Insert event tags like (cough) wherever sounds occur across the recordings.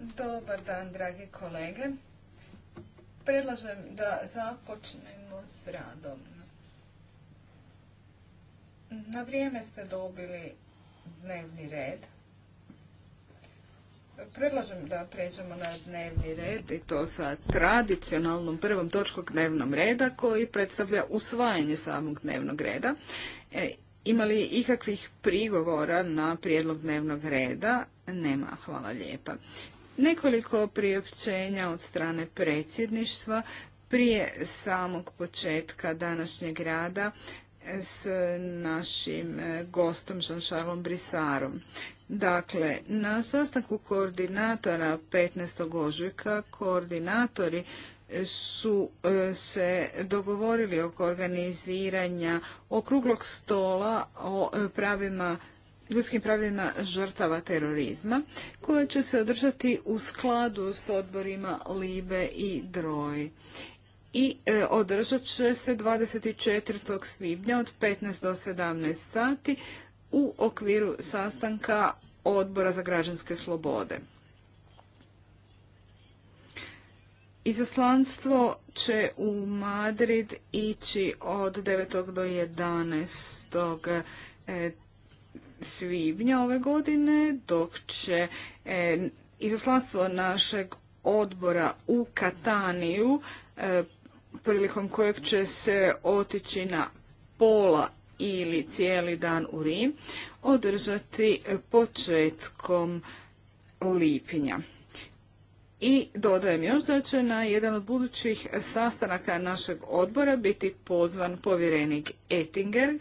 Dobar dan, dragi kolege. Predlažem da započnemo s radom. Na vrijeme ste dobili dnevni red. Predlažem da pređemo na dnevni red i to sa tradicionalnom prvom točkom dnevnog reda koji predstavlja usvajanje samog dnevnog reda. E, imali ikakvih prigovora na prijedlog dnevnog reda? Nema, hvala lijepa. Nekoliko priopćenja od strane predsjedništva prije samog početka današnjeg rada s našim e, gostom Jean-Charles Brisarom. Dakle, na sastanku koordinatora 15. ožujka koordinatori su e, se dogovorili oko organiziranja okruglog stola o e, pravima ljudskim pravima žrtava terorizma, koje će se održati u skladu s odborima Libe i Droj. I e, održat će se 24. svibnja od 15 do 17 sati u okviru sastanka odbora za građanske slobode. Izaslanstvo će u Madrid ići od 9. do 11. E, svibnja ove godine, dok će e, izaslanstvo našeg odbora u Kataniju, e, prilikom kojeg će se otići na pola ili cijeli dan u Rim, održati početkom lipnja. I dodajem još da će na jedan od budućih sastanaka našeg odbora biti pozvan povjerenik Ettinger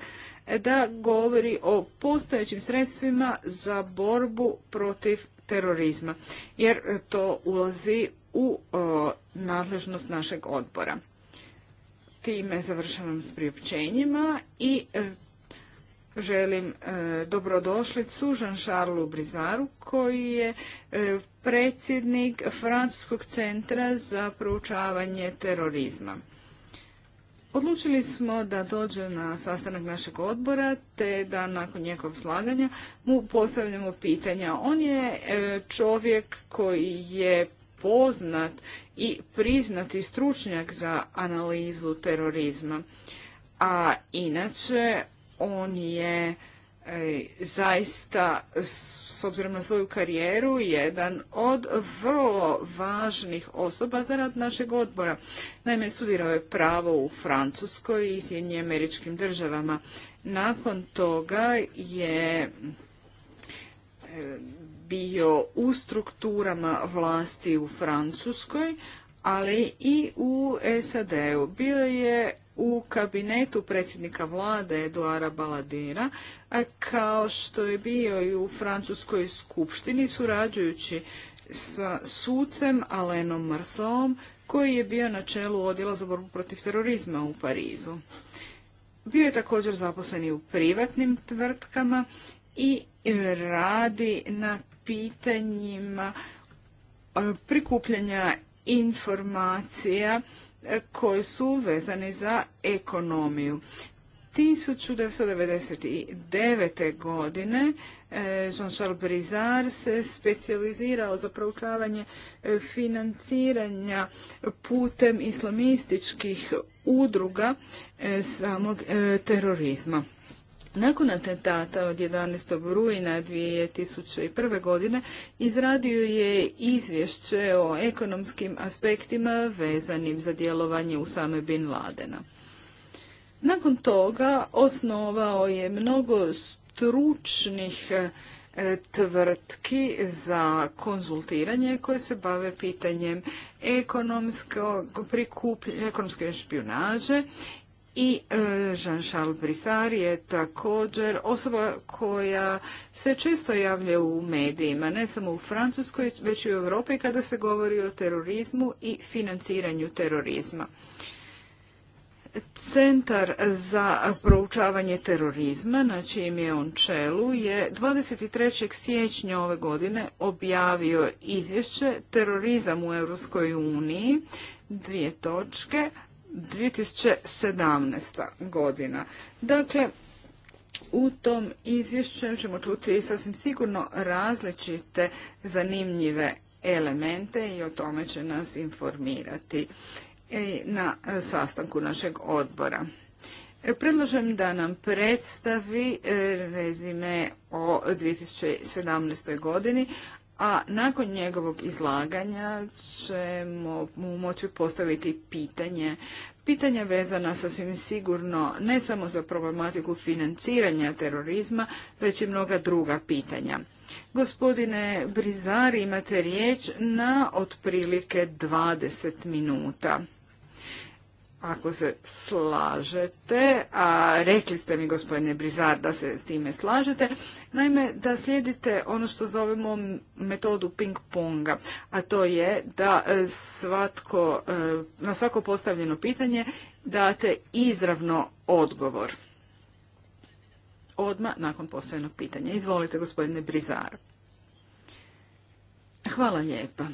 da govori o postojećim sredstvima za borbu protiv terorizma, jer to ulazi u nadležnost našeg odbora. Time završavam s priopćenjima i e, želim e, dobrodošlicu Jean-Charles Brizaru koji je e, predsjednik Francuskog centra za proučavanje terorizma. Odlučili smo da dođe na sastanak našeg odbora te da nakon njegovog slaganja mu postavljamo pitanja. On je e, čovjek koji je poznat i priznati stručnjak za analizu terorizma. A inače on je e, zaista s obzirom na svoju karijeru jedan od vrlo važnih osoba za rad našeg odbora. Naime, studirao je pravo u Francuskoj i Sjedinjenim američkim državama. Nakon toga je e, bio u strukturama vlasti u Francuskoj, ali i u SAD-u. Bio je u kabinetu predsjednika vlade Eduara Baladira, kao što je bio i u Francuskoj skupštini, surađujući sa sucem Alenom Marsom, koji je bio na čelu odjela za borbu protiv terorizma u Parizu. Bio je također zaposlen i u privatnim tvrtkama i radi na pitanjima prikupljanja informacija e, koje su vezane za ekonomiju. 1999. godine e, Jean-Charles Brizard se specijalizirao za proučavanje e, financiranja putem islamističkih udruga samog terorizma. Nakon atentata od 11. rujna 2001. godine izradio je izvješće o ekonomskim aspektima vezanim za djelovanje u same Bin Ladena. Nakon toga osnovao je mnogo stručnih e, tvrtki za konzultiranje koje se bave pitanjem ekonomske špionaže i e, Jean-Charles Brissard je također osoba koja se često javlja u medijima, ne samo u Francuskoj, već i u Europi kada se govori o terorizmu i financiranju terorizma. Centar za proučavanje terorizma, na čijem je on čelu, je 23. siječnja ove godine objavio izvješće Terorizam u Europskoj uniji, dvije točke – 2017. godina. Dakle, u tom izvješću ćemo čuti sasvim sigurno različite zanimljive elemente i o tome će nas informirati na sastanku našeg odbora. Predlažem da nam predstavi e, rezime o 2017. godini, a nakon njegovog izlaganja ćemo mu moći postaviti pitanje. Pitanja vezana sasvim sigurno ne samo za problematiku financiranja terorizma, već i mnoga druga pitanja. Gospodine Brizari, imate riječ na otprilike 20 minuta ako se slažete, a rekli ste mi gospodine Brizar da se s time slažete, naime da slijedite ono što zovemo metodu ping-ponga, a to je da e, svatko, e, na svako postavljeno pitanje date izravno odgovor. Odmah nakon postavljenog pitanja. Izvolite gospodine Brizar. Hvala lijepa.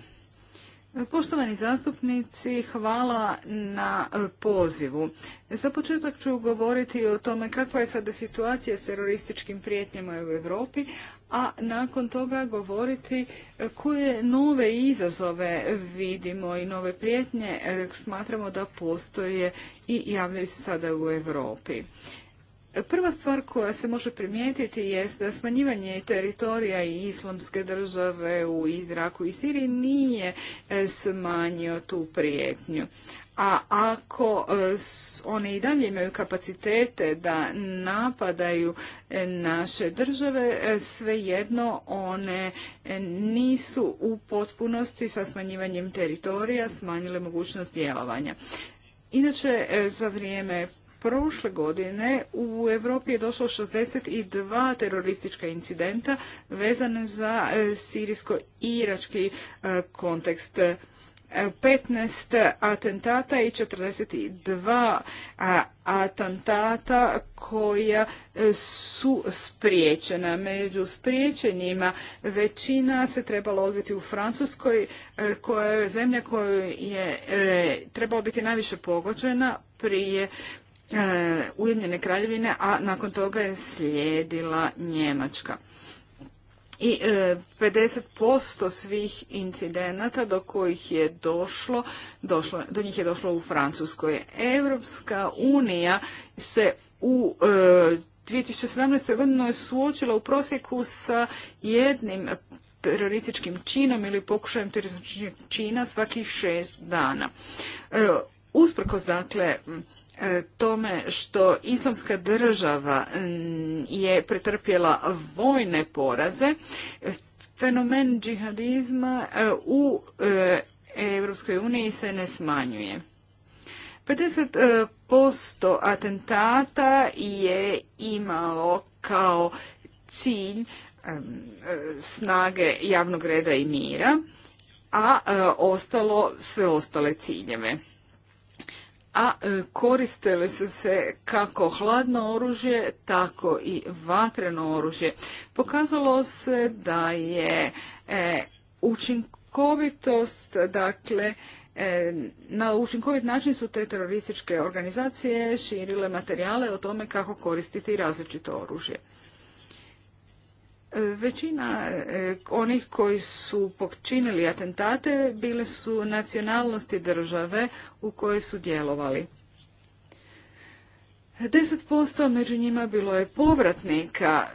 Poštovani zastupnici, hvala na e, pozivu. Za početak ću govoriti o tome kakva je sada situacija s terorističkim prijetnjama u Europi, a nakon toga govoriti e, koje nove izazove vidimo i nove prijetnje e, smatramo da postoje i javljaju se sada u Europi. Prva stvar koja se može primijetiti je da smanjivanje teritorija i islamske države u Izraku i Siriji nije e, smanjio tu prijetnju. A ako e, one i dalje imaju kapacitete da napadaju e, naše države, svejedno one nisu u potpunosti sa smanjivanjem teritorija smanjile mogućnost djelovanja. Inače, za vrijeme Prošle godine u Europi je došlo 62 teroristička incidenta vezane za e, sirijsko-irački e, kontekst. 15 e, atentata i 42 atentata koja su spriječena. Među spriječenjima većina se trebala odviti u Francuskoj, koja je zemlja koju je trebala biti najviše pogođena prije E, Ujedinjene kraljevine, a nakon toga je slijedila Njemačka. I 50% e, svih incidenata do kojih je došlo, došlo, do njih je došlo u Francuskoj. Europska unija se u 2017. godinu je suočila u prosjeku sa jednim terorističkim činom ili pokušajem terorističkog čina svakih šest dana. E, usprkos dakle E, tome što islamska država je pretrpjela vojne poraze, fenomen džihadizma e, u e, Europskoj uniji se ne smanjuje. 50% atentata je imalo kao cilj snage javnog reda i mira, a ostalo sve ostale ciljeve a e, koristili su se kako hladno oružje, tako i vatreno oružje. Pokazalo se da je e, učinkovitost, dakle, e, na učinkovit način su te terorističke organizacije širile materijale o tome kako koristiti različito oružje. Većina e, onih koji su počinili atentate bile su nacionalnosti države u kojoj su djelovali. 10% među njima bilo je povratnika,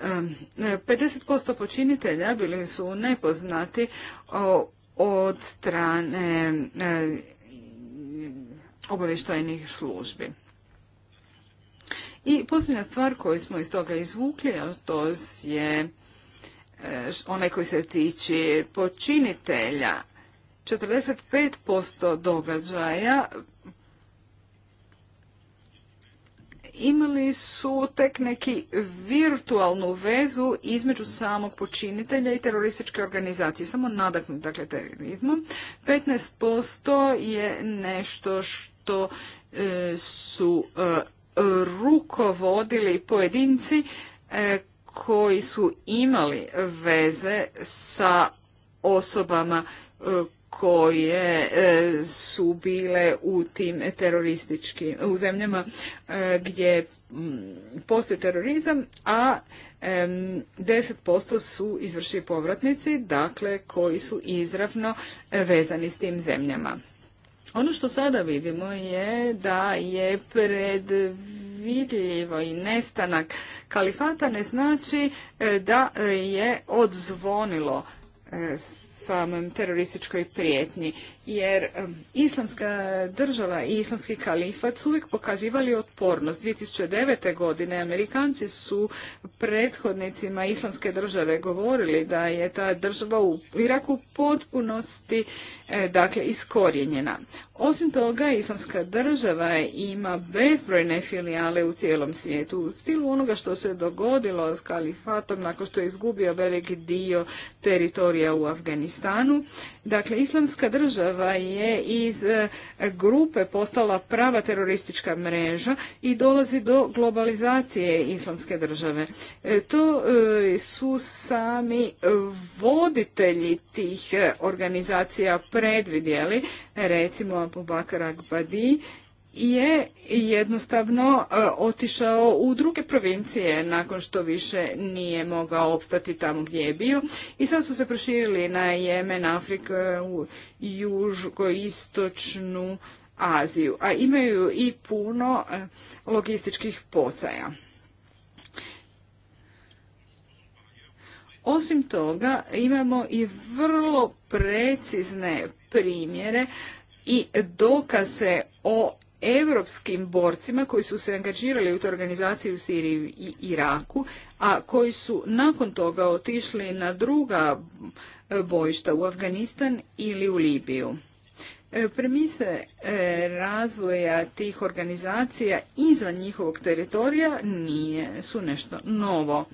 50% e, počinitelja bili su nepoznati od strane e, obavještajnih službi. I posljednja stvar koju smo iz toga izvukli, a to je onaj koji se tiče počinitelja, 45% događaja imali su tek neki virtualnu vezu između samog počinitelja i terorističke organizacije, samo nadaknut dakle, terorizmom. 15% je nešto što e, su e, rukovodili pojedinci e, koji su imali veze sa osobama e, koje e, su bile u tim terorističkim, u zemljama e, gdje postoji terorizam, a 10% su izvršili povratnici, dakle koji su izravno vezani s tim zemljama. Ono što sada vidimo je da je pred Vidljivo i nestanak kalifata ne znači e, da e, je odzvonilo e, samom terorističkoj prijetnji jer islamska država i islamski kalifat su uvijek pokazivali otpornost. 2009. godine Amerikanci su prethodnicima islamske države govorili da je ta država u Iraku potpunosti e, dakle iskorjenjena. Osim toga, islamska država ima bezbrojne filijale u cijelom svijetu. U stilu onoga što se dogodilo s kalifatom nakon što je izgubio veliki dio teritorija u Afganistanu, Dakle, islamska država je iz e, grupe postala prava teroristička mreža i dolazi do globalizacije islamske države. E, to e, su sami voditelji tih organizacija predvidjeli, recimo Abu Bakr Agbadi je jednostavno e, otišao u druge provincije nakon što više nije mogao opstati tamo gdje je bio i sad su se proširili na Jemen, Afriku, Južko-Istočnu Aziju, a imaju i puno e, logističkih pocaja. Osim toga, imamo i vrlo precizne primjere i dokaze o europskim borcima koji su se angažirali u toj organizaciji u Siriji i Iraku, a koji su nakon toga otišli na druga e, bojišta u Afganistan ili u Libiju. E, premise e, razvoja tih organizacija izvan njihovog teritorija nije, su nešto novo.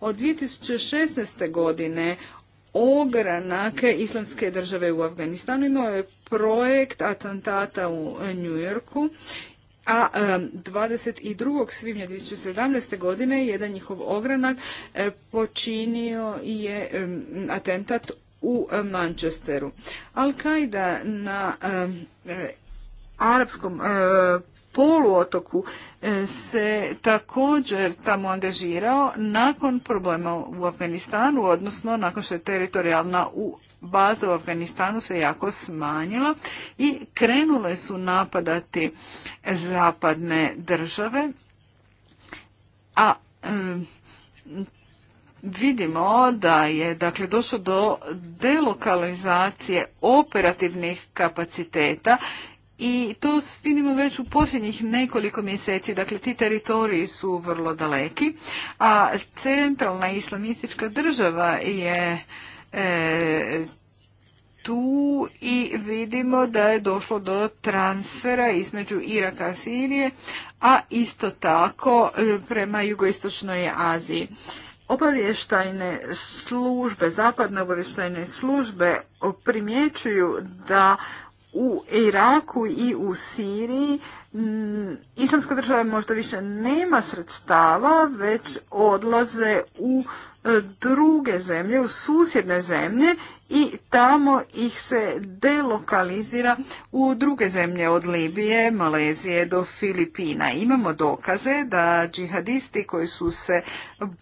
Od 2016. godine ogranak islamske države u Afganistanu. Imao je projekt atentata u New Yorku, a 22. svibnja 2017. godine jedan njihov ogranak e, počinio je atentat u Manchesteru. Al-Qaida na e, arapskom e, poluotoku e, se također tamo angažirao nakon problema u Afganistanu, odnosno nakon što je teritorijalna u baza u Afganistanu se jako smanjila i krenule su napadati zapadne države, a e, vidimo da je dakle došlo do delokalizacije operativnih kapaciteta i to vidimo već u posljednjih nekoliko mjeseci. Dakle, ti teritoriji su vrlo daleki, a centralna islamistička država je e, tu i vidimo da je došlo do transfera između Iraka i Sirije, a isto tako e, prema jugoistočnoj Aziji. Obavještajne službe, zapadne obavještajne službe primjećuju da u Iraku i u Siriji mm, islamska država možda više nema sredstava, već odlaze u e, druge zemlje, u susjedne zemlje i tamo ih se delokalizira u druge zemlje od Libije, Malezije do Filipina. Imamo dokaze da džihadisti koji su se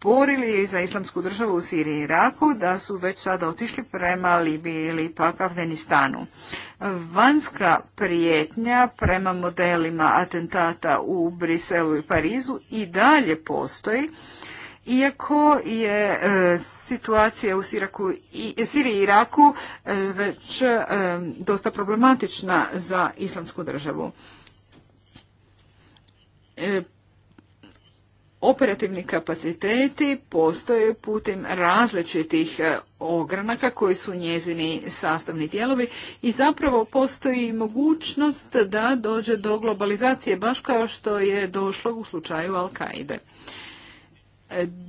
borili za islamsku državu u Siriji i Iraku, da su već sada otišli prema Libiji ili pak Afganistanu. Vanska prijetnja prema modelima atentata u Briselu i Parizu i dalje postoji iako je e, situacija u i, e, Siriji i Iraku e, već dosta problematična za islamsku državu. Operativni kapaciteti postoje putem različitih ogranaka koji su njezini sastavni dijelovi i zapravo postoji mogućnost da dođe do globalizacije baš kao što je došlo u slučaju Al-Kaide.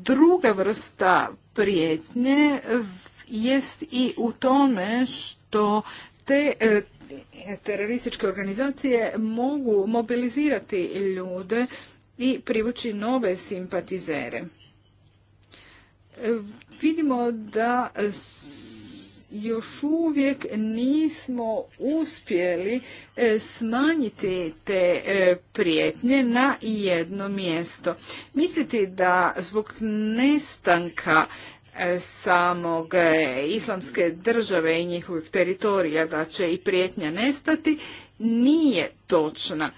Druga vrsta prijetnje jest i u tome što te e, terorističke organizacije mogu mobilizirati ljude i privući nove simpatizere. E, vidimo da još uvijek nismo uspjeli e, smanjiti te e, prijetnje na jedno mjesto. Misliti da zbog nestanka e, samog islamske države i njihovih teritorija da će i prijetnja nestati nije točna.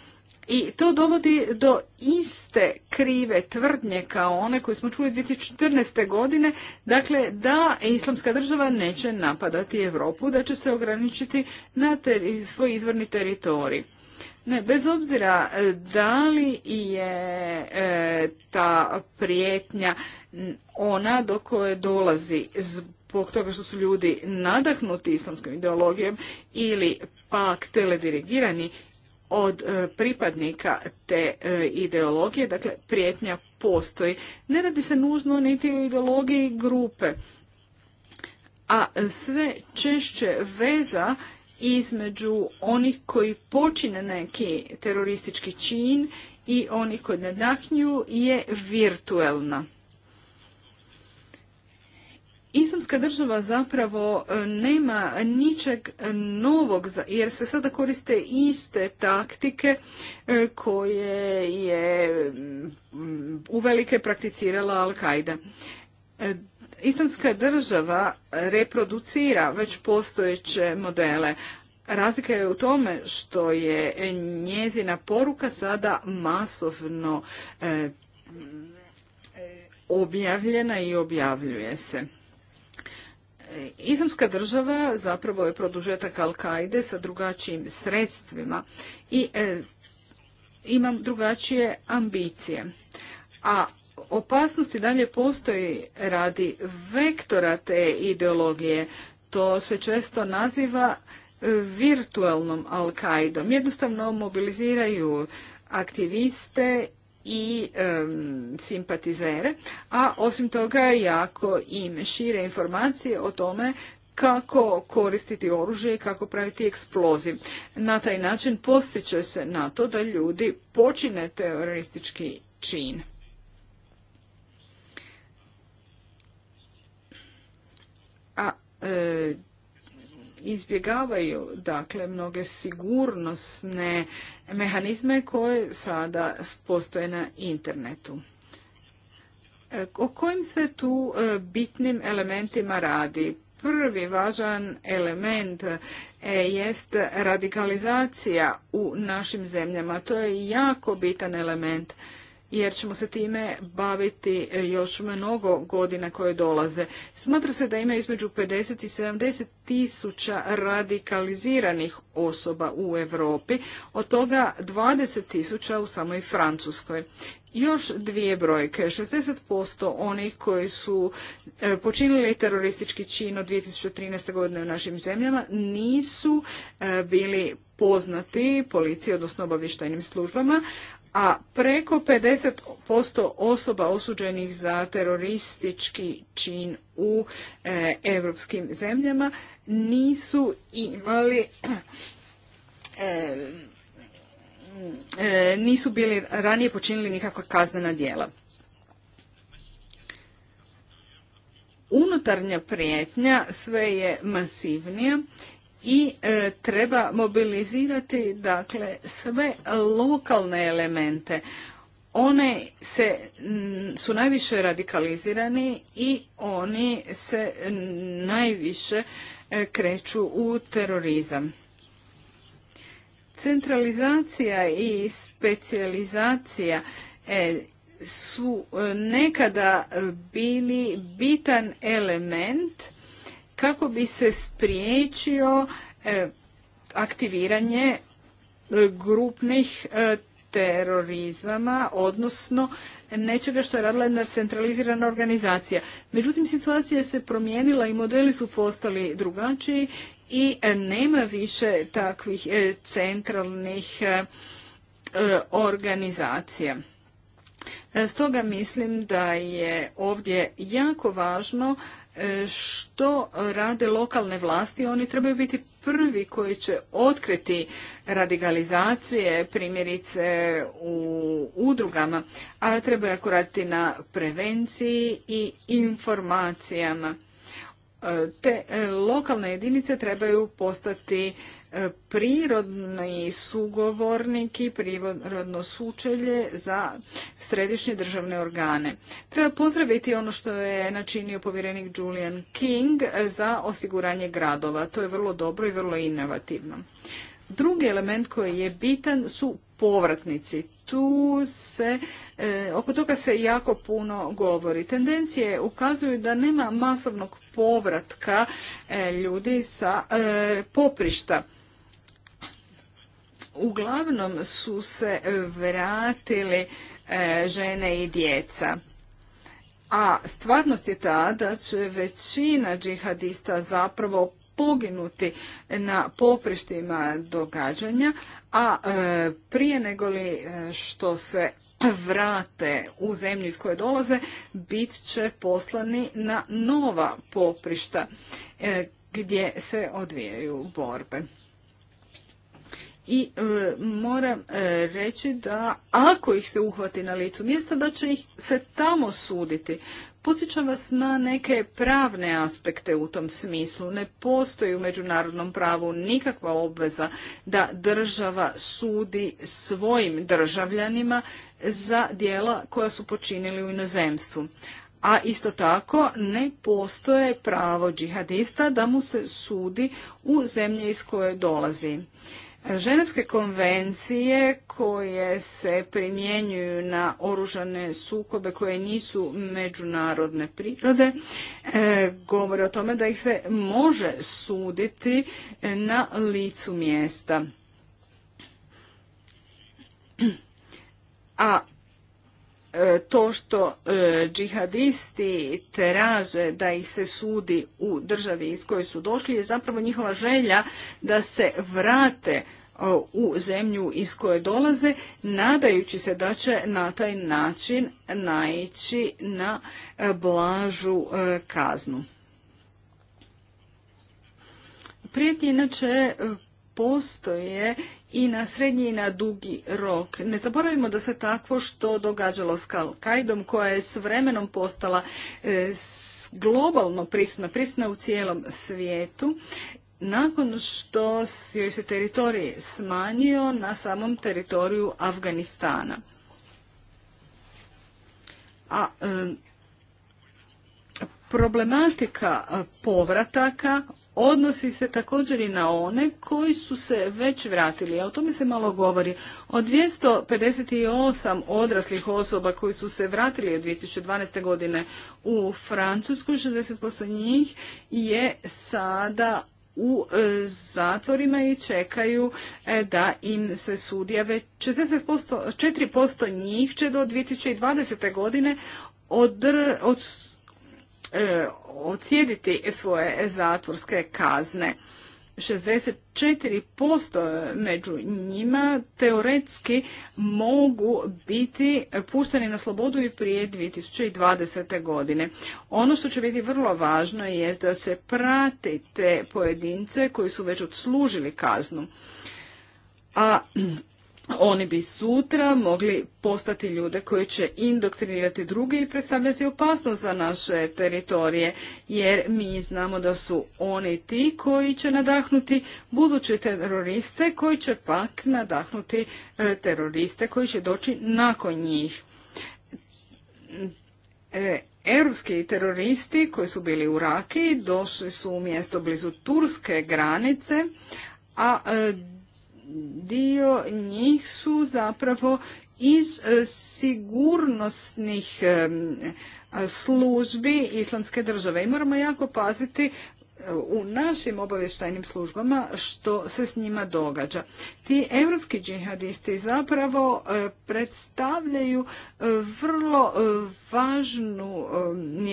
I to dovodi do iste krive tvrdnje kao one koje smo čuli 2014. godine, dakle da islamska država neće napadati Europu, da će se ograničiti na svoj izvorni teritorij. Ne, bez obzira e, da li je e, ta prijetnja ona do koje dolazi zbog toga što su ljudi nadahnuti islamskom ideologijom ili pak teledirigirani od e, pripadnika te e, ideologije, dakle prijetnja postoji. Ne radi se nužno niti o ideologiji grupe, a e, sve češće veza između onih koji počine neki teroristički čin i onih koji nadahnju je virtualna. Islamska država zapravo e, nema ničeg novog, jer se sada koriste iste taktike e, koje je mm, uvelike prakticirala Al-Qaida. E, Islamska država reproducira već postojeće modele. Razlika je u tome što je njezina poruka sada masovno objavljena i objavljuje se. Islamska država zapravo je produžetak Al-Kaide sa drugačijim sredstvima i e, imam drugačije ambicije. A opasnosti dalje postoji radi vektora te ideologije. To se često naziva e, virtualnom Al-Kaidom. Jednostavno mobiliziraju aktiviste i simpatizere, a osim toga jako im šire informacije o tome kako koristiti oružje i kako praviti eksploziv. Na taj način postiče se na to da ljudi počine teroristički čin. A e, izbjegavaju dakle mnoge sigurnosne mehanizme koje sada postoje na internetu. E, o kojim se tu e, bitnim elementima radi? Prvi važan element e, jest radikalizacija u našim zemljama. To je jako bitan element jer ćemo se time baviti e, još mnogo godina koje dolaze. Smatra se da ima između 50 i 70 tisuća radikaliziranih osoba u Europi, od toga 20 tisuća u samoj Francuskoj. Još dvije brojke. 60% onih koji su e, počinili teroristički čin od 2013. godine u našim zemljama nisu e, bili poznati policiji, odnosno obavještajnim službama, a preko 50% osoba osuđenih za teroristički čin u e, evropskim europskim zemljama nisu imali e, e, nisu bili ranije počinili nikakva kaznena djela. Unutarnja prijetnja sve je masivnija i e, treba mobilizirati dakle sve lokalne elemente. One se, su najviše radikalizirani i oni se najviše e, kreću u terorizam. Centralizacija i specijalizacija e, su nekada bili bitan element kako bi se spriječio e, aktiviranje e, grupnih e, terorizama, odnosno nečega što je radila jedna centralizirana organizacija. Međutim, situacija se promijenila i modeli su postali drugačiji i nema više takvih centralnih organizacija. Stoga mislim da je ovdje jako važno E, što rade lokalne vlasti, oni trebaju biti prvi koji će otkriti radikalizacije, primjerice u udrugama, a trebaju ako raditi na prevenciji i informacijama. E, te lokalne jedinice trebaju postati prirodni sugovornik i prirodno sučelje za središnje državne organe. Treba pozdraviti ono što je načinio povjerenik Julian King za osiguranje gradova. To je vrlo dobro i vrlo inovativno. Drugi element koji je bitan su povratnici. Tu se, e, oko toga se jako puno govori. Tendencije ukazuju da nema masovnog povratka e, ljudi sa e, poprišta uglavnom su se vratili e, žene i djeca. A stvarnost je ta da će većina džihadista zapravo poginuti na poprištima događanja, a e, prije nego li e, što se vrate u zemlju iz koje dolaze, bit će poslani na nova poprišta gdje se odvijaju borbe i e, moram e, reći da ako ih se uhvati na licu mjesta da će ih se tamo suditi. Podsjećam vas na neke pravne aspekte u tom smislu. Ne postoji u međunarodnom pravu nikakva obveza da država sudi svojim državljanima za dijela koja su počinili u inozemstvu. A isto tako ne postoje pravo džihadista da mu se sudi u zemlji iz koje dolazi. Ženevske konvencije koje se primjenjuju na oružane sukobe koje nisu međunarodne prirode e, govore o tome da ih se može suditi na licu mjesta. A to što e, džihadisti traže da ih se sudi u državi iz koje su došli je zapravo njihova želja da se vrate e, u zemlju iz koje dolaze, nadajući se da će na taj način naići na e, blažu kaznu. Prijetnje inače postoje i na srednji i na dugi rok. Ne zaboravimo da se takvo što događalo s Kalkajdom, koja je s vremenom postala e, globalno prisutna, prisutna u cijelom svijetu nakon što joj se teritorij smanjio na samom teritoriju Afganistana. A e, problematika povrataka odnosi se također i na one koji su se već vratili, a o tome se malo govori. Od 258 odraslih osoba koji su se vratili od 2012. godine u Francusku, 60% njih je sada u e, zatvorima i čekaju e, da im se sudija već 4% njih će do 2020. godine odr, od E, odsjediti svoje zatvorske kazne. 64% među njima teoretski mogu biti pušteni na slobodu i prije 2020. godine. Ono što će biti vrlo važno je da se prate te pojedince koji su već odslužili kaznu. A oni bi sutra mogli postati ljude koji će indoktrinirati druge i predstavljati opasnost za naše teritorije, jer mi znamo da su oni ti koji će nadahnuti buduće teroriste, koji će pak nadahnuti e, teroriste koji će doći nakon njih. E, europski teroristi koji su bili u Raki došli su u mjesto blizu turske granice, a e, dio njih su zapravo iz e, sigurnosnih e, službi islamske države i moramo jako paziti e, u našim obavještajnim službama što se s njima događa. Ti evropski džihadisti zapravo predstavljaju vrlo važnu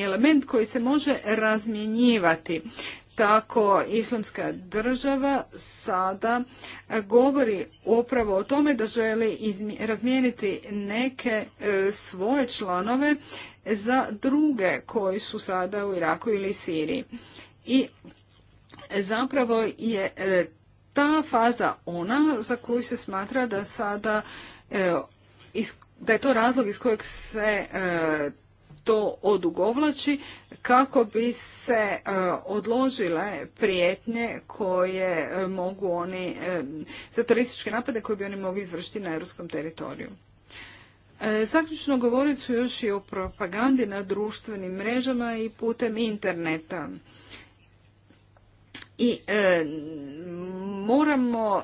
element koji se može razmjenjivati tako islamska država sada e, govori upravo o tome da želi razmijeniti neke e, svoje članove za druge koji su sada u Iraku ili Siriji. I zapravo je e, ta faza ona za koju se smatra da sada da je to razlog iz kojeg se to odugovlači kako bi se e, odložile prijetnje koje e, mogu oni, e, za terorističke napade koje bi oni mogli izvršiti na europskom teritoriju. Zaključno govorit ću još i o propagandi na društvenim mrežama i putem interneta. I moramo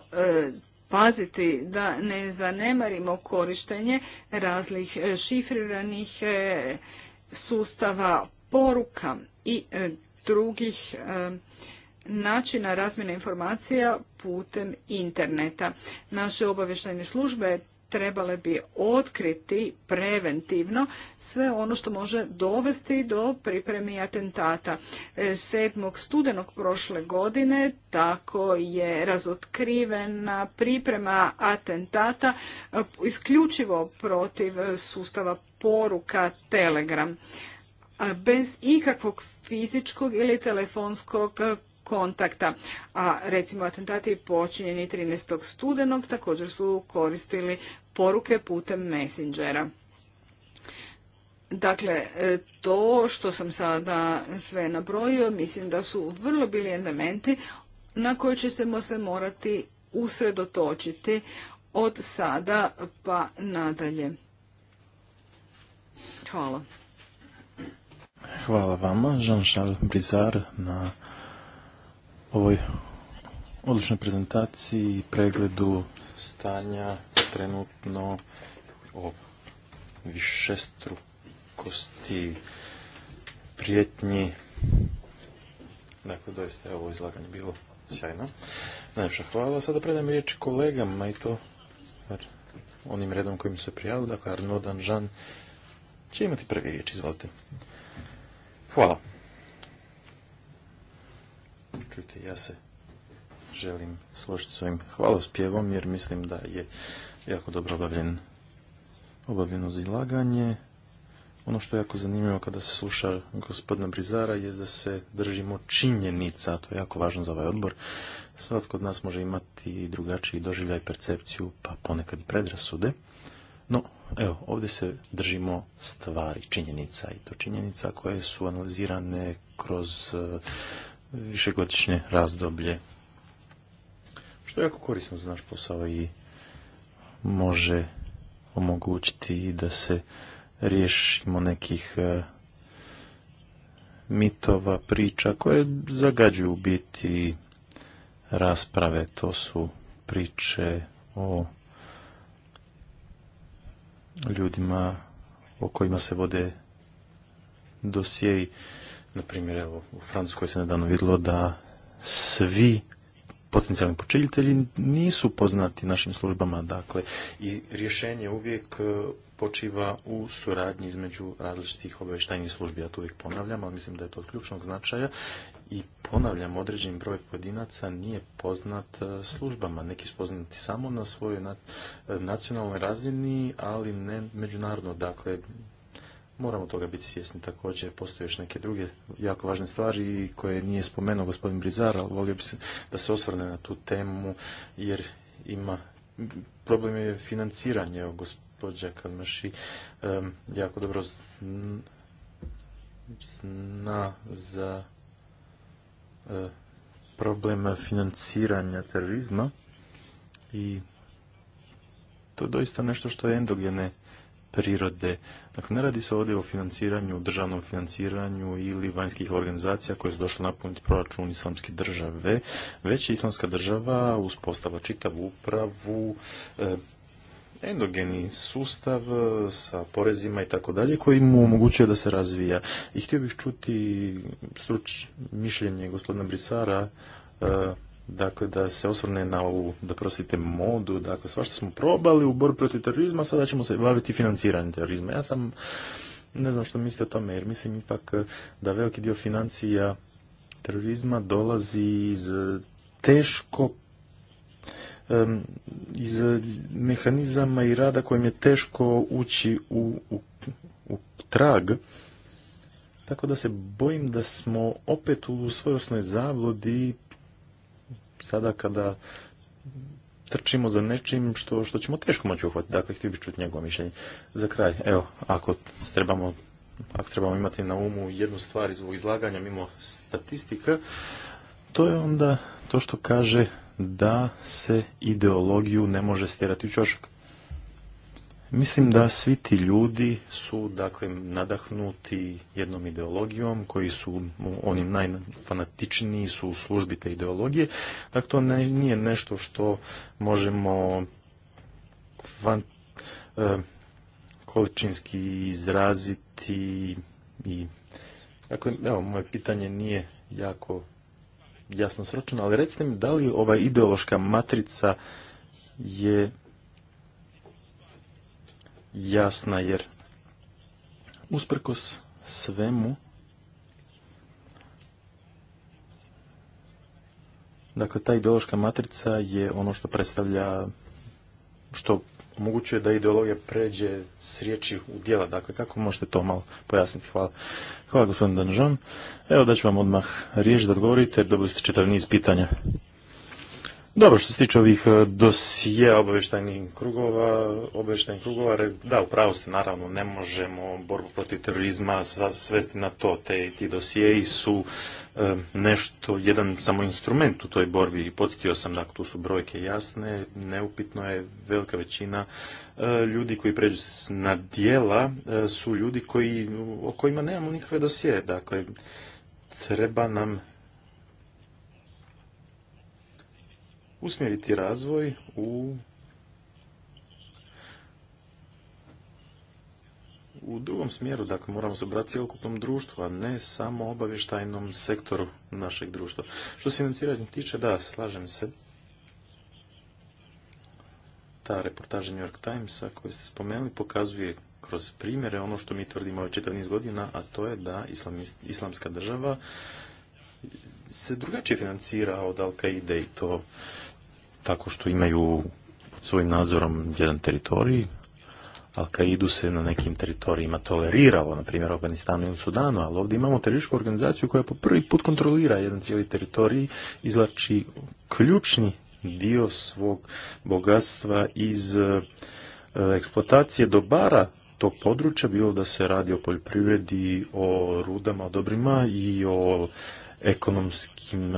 paziti da ne zanemarimo korištenje razlih šifriranih sustava poruka i e, drugih e, načina razmjene informacija putem interneta. Naše obavještajne službe trebale bi otkriti preventivno sve ono što može dovesti do pripremi atentata. 7. studenog prošle godine tako je razotkrivena priprema atentata isključivo protiv sustava poruka Telegram bez ikakvog fizičkog ili telefonskog kontakta. A recimo atentati počinjeni 13. studenog također su koristili poruke putem messengera. Dakle, e, to što sam sada sve nabrojio, mislim da su vrlo bili elementi na koje ćemo se morati usredotočiti od sada pa nadalje. Hvala. Hvala vama, Jean-Charles na ovoj odličnoj prezentaciji i pregledu stanja trenutno o višestrukosti prijetnji. Dakle, doista je ovo izlaganje bilo sjajno. Najljepša hvala. Sada predajem riječ kolegama i to onim redom kojim se prijavili. Dakle, Arnodan, Žan će imati prvi riječ. Izvolite. Hvala. Čujte, ja se želim složiti s ovim hvalospjevom jer mislim da je jako dobro obavljen obavljeno Ono što je jako zanimljivo kada se sluša gospodina Brizara je da se držimo činjenica, to je jako važno za ovaj odbor. Svatko od nas može imati drugačiji doživljaj, percepciju, pa ponekad i predrasude. No, evo, ovdje se držimo stvari, činjenica i to činjenica koje su analizirane kroz višegodišnje razdoblje. Što je jako korisno za naš posao i može omogućiti da se riješimo nekih e, mitova, priča koje zagađuju biti rasprave. To su priče o ljudima o kojima se vode dosjeji. Na primjer, evo, u Francuskoj se nedavno vidjelo da svi potencijalni počinitelji nisu poznati našim službama, dakle, i rješenje uvijek e, počiva u suradnji između različitih obavještajnih službi. Ja to uvijek ponavljam, ali mislim da je to od ključnog značaja i ponavljam, određen broj pojedinaca nije poznat e, službama. Neki su poznati samo na svojoj e, nacionalnoj razini, ali ne međunarodno. Dakle, Moramo toga biti svjesni također, postoje još neke druge jako važne stvari koje nije spomenuo gospodin Brizar, ali volio bi se da se osvrne na tu temu, jer ima problem je financiranje, evo gospođa Kalmaši jako dobro zna, za e, problem financiranja terorizma i to je doista nešto što je endogene prirode. Dakle, ne radi se ovdje o financiranju, državnom financiranju ili vanjskih organizacija koje su došle napuniti proračun islamske države, već je islamska država uspostava čitavu upravu, eh, endogeni sustav eh, sa porezima i tako dalje koji mu omogućuje da se razvija. I htio bih čuti mišljenje gospodina Brisara eh, dakle da se osvrne na ovu, da prostite, modu, dakle što smo probali u borbi protiv terorizma, sada ćemo se baviti financiranjem terorizma. Ja sam, ne znam što mislite o tome, jer mislim ipak eh, da veliki dio financija terorizma dolazi iz eh, teško iz mehanizama i rada kojim je teško ući u, u, u trag. Tako da se bojim da smo opet u svojevrsnoj zablodi sada kada trčimo za nečim što, što ćemo teško moći uhvatiti. Dakle, htio bih čuti njegovo mišljenje. Za kraj, evo, ako trebamo, ako trebamo imati na umu jednu stvar iz ovog izlaganja mimo statistika, to je onda to što kaže da se ideologiju ne može stjerati u čošak. Mislim da svi ti ljudi su dakle nadahnuti jednom ideologijom koji su oni najfanatičniji su u službi te ideologije. Dakle to ne, nije nešto što možemo van, e, količinski izraziti i dakle evo moje pitanje nije jako jasno sročeno, ali recite mi da li ova ideološka matrica je jasna jer usprkos svemu Dakle, ta ideološka matrica je ono što predstavlja, što omogućuje da ideologija pređe s riječi u djela. Dakle, kako možete to malo pojasniti? Hvala. Hvala gospodin Danžan. Evo da ću vam odmah riječ da odgovorite, dobili ste čitav niz pitanja. Dobro, što se tiče ovih e, dosije obaveštajnih krugova, obavještajnih krugova, da, upravo ste, naravno, ne možemo borbu protiv terorizma svesti na to. Te, ti dosijeji su e, nešto, jedan samo instrument u toj borbi i podsjetio sam, dakle, tu su brojke jasne, neupitno je velika većina e, ljudi koji pređu na dijela su ljudi koji, o kojima nemamo nikakve dosije, dakle, treba nam usmjeriti razvoj u u drugom smjeru, dakle moramo se obrati cjelokupnom društvu, a ne samo obavještajnom sektoru našeg društva. Što se financiranje tiče, da, slažem se. Ta reportaža New York Timesa koju ste spomenuli pokazuje kroz primjere ono što mi tvrdimo ove čitav godina, a to je da islamska država se drugačije financira od Al-Qaide i to tako što imaju pod svojim nadzorom jedan teritorij, al qaidu se na nekim teritorijima toleriralo, na primjer u Afganistanu i u Sudanu, ali ovdje imamo terorističku organizaciju koja po prvi put kontrolira jedan cijeli teritorij, izlači ključni dio svog bogatstva iz e, eksploatacije dobara tog područja, bilo da se radi o poljoprivredi, o rudama, o dobrima i o ekonomskim,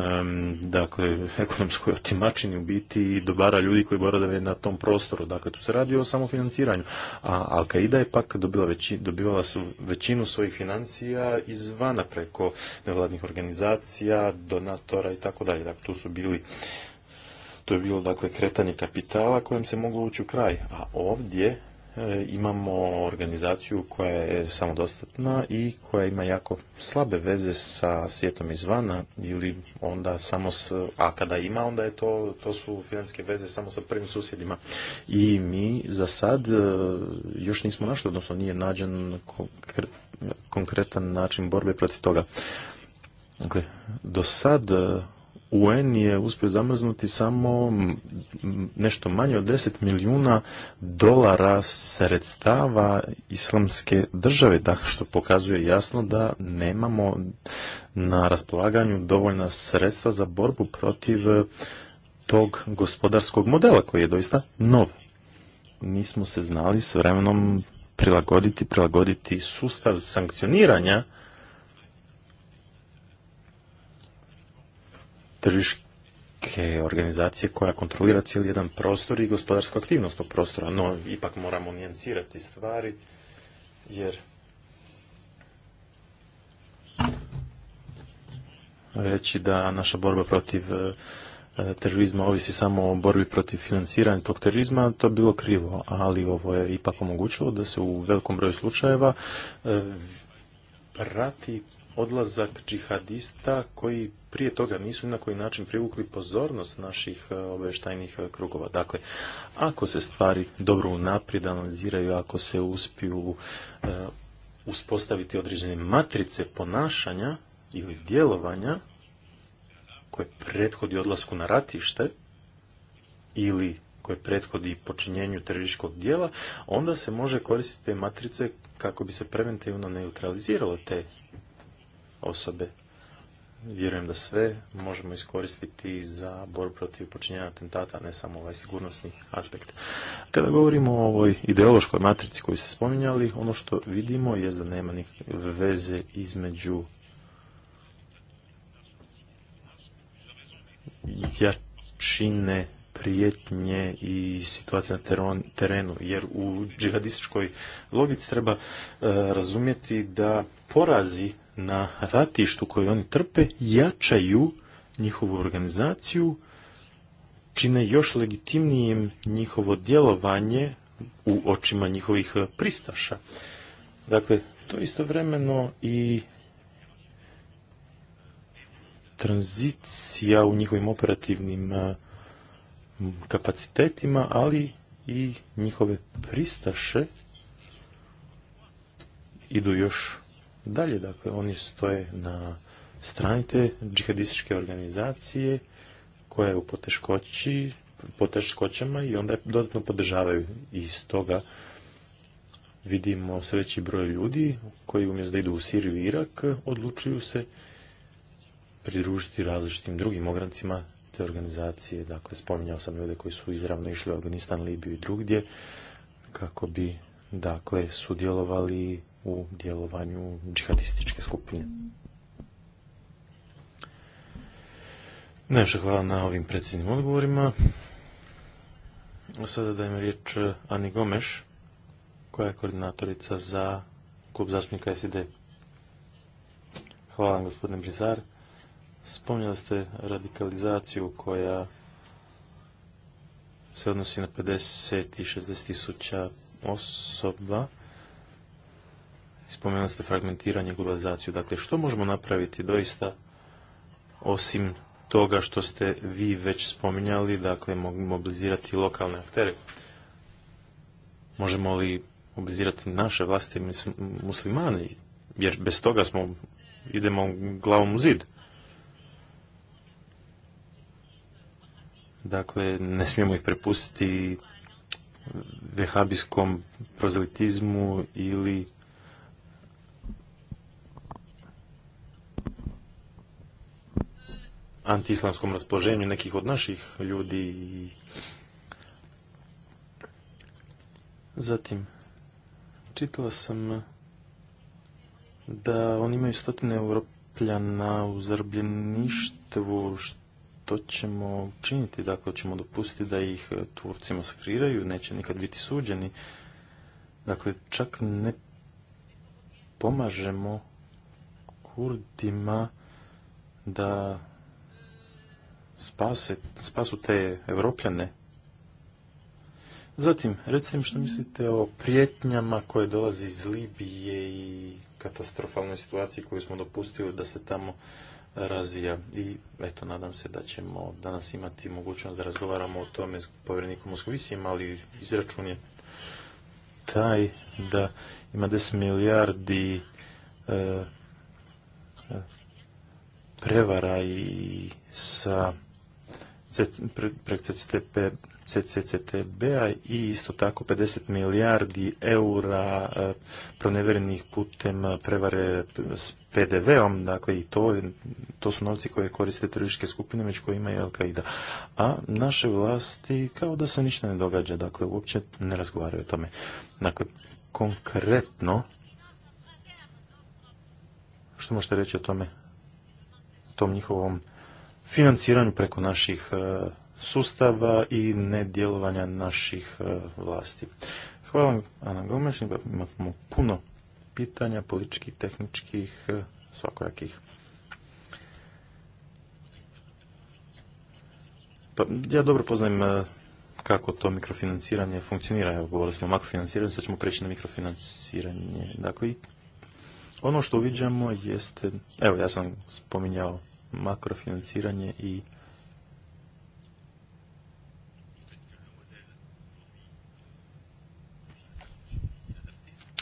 dakle, ekonomskoj otimačini u biti i dobara ljudi koji borave na tom prostoru. Dakle, tu se radi o samofinanciranju. A Al-Qaida je pak dobila veći, dobivala većinu svojih financija izvana preko nevladnih organizacija, donatora i tako dalje. Dakle, tu su bili to je bilo dakle kretanje kapitala kojem se moglo ući u kraj. A ovdje E, imamo organizaciju koja je samodostatna i koja ima jako slabe veze sa svijetom izvana ili onda samo s, a kada ima onda je to, to su financijske veze samo sa prvim susjedima i mi za sad e, još nismo našli, odnosno nije nađen konkretan način borbe protiv toga. Dakle, do sad e, UN je uspio zamrznuti samo nešto manje od 10 milijuna dolara sredstava islamske države, tako dakle, što pokazuje jasno da nemamo na raspolaganju dovoljna sredstva za borbu protiv tog gospodarskog modela koji je doista nov. Nismo se znali s vremenom prilagoditi, prilagoditi sustav sankcioniranja tržiške organizacije koja kontrolira cijeli jedan prostor i gospodarsku aktivnost tog prostora, no ipak moramo nijansirati stvari jer reći da naša borba protiv e, terorizma ovisi samo o borbi protiv financiranja tog terorizma, to je bilo krivo, ali ovo je ipak omogućilo da se u velikom broju slučajeva e, prati odlazak džihadista koji prije toga nisu na koji način privukli pozornost naših e, obještajnih e, krugova. Dakle, ako se stvari dobro unaprijed analiziraju, ako se uspiju e, uspostaviti određene matrice ponašanja ili djelovanja koje prethodi odlasku na ratište ili koje prethodi počinjenju terorističkog dijela, onda se može koristiti te matrice kako bi se preventivno neutraliziralo te osobe. Vjerujem da sve možemo iskoristiti za borbu protiv počinjenja atentata, ne samo ovaj sigurnosni aspekt. Kada govorimo o ovoj ideološkoj matrici koju ste spominjali, ono što vidimo je da nema nikakve veze između jačine prijetnje i situacije na terenu, jer u džihadističkoj logici treba e, razumjeti da porazi na ratištu koje oni trpe jačaju njihovu organizaciju, čine još legitimnijim njihovo djelovanje u očima njihovih e, pristaša. Dakle, to istovremeno i tranzicija u njihovim operativnim e, kapacitetima, ali i njihove pristaše idu još dalje. Dakle, oni stoje na strani te džihadističke organizacije koja je u poteškoći, poteškoćama i onda je dodatno podržavaju. I stoga vidimo sve veći broj ljudi koji umjesto da idu u Siriju i Irak odlučuju se pridružiti različitim drugim ograncima te organizacije. Dakle, spominjao sam ljude koji su izravno išli u Afganistan, Libiju i drugdje kako bi dakle sudjelovali u djelovanju džihadističke skupine. Najviše hvala na ovim preciznim odgovorima. Sada dajem riječ eh, Ani Gomeš, koja je koordinatorica za klub zastupnika SID. Hvala vam, gospodine Brizar. Spominjali ste radikalizaciju koja se odnosi na 50 i 60 tisuća osoba spomenuli ste fragmentiranje i globalizaciju. Dakle, što možemo napraviti doista osim toga što ste vi već spominjali, dakle, mobilizirati lokalne aktere? Možemo li mobilizirati naše vlastite muslimane? Jer bez toga smo, idemo glavom u zid. Dakle, ne smijemo ih prepustiti vehabijskom prozelitizmu ili antiislamskom raspoloženju nekih od naših ljudi zatim čitala sam da oni imaju stotine europljana u zarobljeništvu što ćemo učiniti dakle ćemo dopustiti da ih e, Turci masakriraju neće nikad biti suđeni dakle čak ne pomažemo Kurdima da spasu te evropljane. Zatim, recite što mislite o prijetnjama koje dolaze iz Libije i katastrofalnoj situaciji koju smo dopustili da se tamo razvija. I eto, nadam se da ćemo danas imati mogućnost da razgovaramo o tome s povjerenikom Moskovisijem, ali izračun je taj da ima 10 milijardi e, e, prevara i sa CCCTB-a i isto tako 50 milijardi eura e, proneverenih putem e, prevare s PDV-om, dakle i to, to su novci koje koriste terorističke skupine, među kojima je al A naše vlasti kao da se ništa ne događa, dakle uopće ne razgovaraju o tome. Dakle, konkretno, što možete reći o tome, tom njihovom financiranju preko naših e, sustava i nedjelovanja naših e, vlasti. Hvala vam, Ana Gomeš, imamo puno pitanja političkih, tehničkih, e, svakojakih. Pa, ja dobro poznajem kako to mikrofinanciranje funkcionira. Evo, govorili smo o makrofinanciranju, sad ćemo preći na mikrofinanciranje. Dakle, ono što uviđamo jeste, evo ja sam spominjao makrofinanciranje i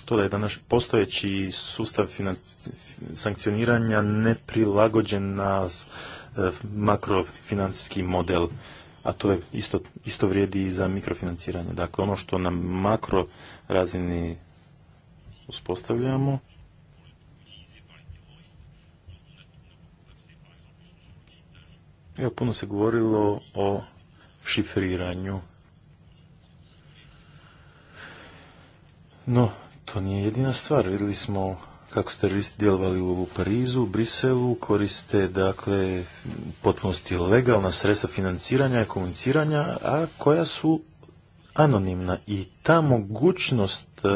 to da je danas postojeći sustav sankcioniranja neprilagođen na e, makrofinancijski model, a to je isto, isto vrijedi i za mikrofinanciranje. Dakle, ono što na makro razini uspostavljamo, Evo, puno se govorilo o šifriranju. No, to nije jedina stvar. Vidjeli smo kako ste teroristi djelovali u Parizu, u Briselu, koriste dakle potpunosti legalna sredstva financiranja i komuniciranja, a koja su anonimna i ta mogućnost e,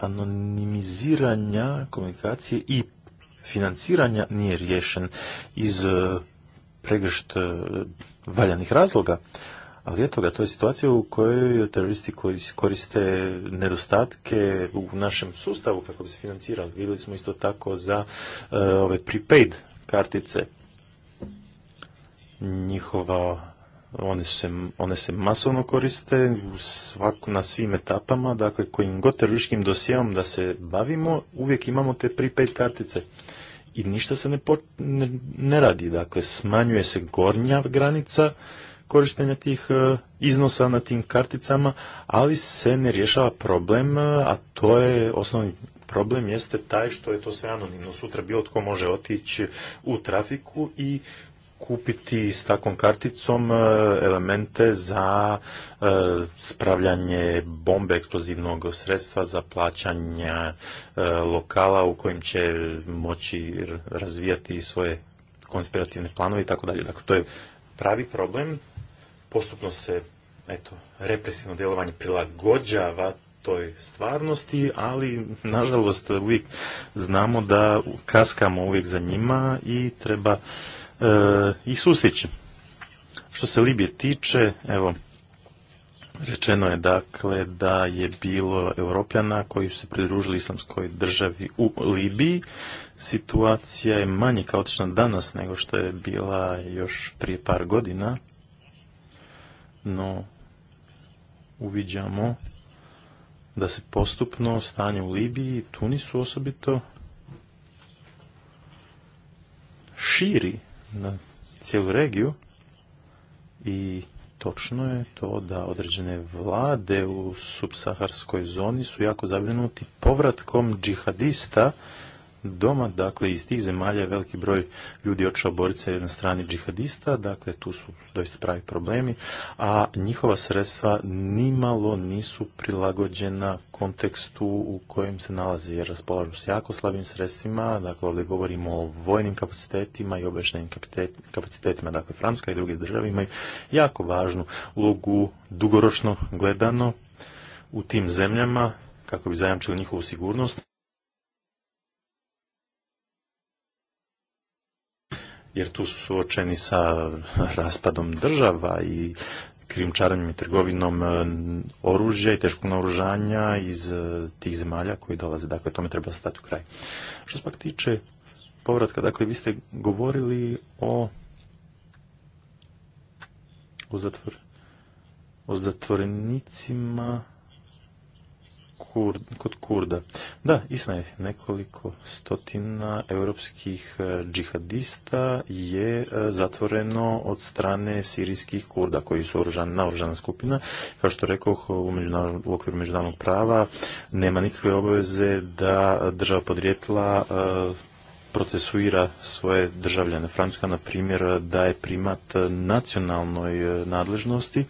anonimiziranja komunikacije i financiranja nije rješen iz e, pregršt e, valjanih razloga, ali eto ga, to je situacija u kojoj teroristi koji koriste nedostatke u našem sustavu kako bi se financirali. Vidjeli smo isto tako za e, ove prepaid kartice. Njihova, one, se, one se masovno koriste u svaku, na svim etapama, dakle kojim god terorističkim dosijevom da se bavimo, uvijek imamo te prepaid kartice i ništa se ne, ne, ne radi. Dakle, smanjuje se gornja granica korištenja tih e, iznosa na tim karticama, ali se ne rješava problem, e, a to je osnovni problem jeste taj što je to sve anonimno. Sutra bilo tko može otići u trafiku i kupiti s takvom karticom e, elemente za e, spravljanje bombe eksplozivnog sredstva za plaćanje e, lokala u kojim će moći razvijati svoje konspirativne planove i tako dalje. Dakle, to je pravi problem. Postupno se eto, represivno djelovanje prilagođava toj stvarnosti, ali nažalost uvijek znamo da kaskamo uvijek za njima i treba E, I sustići. Što se Libije tiče, evo, Rečeno je dakle da je bilo europljana koji su se pridružili islamskoj državi u Libiji. Situacija je manje kaotična danas nego što je bila još prije par godina. No, uviđamo da se postupno stanje u Libiji i Tunisu osobito širi na cijelu regiju i točno je to da određene vlade u subsaharskoj zoni su jako zabrinuti povratkom džihadista doma, dakle iz tih zemalja je veliki broj ljudi otišao boriti se jedne strani džihadista, dakle tu su doista pravi problemi, a njihova sredstva nimalo nisu prilagođena kontekstu u kojem se nalazi, jer raspolažu s jako slabim sredstvima, dakle ovdje govorimo o vojnim kapacitetima i obveštenim kapacitetima, dakle Francuska i druge države imaju jako važnu ulogu dugoročno gledano u tim zemljama kako bi zajamčili njihovu sigurnost jer tu su suočeni sa raspadom država i krijumčarenjem i trgovinom e, oružja i teškog naoružanja iz e, tih zemalja koji dolaze. Dakle, tome treba stati u kraj. Što se pak tiče povratka, dakle, vi ste govorili o o zatvorenicima Kur, kod Kurda. Da, isna je, nekoliko stotina europskih e, džihadista je e, zatvoreno od strane sirijskih Kurda, koji su oružan, naoružana skupina. Kao što rekao, u, u okviru međunarodnog prava nema nikakve obaveze da država podrijetla e, procesuira svoje državljane. Francuska, na primjer, daje primat nacionalnoj nadležnosti,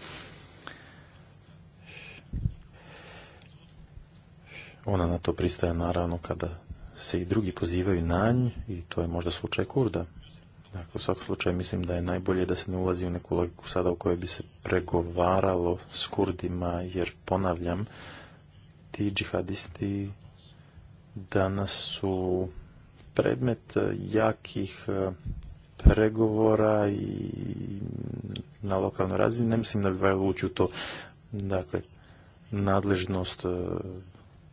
Ona na to pristaje naravno kada se i drugi pozivaju na nj i to je možda slučaj Kurda. Dakle, u svakom slučaju mislim da je najbolje da se ne ulazi u neku logiku sada u kojoj bi se pregovaralo s Kurdima, jer ponavljam, ti džihadisti danas su predmet jakih e, pregovora i na lokalnoj razini. Ne mislim da bi valjalo ući u to. Dakle, nadležnost e,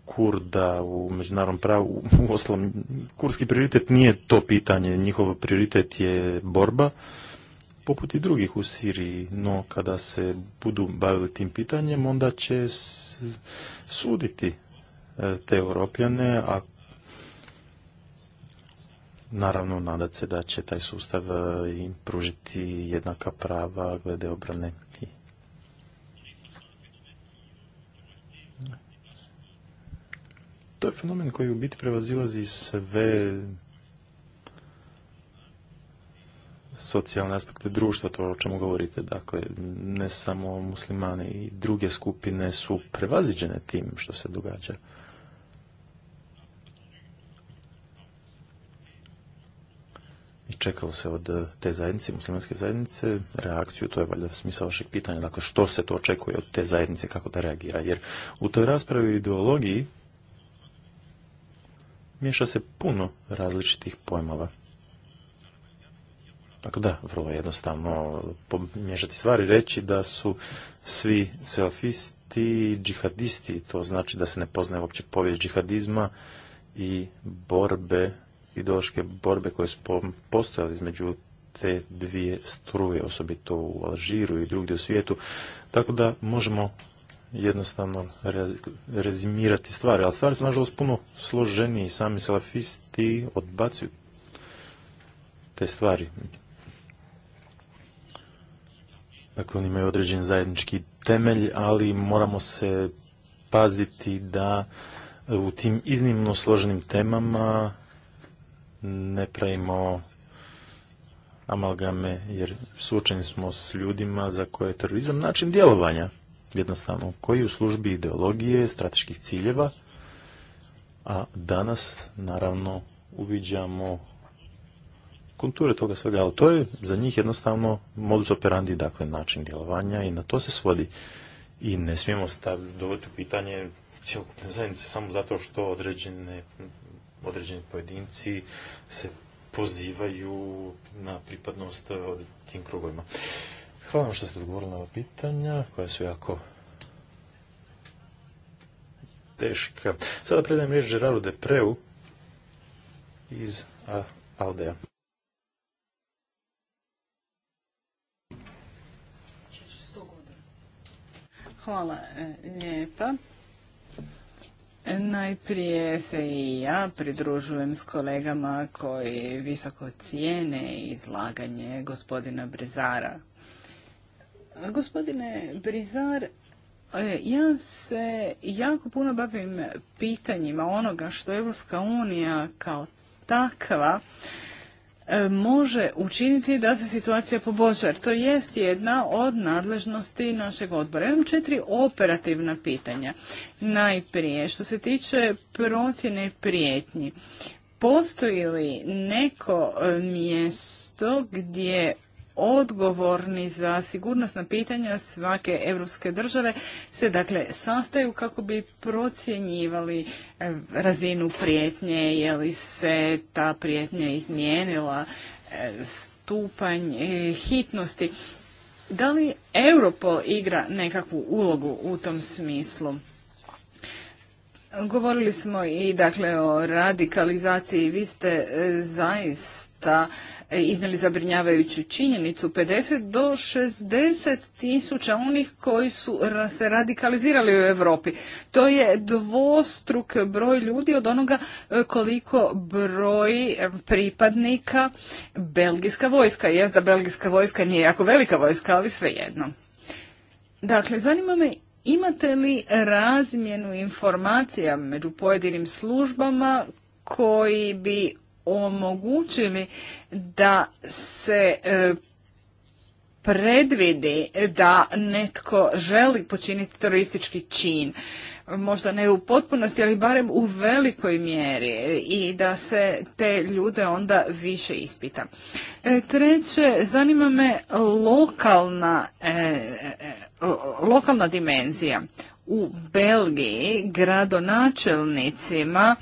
Kurda u međunarodnom pravu, u oslom, kurski prioritet nije to pitanje, njihov prioritet je borba, poput i drugih u Siriji, no kada se budu bavili tim pitanjem, onda će suditi e, te Europljane, a naravno nadat se da će taj sustav e, im pružiti jednaka prava glede obrane to je fenomen koji u biti prevazilazi sve socijalne aspekte društva, to o čemu govorite, dakle, ne samo muslimane i druge skupine su prevaziđene tim što se događa. I čekalo se od te zajednice, muslimanske zajednice, reakciju, to je valjda smisao vašeg pitanja, dakle, što se to očekuje od te zajednice, kako da reagira, jer u toj raspravi o ideologiji miješa se puno različitih pojmova. Tako da, vrlo jednostavno pomiješati stvari, reći da su svi selfisti, džihadisti, to znači da se ne poznaje uopće povijest džihadizma i borbe, ideološke borbe koje su postojali između te dvije struje, osobito u Alžiru i drugdje u svijetu. Tako da možemo jednostavno rezimirati stvari, ali stvari su nažalost puno složenije i sami salafisti odbacuju te stvari. Dakle, oni imaju određen zajednički temelj, ali moramo se paziti da u tim iznimno složenim temama ne pravimo amalgame, jer suočeni smo s ljudima za koje je terorizam način djelovanja jednostavno koji u službi ideologije, strateških ciljeva, a danas naravno uviđamo konture toga svega, ali to je za njih jednostavno modus operandi, dakle način djelovanja i na to se svodi. I ne smijemo dovoditi u pitanje cjelokupne zajednice samo zato što određene, određeni pojedinci se pozivaju na pripadnost eh, tim krugovima. Hvala vam što ste odgovorili na ova pitanja, koja su jako teška. Sada predajem riječ Žeraru Depreu iz Aldeja. Hvala e, lijepa. Najprije se i ja pridružujem s kolegama koji visoko cijene izlaganje gospodina Brezara. Gospodine Brizar, e, ja se jako puno bavim pitanjima onoga što Evropska unija kao takva e, može učiniti da se situacija poboljša. Jer to jest jedna od nadležnosti našeg odbora. Imam četiri operativna pitanja. Najprije, što se tiče procjene prijetnji. Postoji li neko mjesto gdje odgovorni za sigurnosna pitanja svake europske države se dakle sastaju kako bi procjenjivali e, razinu prijetnje, je li se ta prijetnja izmijenila, e, stupanj e, hitnosti. Da li Europol igra nekakvu ulogu u tom smislu? Govorili smo i dakle o radikalizaciji. Vi ste zaista da e, iznijeli zabrinjavajuću činjenicu 50 do 60 tisuća onih koji su se radikalizirali u Europi. To je dvostruk broj ljudi od onoga e, koliko broj e, pripadnika belgijska vojska. Jest da belgijska vojska nije jako velika vojska, ali svejedno. Dakle, zanima me imate li razmjenu informacija među pojedinim službama koji bi omogućili da se e, predvidi da netko želi počiniti teroristički čin možda ne u potpunosti, ali barem u velikoj mjeri i da se te ljude onda više ispita. E, treće, zanima me lokalna, e, lokalna dimenzija. U Belgiji gradonačelnicima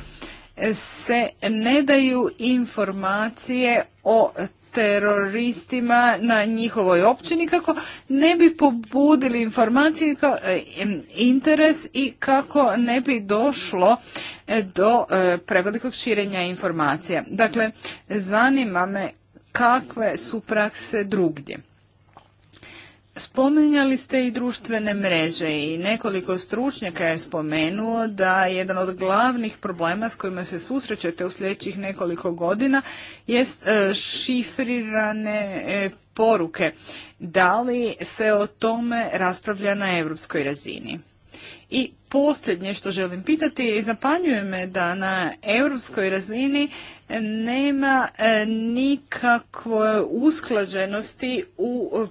se ne daju informacije o teroristima na njihovoj općini kako ne bi pobudili informacije e, interes i kako ne bi došlo e, do e, prevelikog širenja informacija. Dakle, zanima me kakve su prakse drugdje. Spominjali ste i društvene mreže i nekoliko stručnjaka je spomenuo da jedan od glavnih problema s kojima se susrećete u sljedećih nekoliko godina jest e, šifrirane e, poruke. Da li se o tome raspravlja na europskoj razini? I posljednje što želim pitati je, zapanjuje me da na europskoj razini nema e, nikakve usklađenosti u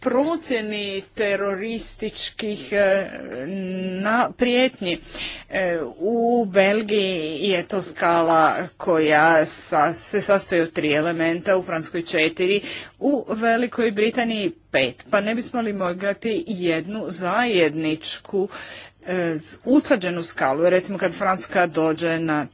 procjeni terorističkih e, prijetnji. E, u Belgiji je to skala koja se sastoji od tri elementa, u Franskoj četiri, u Velikoj Britaniji pet. Pa ne bismo li mogli jednu zajedničku e, usklađenu skalu. Recimo kad Francuska dođe na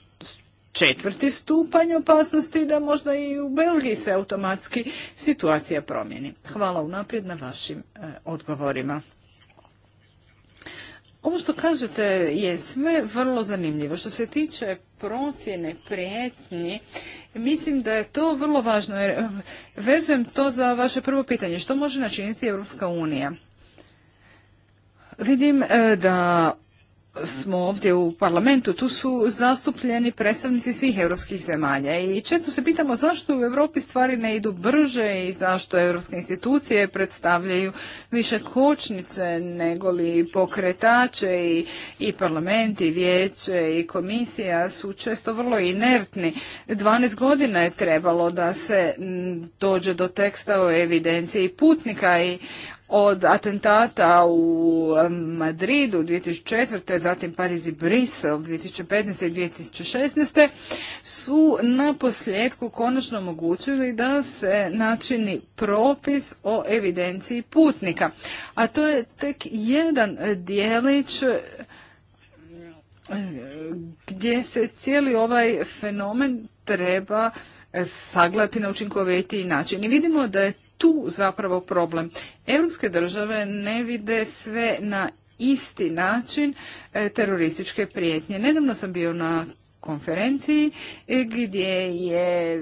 četvrti stupanj opasnosti da možda i u Belgiji se automatski situacija promijeni. Hvala unaprijed na vašim e, odgovorima. Ovo što kažete je sve vrlo zanimljivo. Što se tiče procjene prijetnji, mislim da je to vrlo važno. Jer e, vezujem to za vaše prvo pitanje. Što može načiniti Europska unija? Vidim e, da smo ovdje u parlamentu, tu su zastupljeni predstavnici svih europskih zemalja i često se pitamo zašto u Europi stvari ne idu brže i zašto europske institucije predstavljaju više kočnice nego li pokretače i, i parlament i vijeće i komisija su često vrlo inertni. 12 godina je trebalo da se dođe do teksta o evidenciji putnika i od atentata u Madridu 2004. zatim Pariz i Brisel 2015. i 2016. su na posljedku konačno omogućili da se načini propis o evidenciji putnika. A to je tek jedan dijelić e, gdje se cijeli ovaj fenomen treba saglati na učinkovitiji način. I vidimo da je tu zapravo problem. Europske države ne vide sve na isti način e, terorističke prijetnje. Nedavno sam bio na konferenciji e, gdje je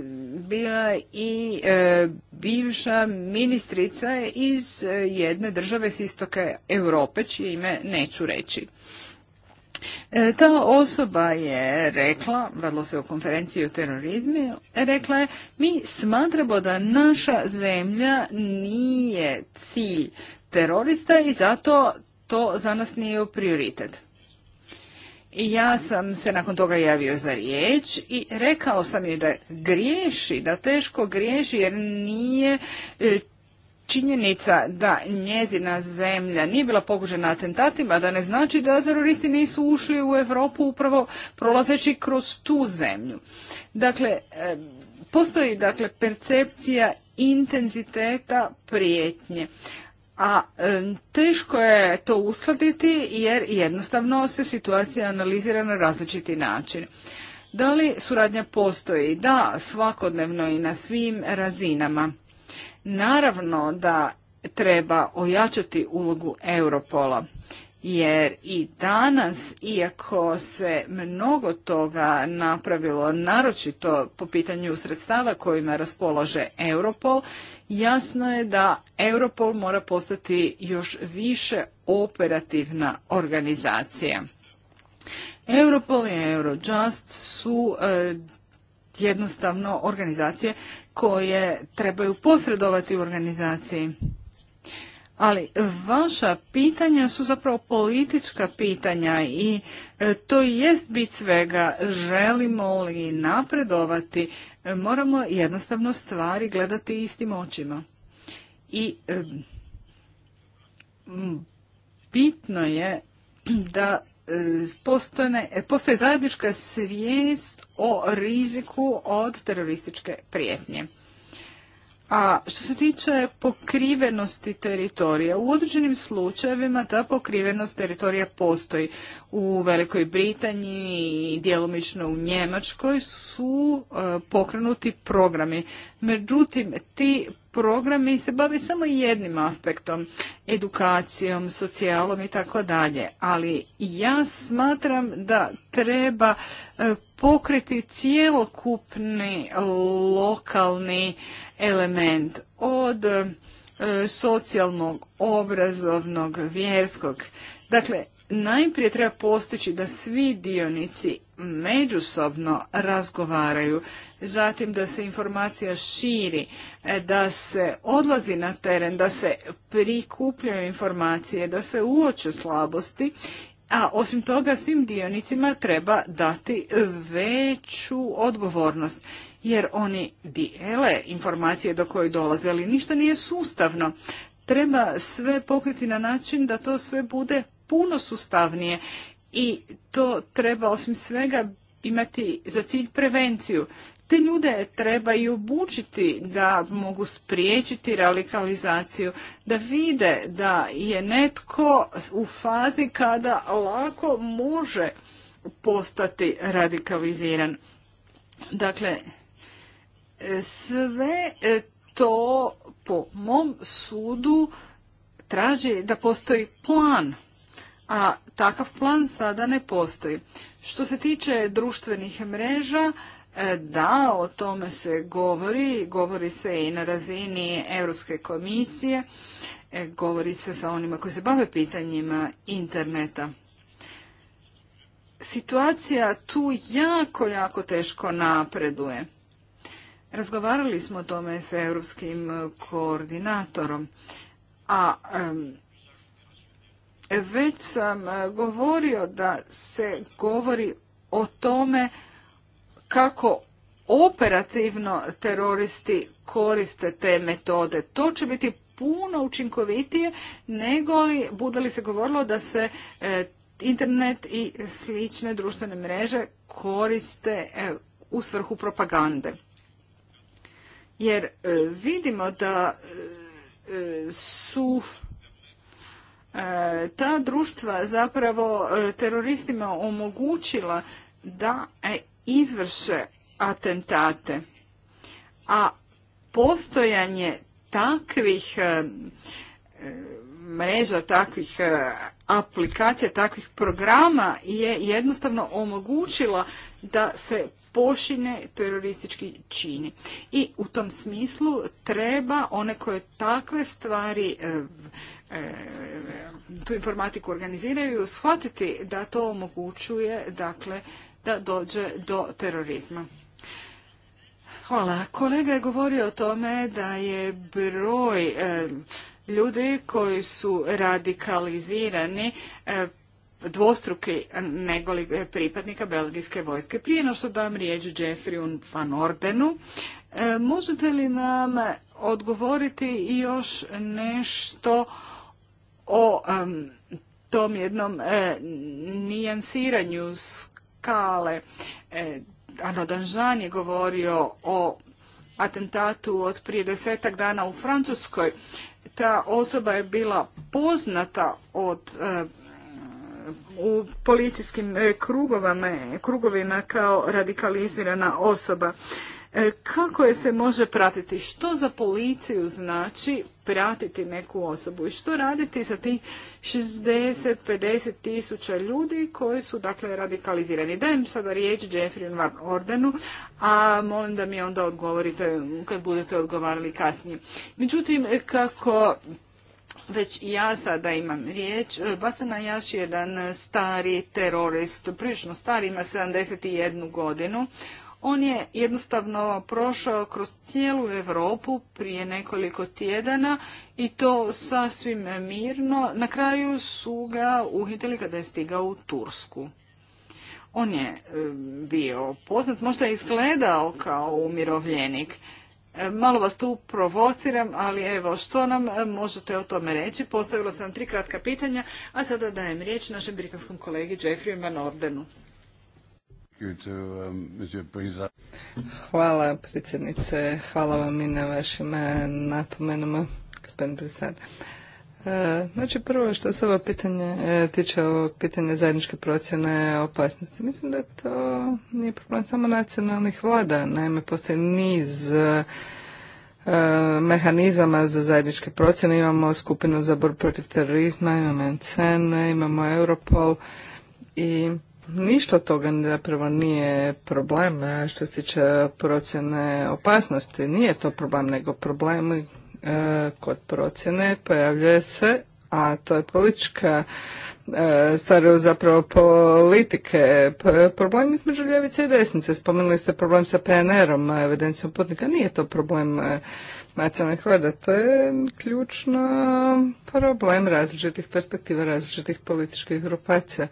bila i e, bivša ministrica iz jedne države s istoka Europe, čije ime neću reći. E, ta osoba je rekla, radilo se o konferenciji o terorizmu, rekla je mi smatramo da naša zemlja nije cilj terorista i zato to za nas nije prioritet. I ja sam se nakon toga javio za riječ i rekao sam joj da griješi, da teško griješi jer nije e, činjenica da njezina zemlja nije bila pogužena atentatima, da ne znači da teroristi nisu ušli u Europu upravo prolazeći kroz tu zemlju. Dakle, e, postoji dakle percepcija intenziteta prijetnje. A e, teško je to uskladiti jer jednostavno se situacija analizira na različiti način. Da li suradnja postoji? Da, svakodnevno i na svim razinama. Naravno da treba ojačati ulogu Europola jer i danas, iako se mnogo toga napravilo, naročito po pitanju sredstava kojima raspolaže Europol, jasno je da Europol mora postati još više operativna organizacija. Europol i Eurojust su e, jednostavno organizacije koje trebaju posredovati u organizaciji. Ali vaša pitanja su zapravo politička pitanja i e, to jest bit svega. Želimo li napredovati, e, moramo jednostavno stvari gledati istim očima. I e, bitno je da E, postoje e, zajednička svijest o riziku od terorističke prijetnje. A što se tiče pokrivenosti teritorija, u određenim slučajevima ta pokrivenost teritorija postoji. U Velikoj Britaniji i djelomično u Njemačkoj su e, pokrenuti programi. Međutim, ti programi se bave samo jednim aspektom, edukacijom, socijalom i tako dalje. Ali ja smatram da treba e, pokriti cijelokupni lokalni element od e, socijalnog, obrazovnog, vjerskog. Dakle, najprije treba postići da svi dionici međusobno razgovaraju, zatim da se informacija širi, e, da se odlazi na teren, da se prikupljaju informacije, da se uoče slabosti, a osim toga svim dionicima treba dati veću odgovornost jer oni dijele informacije do koje dolaze, ali ništa nije sustavno. Treba sve pokriti na način da to sve bude puno sustavnije i to treba osim svega imati za cilj prevenciju. Te ljude treba i obučiti da mogu spriječiti radikalizaciju, da vide da je netko u fazi kada lako može postati radikaliziran. Dakle, sve to po mom sudu traži da postoji plan a takav plan sada ne postoji. Što se tiče društvenih mreža, e, da, o tome se govori, govori se i na razini Europske komisije, e, govori se sa onima koji se bave pitanjima interneta. Situacija tu jako, jako teško napreduje. Razgovarali smo o tome sa europskim koordinatorom, a već sam e, govorio da se govori o tome kako operativno teroristi koriste te metode. To će biti puno učinkovitije nego li bude li se govorilo da se e, internet i slične društvene mreže koriste e, u svrhu propagande. Jer vidimo da su E, ta društva zapravo e, teroristima omogućila da e, izvrše atentate. A postojanje takvih mreža, takvih aplikacija, takvih programa je jednostavno omogućila da se pošine teroristički čini. I u tom smislu treba one koje takve stvari E, tu informatiku organiziraju, shvatiti da to omogućuje dakle, da dođe do terorizma. Hvala. Kolega je govorio o tome da je broj e, ljudi koji su radikalizirani e, dvostruki negoli pripadnika belgijske vojske. Prije no što dam riječ Jeffrey van Ordenu, e, možete li nam odgovoriti još nešto o tom jednom e, nijansiranju skale. E, Anodan je govorio o atentatu od prije desetak dana u Francuskoj. Ta osoba je bila poznata od e, u policijskim e, krugovima, krugovima kao radikalizirana osoba. E, kako je se može pratiti, što za policiju znači pratiti neku osobu i što raditi sa tih 60-50 tisuća ljudi koji su dakle radikalizirani. Dajem sada riječ Jeffrey Van Ordenu, a molim da mi onda odgovorite kad budete odgovarali kasnije. Međutim, kako već ja sada imam riječ. Basana Jaš je jedan stari terorist, prilično stari, ima 71 godinu. On je jednostavno prošao kroz cijelu Europu prije nekoliko tjedana i to sasvim mirno. Na kraju su ga uhitili kada je stigao u Tursku. On je e, bio poznat, možda je izgledao kao umirovljenik. E, malo vas tu provociram, ali evo, što nam e, možete o tome reći? Postavila sam tri kratka pitanja, a sada dajem riječ našem britanskom kolegi Jeffrey Van Ordenu. Um, hvala predsjednice, hvala vam i na vašim e, napomenama, gospodin predsjednik. Znači prvo što se ovo pitanje e, tiče ovog pitanja zajedničke procjene opasnosti, mislim da to nije problem samo nacionalnih vlada, naime postoji niz e, mehanizama za zajedničke procjene, imamo skupinu za borbu protiv terorizma, imamo MCN, imamo Europol i ništa od toga zapravo nije problem što se tiče procjene opasnosti. Nije to problem, nego problem e, kod procjene pojavljuje se, a to je politička e, stvar zapravo politike. problem između ljevice i desnice. Spomenuli ste problem sa PNR-om, evidencijom putnika. Nije to problem e, nacionalnih vlada. To je ključno problem različitih perspektiva, različitih političkih grupacija.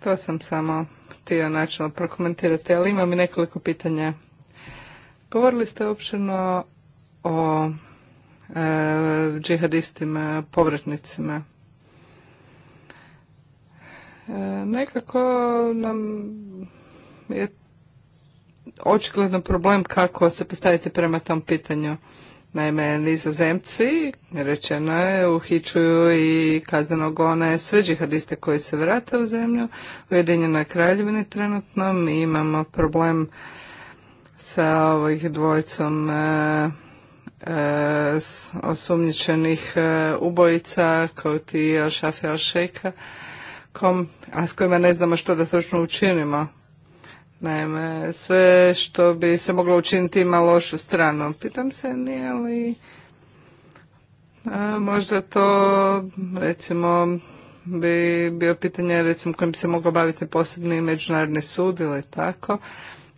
To sam samo htio načelno prokomentirati, ali imam i nekoliko pitanja. Govorili ste općeno o e, džihadistima, povratnicima. E, nekako nam je očigledno problem kako se postaviti prema tom pitanju. Naime, nizozemci, rečeno je, uhičuju i kazneno gone sve džihadiste koji se vrate u zemlju. Ujedinjeno je kraljevini trenutno mi imamo problem sa ovih dvojicom e, e, osumnjičenih e, ubojica kao ti Al-Shafi al a s kojima ne znamo što da točno učinimo. Naime, sve što bi se moglo učiniti ima lošu stranu. Pitam se nije li a, možda to recimo bi bio pitanje recimo kojim bi se mogao baviti posebni međunarodni sud ili tako.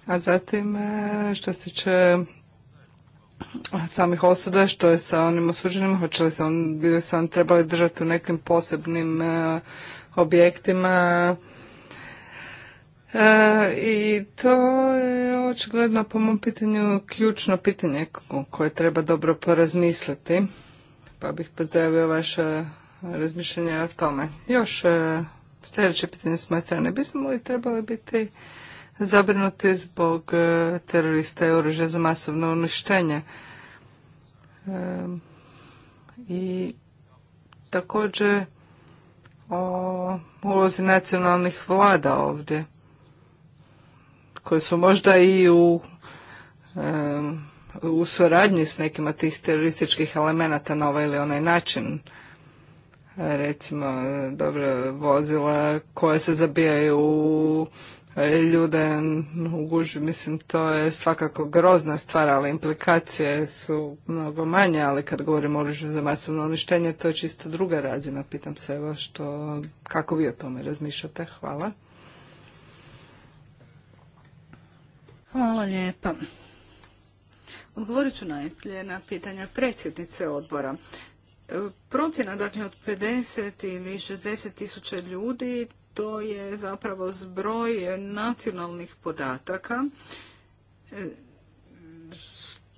A zatim e, što se tiče samih osuda, što je sa onim osuđenima, hoće li se on, bili se on trebali držati u nekim posebnim e, objektima, E, I to je očigledno po mom pitanju ključno pitanje koje treba dobro porazmisliti. Pa bih pozdravio vaše razmišljanje o tome. Još e, sljedeće pitanje s moje strane. Bismo li trebali biti zabrinuti zbog e, terorista i oružja za masovno uništenje? I također o ulozi nacionalnih vlada ovdje koje su možda i u, u suradnji s nekim od tih terorističkih elemenata na ovaj ili onaj način recimo dobro vozila koja se zabijaju u e, ljude u gužbi. mislim to je svakako grozna stvar, ali implikacije su mnogo manje, ali kad govorimo o oružju za masovno uništenje to je čisto druga razina, pitam se evo što, kako vi o tome razmišljate, hvala. Hvala lijepa. Odgovorit ću najprije na pitanja predsjednice odbora. Procjena dakle od 50 ili 60 tisuća ljudi to je zapravo zbroj nacionalnih podataka.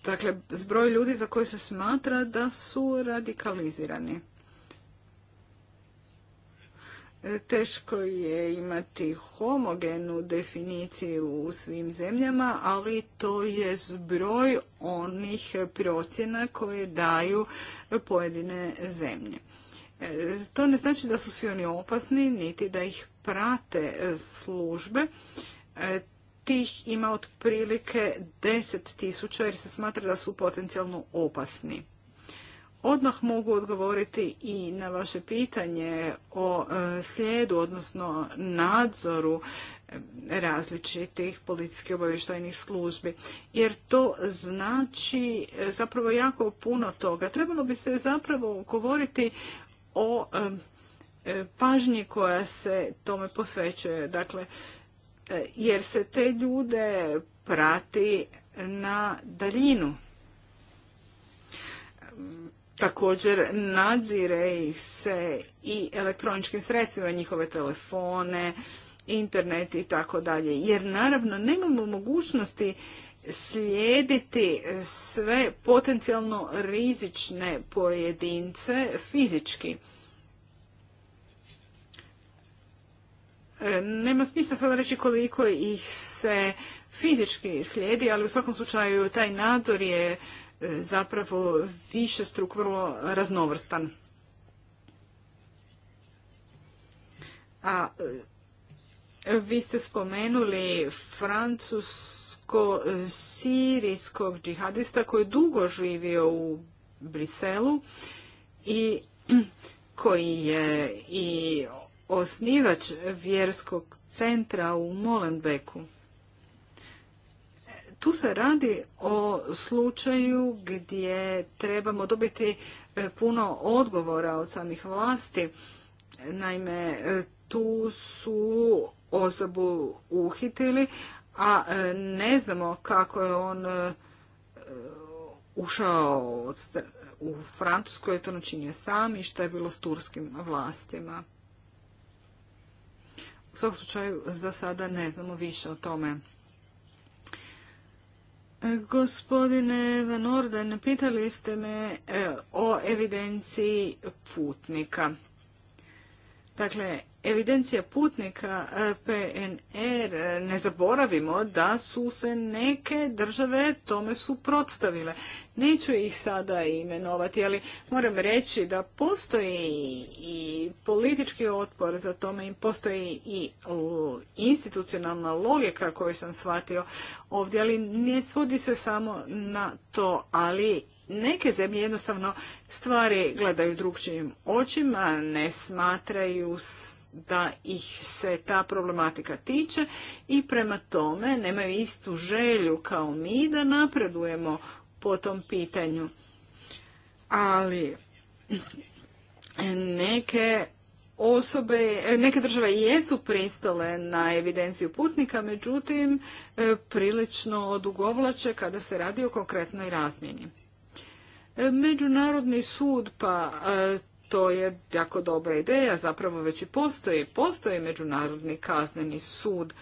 Dakle, zbroj ljudi za koje se smatra da su radikalizirani. Teško je imati homogenu definiciju u svim zemljama, ali to je zbroj onih procjena koje daju pojedine zemlje. E, to ne znači da su svi oni opasni, niti da ih prate službe. E, tih ima otprilike 10.000 jer se smatra da su potencijalno opasni. Odmah mogu odgovoriti i na vaše pitanje o e, slijedu, odnosno nadzoru e, različitih policijskih obavještajnih službi. Jer to znači e, zapravo jako puno toga. Trebalo bi se zapravo govoriti o pažnji koja se tome posvećuje. Dakle, jer se te ljude prati na daljinu Također nadzire ih se i elektroničkim sredstvima, njihove telefone, internet i tako dalje. Jer naravno nemamo mogućnosti slijediti sve potencijalno rizične pojedince fizički. E, nema smisla sada reći koliko ih se fizički slijedi, ali u svakom slučaju taj nadzor je zapravo više struk vrlo raznovrstan. A e, vi ste spomenuli francusko-sirijskog džihadista koji je dugo živio u Briselu i (clears throat) koji je i osnivač vjerskog centra u Molenbeku. Tu se radi o slučaju gdje trebamo dobiti e, puno odgovora od samih vlasti. Naime, e, tu su osobu uhitili, a e, ne znamo kako je on ušao u Francuskoj, je to načinio sam i što je bilo s turskim vlastima. U svakom slučaju, za sada ne znamo više o tome. Gospodine Van Orden, pitali ste me e, o evidenciji putnika. Dakle, evidencija putnika e, PNR, e, ne zaboravimo da su se neke države tome suprotstavile. Neću ih sada imenovati, ali moram reći da postoji i politički otpor za tome i postoji i institucionalna logika koju sam shvatio ovdje, ali ne svodi se samo na to, ali neke zemlje jednostavno stvari gledaju drugčijim očima, ne smatraju da ih se ta problematika tiče i prema tome nemaju istu želju kao mi da napredujemo po tom pitanju. Ali neke osobe, neke države jesu pristale na evidenciju putnika, međutim e, prilično odugovlače kada se radi o konkretnoj razmjeni. E, Međunarodni sud pa e, to je jako dobra ideja, zapravo već i postoji. Postoji Međunarodni kazneni sud.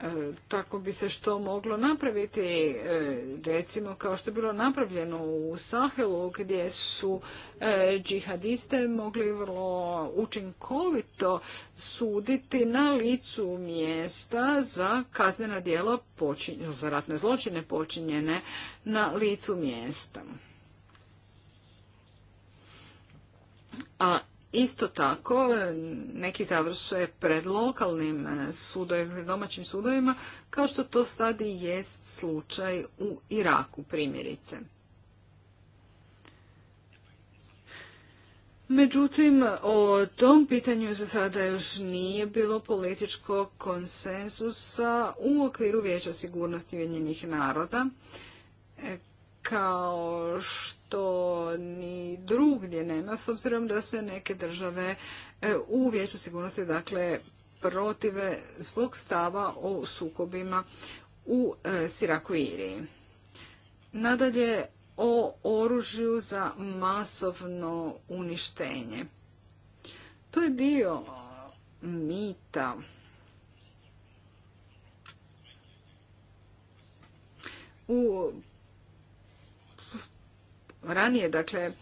E, tako bi se što moglo napraviti, e, recimo kao što je bilo napravljeno u Sahelu gdje su e, džihadiste mogli vrlo učinkovito suditi na licu mjesta za kaznena djela, počin, za ratne zločine počinjene na licu mjesta. a isto tako neki završe pred lokalnim e, sudovima, domaćim sudovima, kao što to sad i jest slučaj u Iraku primjerice. Međutim, o tom pitanju za sada još nije bilo političkog konsensusa u okviru Vijeća sigurnosti Ujedinjenih naroda, e, kao što to ni drugdje nema, s obzirom da se neke države e, u vijeću sigurnosti dakle, protive zbog stava o sukobima u e, Siraku Iriji. Nadalje, o oružju za masovno uništenje. To je dio mita. U ranije. Dakle,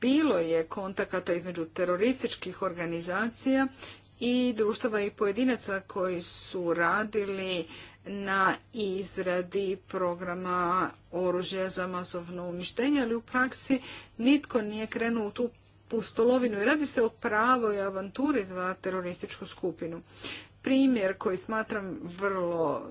bilo je kontakata između terorističkih organizacija i društava i pojedinaca koji su radili na izradi programa oružja za masovno uništenje, ali u praksi nitko nije krenuo u tu pustolovinu i radi se o pravoj avanturi za terorističku skupinu. Primjer koji smatram vrlo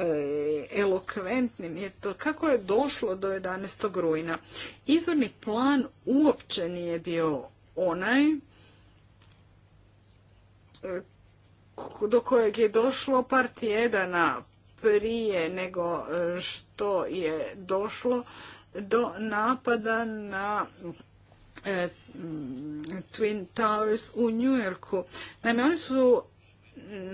E, elokventnim je to kako je došlo do 11. rujna. Izvorni plan uopće nije bio onaj e, do kojeg je došlo par tjedana prije nego e, što je došlo do napada na Twin Towers u Yorku. Naime, oni su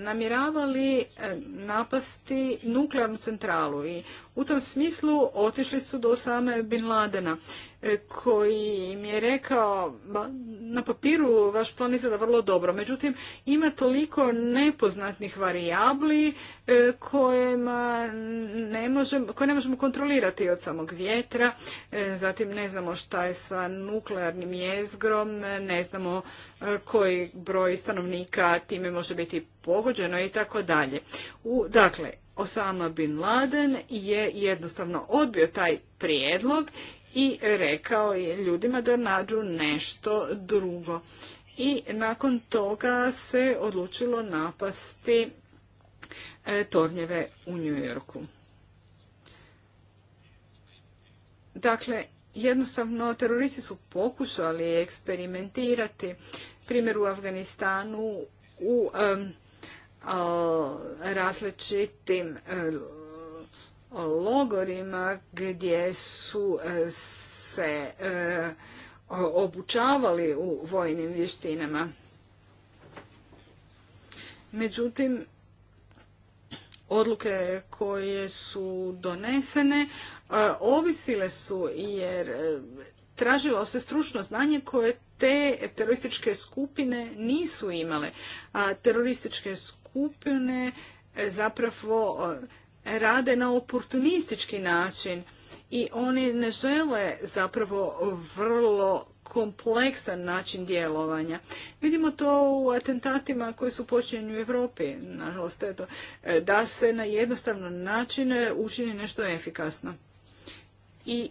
namjeravali eh, napasti nuklearnu centralu i u tom smislu otišli su do same Bin Ladena e, koji im je rekao na papiru vaš plan izgleda vrlo dobro, međutim ima toliko nepoznatnih varijabli e, kojima ne koje ne možemo kontrolirati od samog vjetra, e, zatim ne znamo šta je sa nuklearnim jezgrom, ne znamo koji broj stanovnika time može biti pogođeno i tako dalje. Dakle, Osama Bin Laden je jednostavno odbio taj prijedlog i rekao je ljudima da nađu nešto drugo. I nakon toga se odlučilo napasti e, tornjeve u New Yorku. Dakle, jednostavno teroristi su pokušali eksperimentirati. Primjer u Afganistanu u različitim e, logorima gdje su e, se e, obučavali u vojnim vještinama. Međutim, odluke koje su donesene ovisile su jer tražilo se stručno znanje koje te terorističke skupine nisu imale. A terorističke skupine e, zapravo e, rade na oportunistički način i oni ne žele zapravo vrlo kompleksan način djelovanja. Vidimo to u atentatima koji su počinjeni u Europi, nažalost, eto, e, da se na jednostavno način učini nešto efikasno. I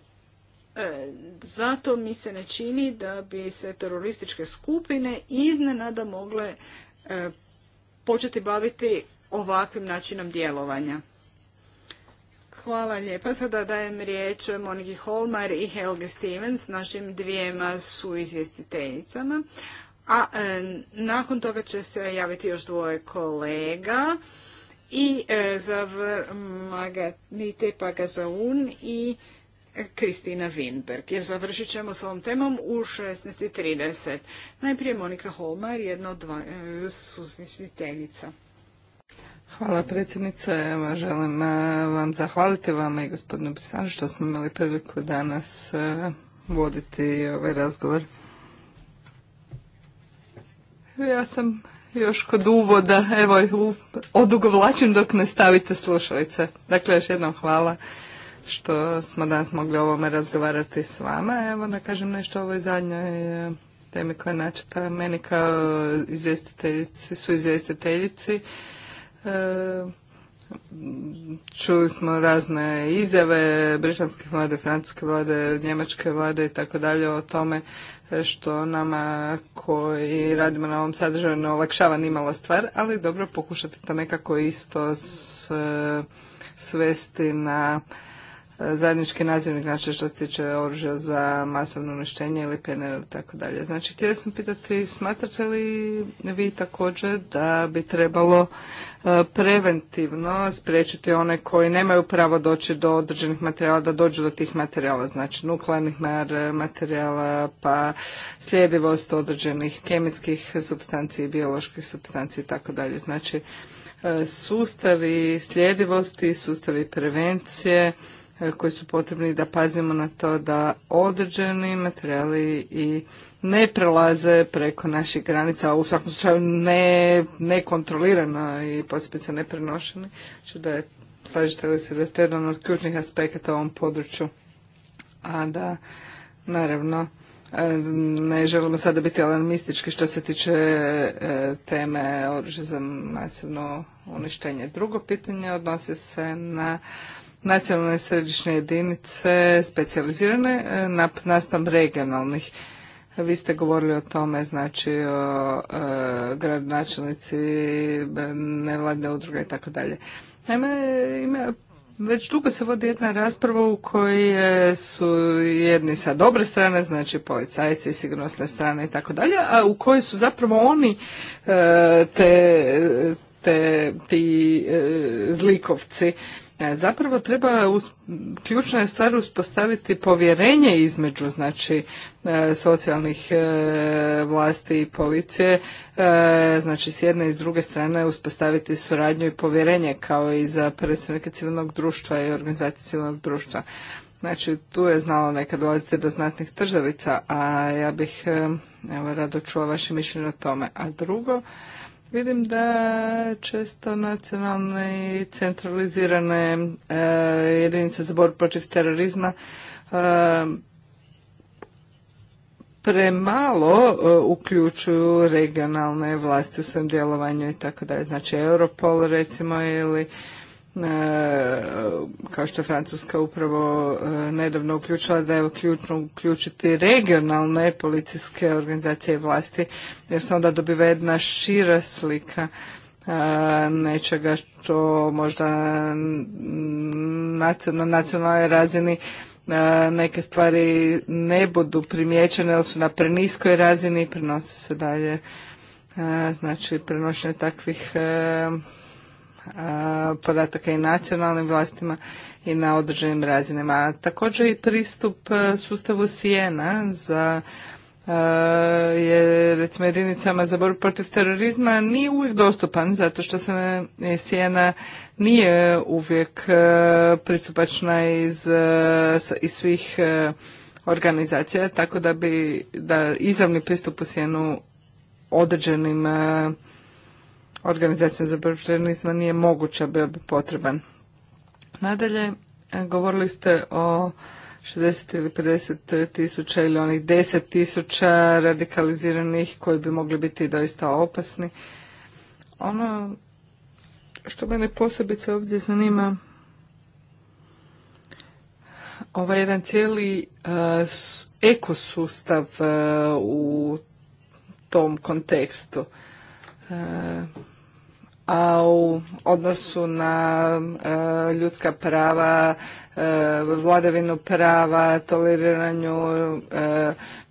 E, zato mi se ne čini da bi se terorističke skupine iznenada mogle e, početi baviti ovakvim načinom djelovanja. Hvala lijepa. Sada dajem riječ Moniki Holmar i Helge Stevens, našim dvijema su izvjestiteljicama. A e, nakon toga će se javiti još dvoje kolega i e, za Pagazaun i Kristina Winberg, jer završit ćemo s ovom temom u 16.30. Najprije Monika Holmar, jedna od dva e, Hvala predsjednice, želim e, vam zahvaliti vama i gospodinu Brisanu što smo imali priliku danas e, voditi ovaj razgovor. Ja sam još kod uvoda, evo, odugovlačim dok ne stavite slušalice. Dakle, još jednom hvala što smo danas mogli o ovome razgovarati s vama. Evo da kažem nešto o ovoj zadnjoj e, temi koja je načeta. Meni kao izvjestiteljici, su izvjestiteljici e, čuli smo razne izjave britanske vlade, francuske vlade, njemačke vlade i tako dalje o tome što nama koji radimo na ovom sadržaju ne olakšava nimala stvar, ali dobro pokušati to nekako isto s, e, svesti na zajednički nazivnik, znači što se tiče oružja za masovno uništenje ili PNR i tako dalje. Znači, htjela sam pitati, smatrate li vi također da bi trebalo e, preventivno spriječiti one koji nemaju pravo doći do određenih materijala, da dođu do tih materijala, znači nuklearnih materijala, pa sljedivost određenih kemijskih substanci, bioloških substanci i tako dalje. Znači, e, sustavi sljedivosti, sustavi prevencije, E, koji su potrebni da pazimo na to da određeni materijali i ne prelaze preko naših granica, a u svakom slučaju ne, nekontrolirano i posebice neprenošeni. Znači da je, slažete li se da je to jedan od ključnih aspekata u ovom području, a da naravno e, ne želimo sada biti alarmistički što se tiče e, teme oružja za masivno uništenje. Drugo pitanje odnosi se na nacionalne središnje jedinice specijalizirane e, naspram regionalnih. Vi ste govorili o tome, znači o e, gradonačelnici, nevladne udruge i tako dalje. Naime, ima, već dugo se vodi jedna rasprava u kojoj e, su jedni sa dobre strane, znači policajci, sigurnosne strane i tako dalje, a u kojoj su zapravo oni te, te, ti zlikovci E, zapravo treba, ključna je stvar uspostaviti povjerenje između znači e, socijalnih e, vlasti i policije, znači s jedne i s druge strane uspostaviti suradnju i povjerenje kao i za predstavnike civilnog društva i organizacije civilnog društva. Znači tu je znalo nekad dolaziti do znatnih tržavica, a ja bih evo rado čula vaše mišljenje o tome. A drugo, Vidim da često nacionalne i centralizirane e, jedinice za borbu protiv terorizma e, premalo e, uključuju regionalne vlasti u svom djelovanju i tako Znači Europol recimo ili E, kao što je Francuska upravo e, nedavno uključila da je ključno uključiti regionalne policijske organizacije i vlasti jer se onda dobiva jedna šira slika e, nečega što možda na nacionalnoj razini neke stvari ne budu primijećene ili su na preniskoj razini i prenose se dalje znači prenošenje takvih E, podataka i nacionalnim vlastima i na određenim razinama. također i pristup e, sustavu Sijena za e, je recimo jedinicama za borbu protiv terorizma nije uvijek dostupan zato što se Sijena nije uvijek pristupačna iz, svih organizacija, tako da bi da izravni pristup u Sijenu određenim organizacijom za profesionalizma nije moguća, bio bi potreban. Nadalje, e, govorili ste o 60 ili 50 tisuća ili onih 10 tisuća radikaliziranih koji bi mogli biti doista opasni. Ono što mene posebice ovdje zanima, ovaj jedan cijeli uh, ekosustav e, u tom kontekstu. Eh, a u odnosu na eh, ljudska prava, eh, vladavinu prava, toleriranju,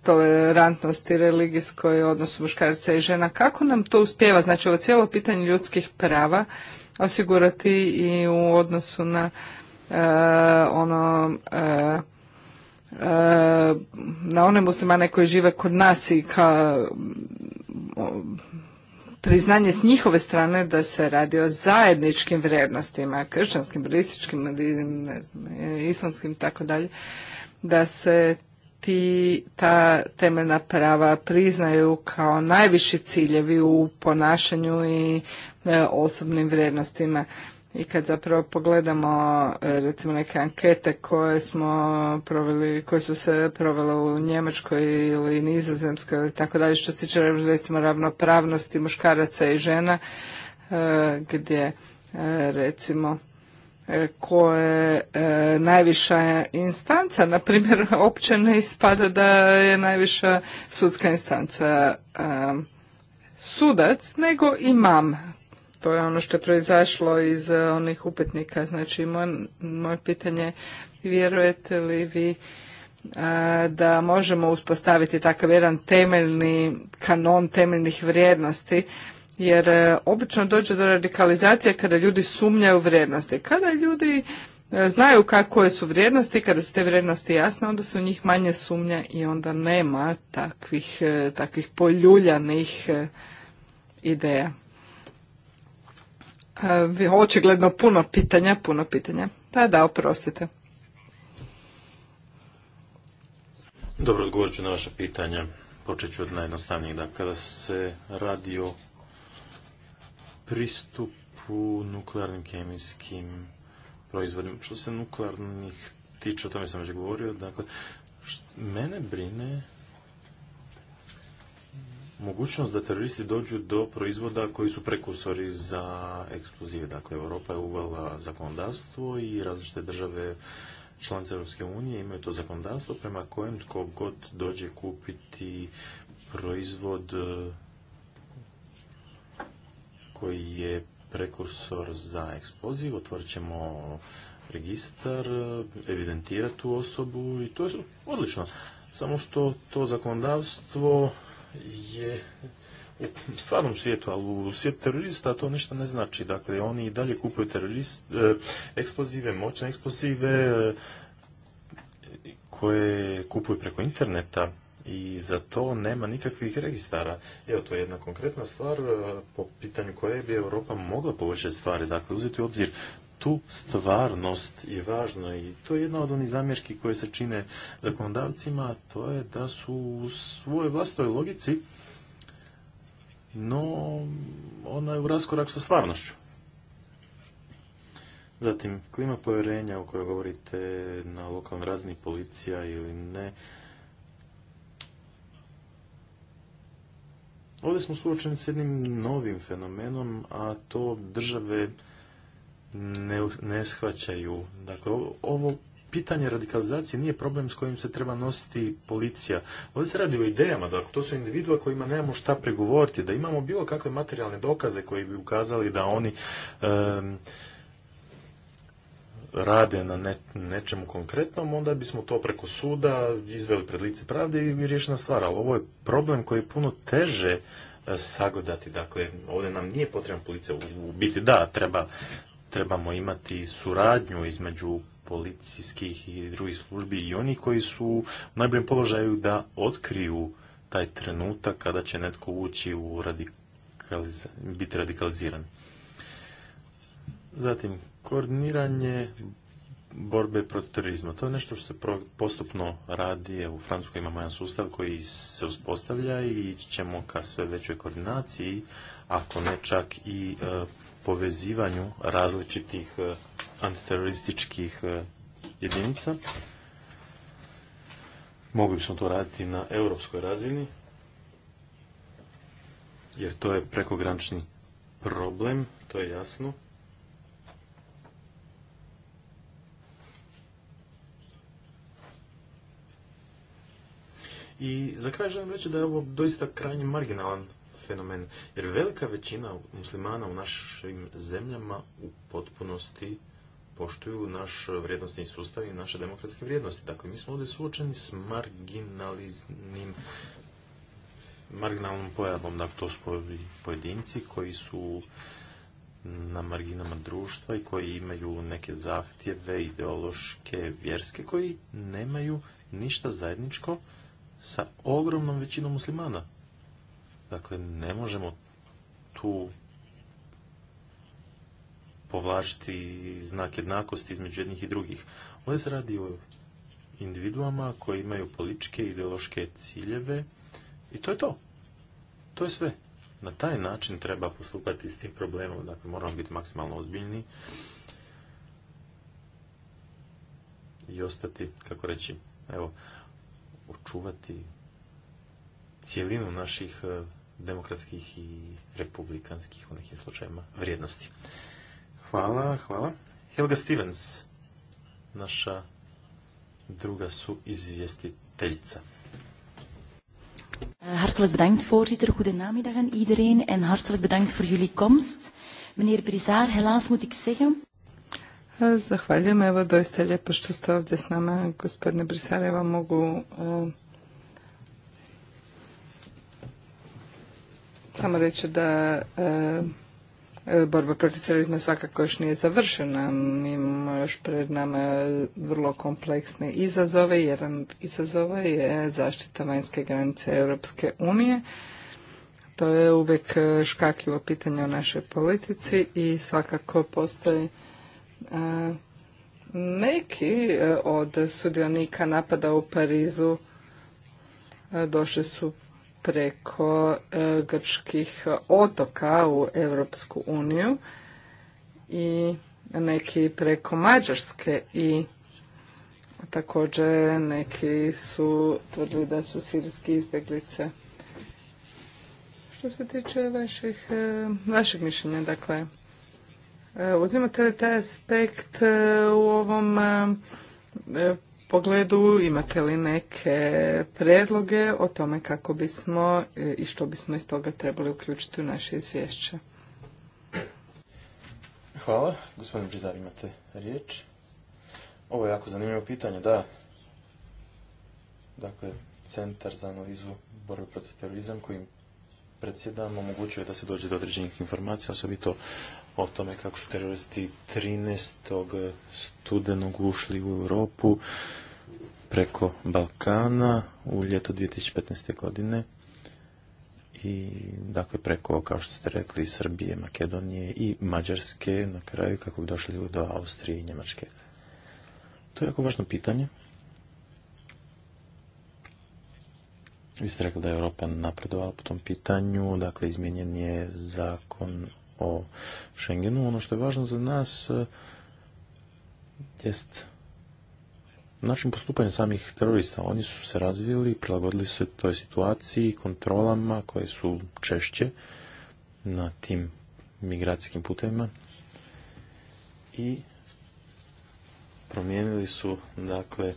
tolerantnosti religijskoj odnosu muškarca i žena. Kako nam to uspjeva? Znači ovo cijelo pitanje ljudskih prava osigurati i u odnosu na ono na one muslimane koji žive kod nas i ka priznanje s njihove strane da se radi o zajedničkim vrijednostima, kršćanskim, budističkim, ne znam, e, islamskim i tako dalje, da se ti, ta temeljna prava priznaju kao najviši ciljevi u ponašanju i e, osobnim vrijednostima i kad zapravo pogledamo e, recimo neke ankete koje smo proveli, koje su se provele u Njemačkoj ili Nizozemskoj ili tako dalje što se tiče recimo ravnopravnosti muškaraca i žena e, gdje e, recimo koje najviša instanca, na primjer, (laughs) opće ne ispada da je najviša sudska instanca sudac, nego imam to pa je ono što je proizašlo iz e, onih upetnika. Znači, moje pitanje, vjerujete li vi e, da možemo uspostaviti takav jedan temeljni kanon temeljnih vrijednosti, jer e, obično dođe do radikalizacije kada ljudi sumnjaju vrijednosti. Kada ljudi znaju kako su vrijednosti, kada su te vrijednosti jasne, onda su njih manje sumnja i onda nema takvih, takvih poljuljanih ideja. E, očigledno puno pitanja, puno pitanja. Da, da, oprostite. Dobro, odgovorit ću na vaše pitanja. Počet ću od najjednostavnijih. Da, kada se radi o pristupu nuklearnim kemijskim proizvodima, što se nuklearnih tiče, o tome sam već govorio, dakle, mene brine mogućnost da teroristi dođu do proizvoda koji su prekursori za eksplozive. Dakle, Europa je uvela zakonodavstvo i različite države članice Europske unije imaju to zakonodavstvo prema kojem tko god dođe kupiti proizvod e, koji je prekursor za eksploziv, otvorit ćemo registar, evidentirati tu osobu i to je odlično. Samo što to zakonodavstvo je u stvarnom svijetu, ali u svijetu terorista to ništa ne znači. Dakle, oni i dalje kupuju terorist, e, eksplozive, moćne eksplozive e, koje kupuju preko interneta i za to nema nikakvih registara. Evo, to je jedna konkretna stvar e, po pitanju koje bi Europa mogla poboljšati stvari. Dakle, uzeti u obzir tu stvarnost je važna i to je jedna od onih zamjerki koje se čine zakonodavcima, to je da su u svojoj vlastoj logici, no ona je u raskorak sa stvarnošću. Zatim, klima povjerenja o kojoj govorite na lokalnoj razini policija ili ne. Ovdje smo suočeni s jednim novim fenomenom, a to države ne, shvaćaju. Dakle, ovo pitanje radikalizacije nije problem s kojim se treba nositi policija. Ovdje se radi o idejama, dakle, to su individua kojima nemamo šta pregovoriti, da imamo bilo kakve materijalne dokaze koji bi ukazali da oni rade na nečemu konkretnom, onda bismo to preko suda izveli pred lice pravde i riješena stvar. Ali ovo je problem koji je puno teže e, sagledati. Dakle, ovdje nam nije potrebna policija. U biti da, treba trebamo imati suradnju između policijskih i drugih službi i oni koji su u najboljem položaju da otkriju taj trenutak kada će netko ući u radikaliz... biti radikaliziran. Zatim, koordiniranje borbe protiv terorizma. To je nešto što se postupno radi. U Francuskoj imamo jedan sustav koji se uspostavlja i ćemo ka sve većoj koordinaciji, ako ne čak i e, povezivanju različitih e, antiterorističkih e, jedinica. Mogli bismo to raditi na europskoj razini, jer to je prekogranični problem, to je jasno. I za kraj želim reći da je ovo doista krajnje marginalan fenomen. Jer velika većina muslimana u našim zemljama u potpunosti poštuju naš vrijednostni sustav i naše demokratske vrijednosti. Dakle, mi smo ovdje suočeni s marginaliznim marginalnom pojavom, dakle to su pojedinci koji su na marginama društva i koji imaju neke zahtjeve ideološke, vjerske, koji nemaju ništa zajedničko sa ogromnom većinom muslimana. Dakle, ne možemo tu povlačiti znak jednakosti između jednih i drugih. Ovdje se radi o individuama koji imaju političke i ideološke ciljeve i to je to. To je sve. Na taj način treba postupati s tim problemom, dakle moramo biti maksimalno ozbiljni i ostati, kako reći, evo, očuvati cijelinu naših e, demokratskih i republikanskih u nekim slučajima vrijednosti. Hvala, hvala. Helga Stevens, naša druga su izvjestiteljica. Eh, hartelijk bedankt voorzitter, namiddag aan iedereen en hartelijk bedankt voor jullie komst. Meneer Brizar, helaas moet ik zeggen... Eh, zahvaljujem, evo doista lijepo što ste ovdje s nama, gospodine Brisar, mogu eh, samo reći da e, e, borba protiv terorizma svakako još nije završena. imamo još pred nama vrlo kompleksne izazove. Jedan od izazova je zaštita vanjske granice Europske unije. To je uvijek škakljivo pitanje o našoj politici i svakako postoji e, neki od sudionika napada u Parizu došli su preko e, grčkih otoka u Europsku uniju i neki preko Mađarske i također neki su tvrdili da su sirijski izbjeglice. Što se tiče vaših, e, vašeg mišljenja, dakle, e, uzimate li taj aspekt u ovom pogledu imate li neke predloge o tome kako bismo e, i što bismo iz toga trebali uključiti u naše izvješće? Hvala. Gospodin Brizar, imate riječ. Ovo je jako zanimljivo pitanje, da. Dakle, Centar za analizu borbe protiv terorizam kojim predsjedam omogućuje da se dođe do određenih informacija, osobito o tome kako su teroristi 13. studenog ušli u Europu preko Balkana u ljetu 2015. godine i dakle preko, kao što ste rekli, Srbije, Makedonije i Mađarske na kraju kako bi došli do Austrije i Njemačke. To je jako važno pitanje. Vi ste rekli da je Europa napredovala po tom pitanju, dakle izmijenjen je zakon o Schengenu. Ono što je važno za nas e, jest način postupanja samih terorista. Oni su se razvili, prilagodili se toj situaciji, kontrolama koje su češće na tim migracijskim putevima i promijenili su dakle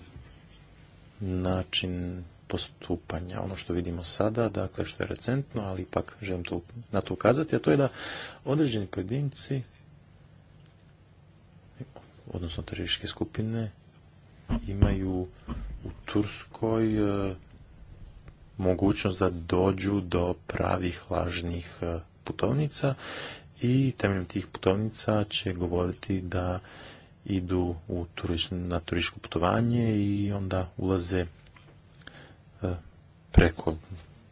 način postupanja. Ono što vidimo sada, dakle što je recentno, ali ipak želim na to ukazati, a to je da određeni pojedinci, odnosno tržiške skupine, imaju u Turskoj e, mogućnost da dođu do pravih lažnih e, putovnica i temeljem tih putovnica će govoriti da idu u na turističko putovanje i onda ulaze E, preko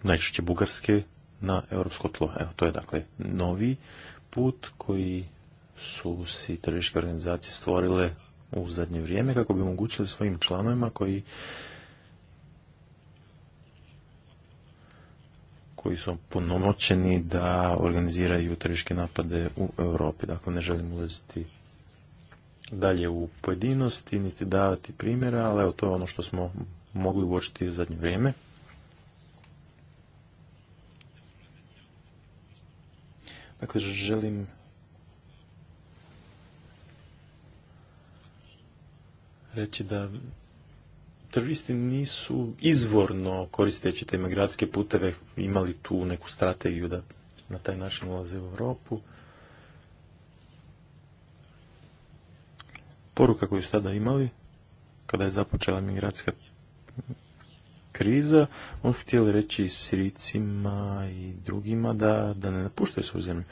najčešće Bugarske na europsko tlo. Evo, to je dakle novi put koji su si tržiške organizacije stvorile u zadnje vrijeme kako bi omogućili svojim članovima koji koji su ponomoćeni da organiziraju tržiške napade u Europi. Dakle, ne želim ulaziti dalje u pojedinosti, niti davati primjera, ali evo to je ono što smo mogli uočiti u zadnje vrijeme. Dakle, želim reći da teroristi nisu izvorno koristeći te migracijske puteve imali tu neku strategiju da na taj način ulaze u Europu. Poruka koju su tada imali kada je započela migracijska kriza, on su htjeli reći Siricima i drugima da, da ne napuštaju svoju zemlju.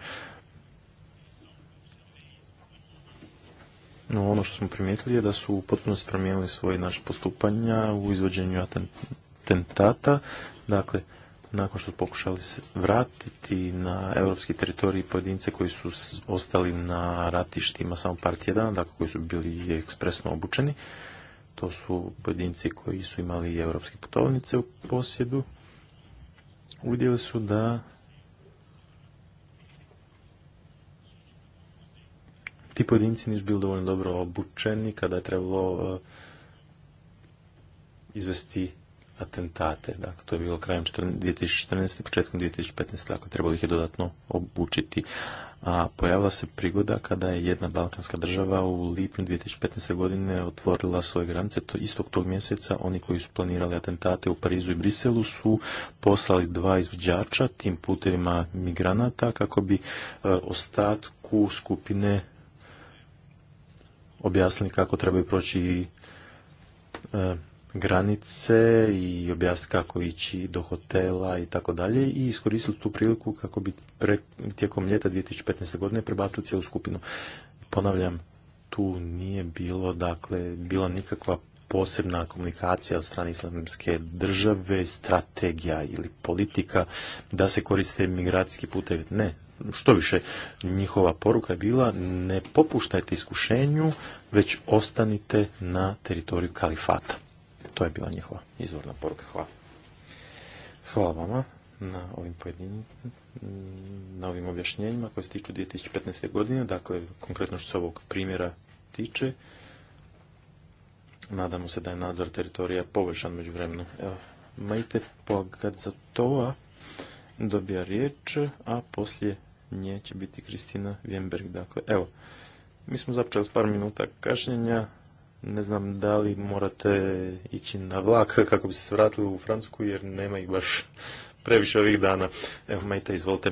No, ono što smo primijetili je da su potpuno promijenili svoje naše postupanja u izvođenju atentata. Dakle, nakon što pokušali se vratiti na europski teritorij pojedince koji su ostali na ratištima samo par tjedana, dakle koji su bili ekspresno obučeni, to su pojedinci koji su imali europske putovnice u posjedu, uvidjeli su da ti pojedinci nisu bili dovoljno dobro obučeni kada je trebalo e, izvesti atentate. Dakle, to je bilo krajem 2014. početkom 2015. Dakle, trebalo ih je dodatno obučiti. A pojavila se prigoda kada je jedna balkanska država u lipnju 2015. godine otvorila svoje granice. To istog tog mjeseca oni koji su planirali atentate u Parizu i Briselu su poslali dva izvđača tim putevima migranata kako bi e, ostatku skupine objasnili kako trebaju proći e, granice i objasniti kako ići do hotela i tako dalje i iskoristili tu priliku kako bi tijekom ljeta 2015. godine prebacili cijelu skupinu. Ponavljam, tu nije bilo, dakle, bila nikakva posebna komunikacija od strane islamske države, strategija ili politika da se koriste migracijski putevi. Ne, što više, njihova poruka je bila ne popuštajte iskušenju, već ostanite na teritoriju kalifata. To je bila njihova izvorna poruka. Hvala. Hvala vama na ovim pojedinim, mm, na ovim objašnjenjima koje se tiču 2015. godine, dakle konkretno što se ovog primjera tiče. Nadamo se da je nadzor teritorija poboljšan među vremenu. majte pogad za to, a dobija riječ, a poslije nje će biti Kristina Vjemberg Dakle, evo, mi smo započeli s par minuta kašnjenja, ne znam da li morate ići na vlak kako bi se vratili u Francusku jer nema ih baš previše ovih dana. Evo, Majta, izvolite.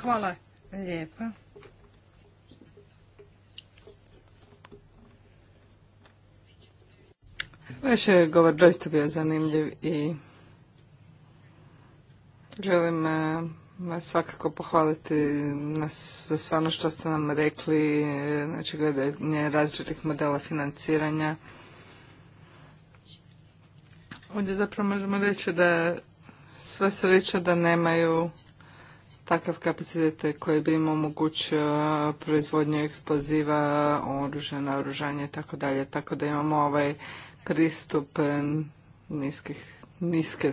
Hvala lijepa. Vaš je govor doista bio zanimljiv i želim eh, svakako pohvaliti nas za sve ono što ste nam rekli, znači gledanje različitih modela financiranja. Ovdje zapravo možemo reći da sva sreća da nemaju takav kapacitet koji bi im omogućio proizvodnju eksploziva, oružja naoružanje i tako dalje. Tako da imamo ovaj pristup niskih,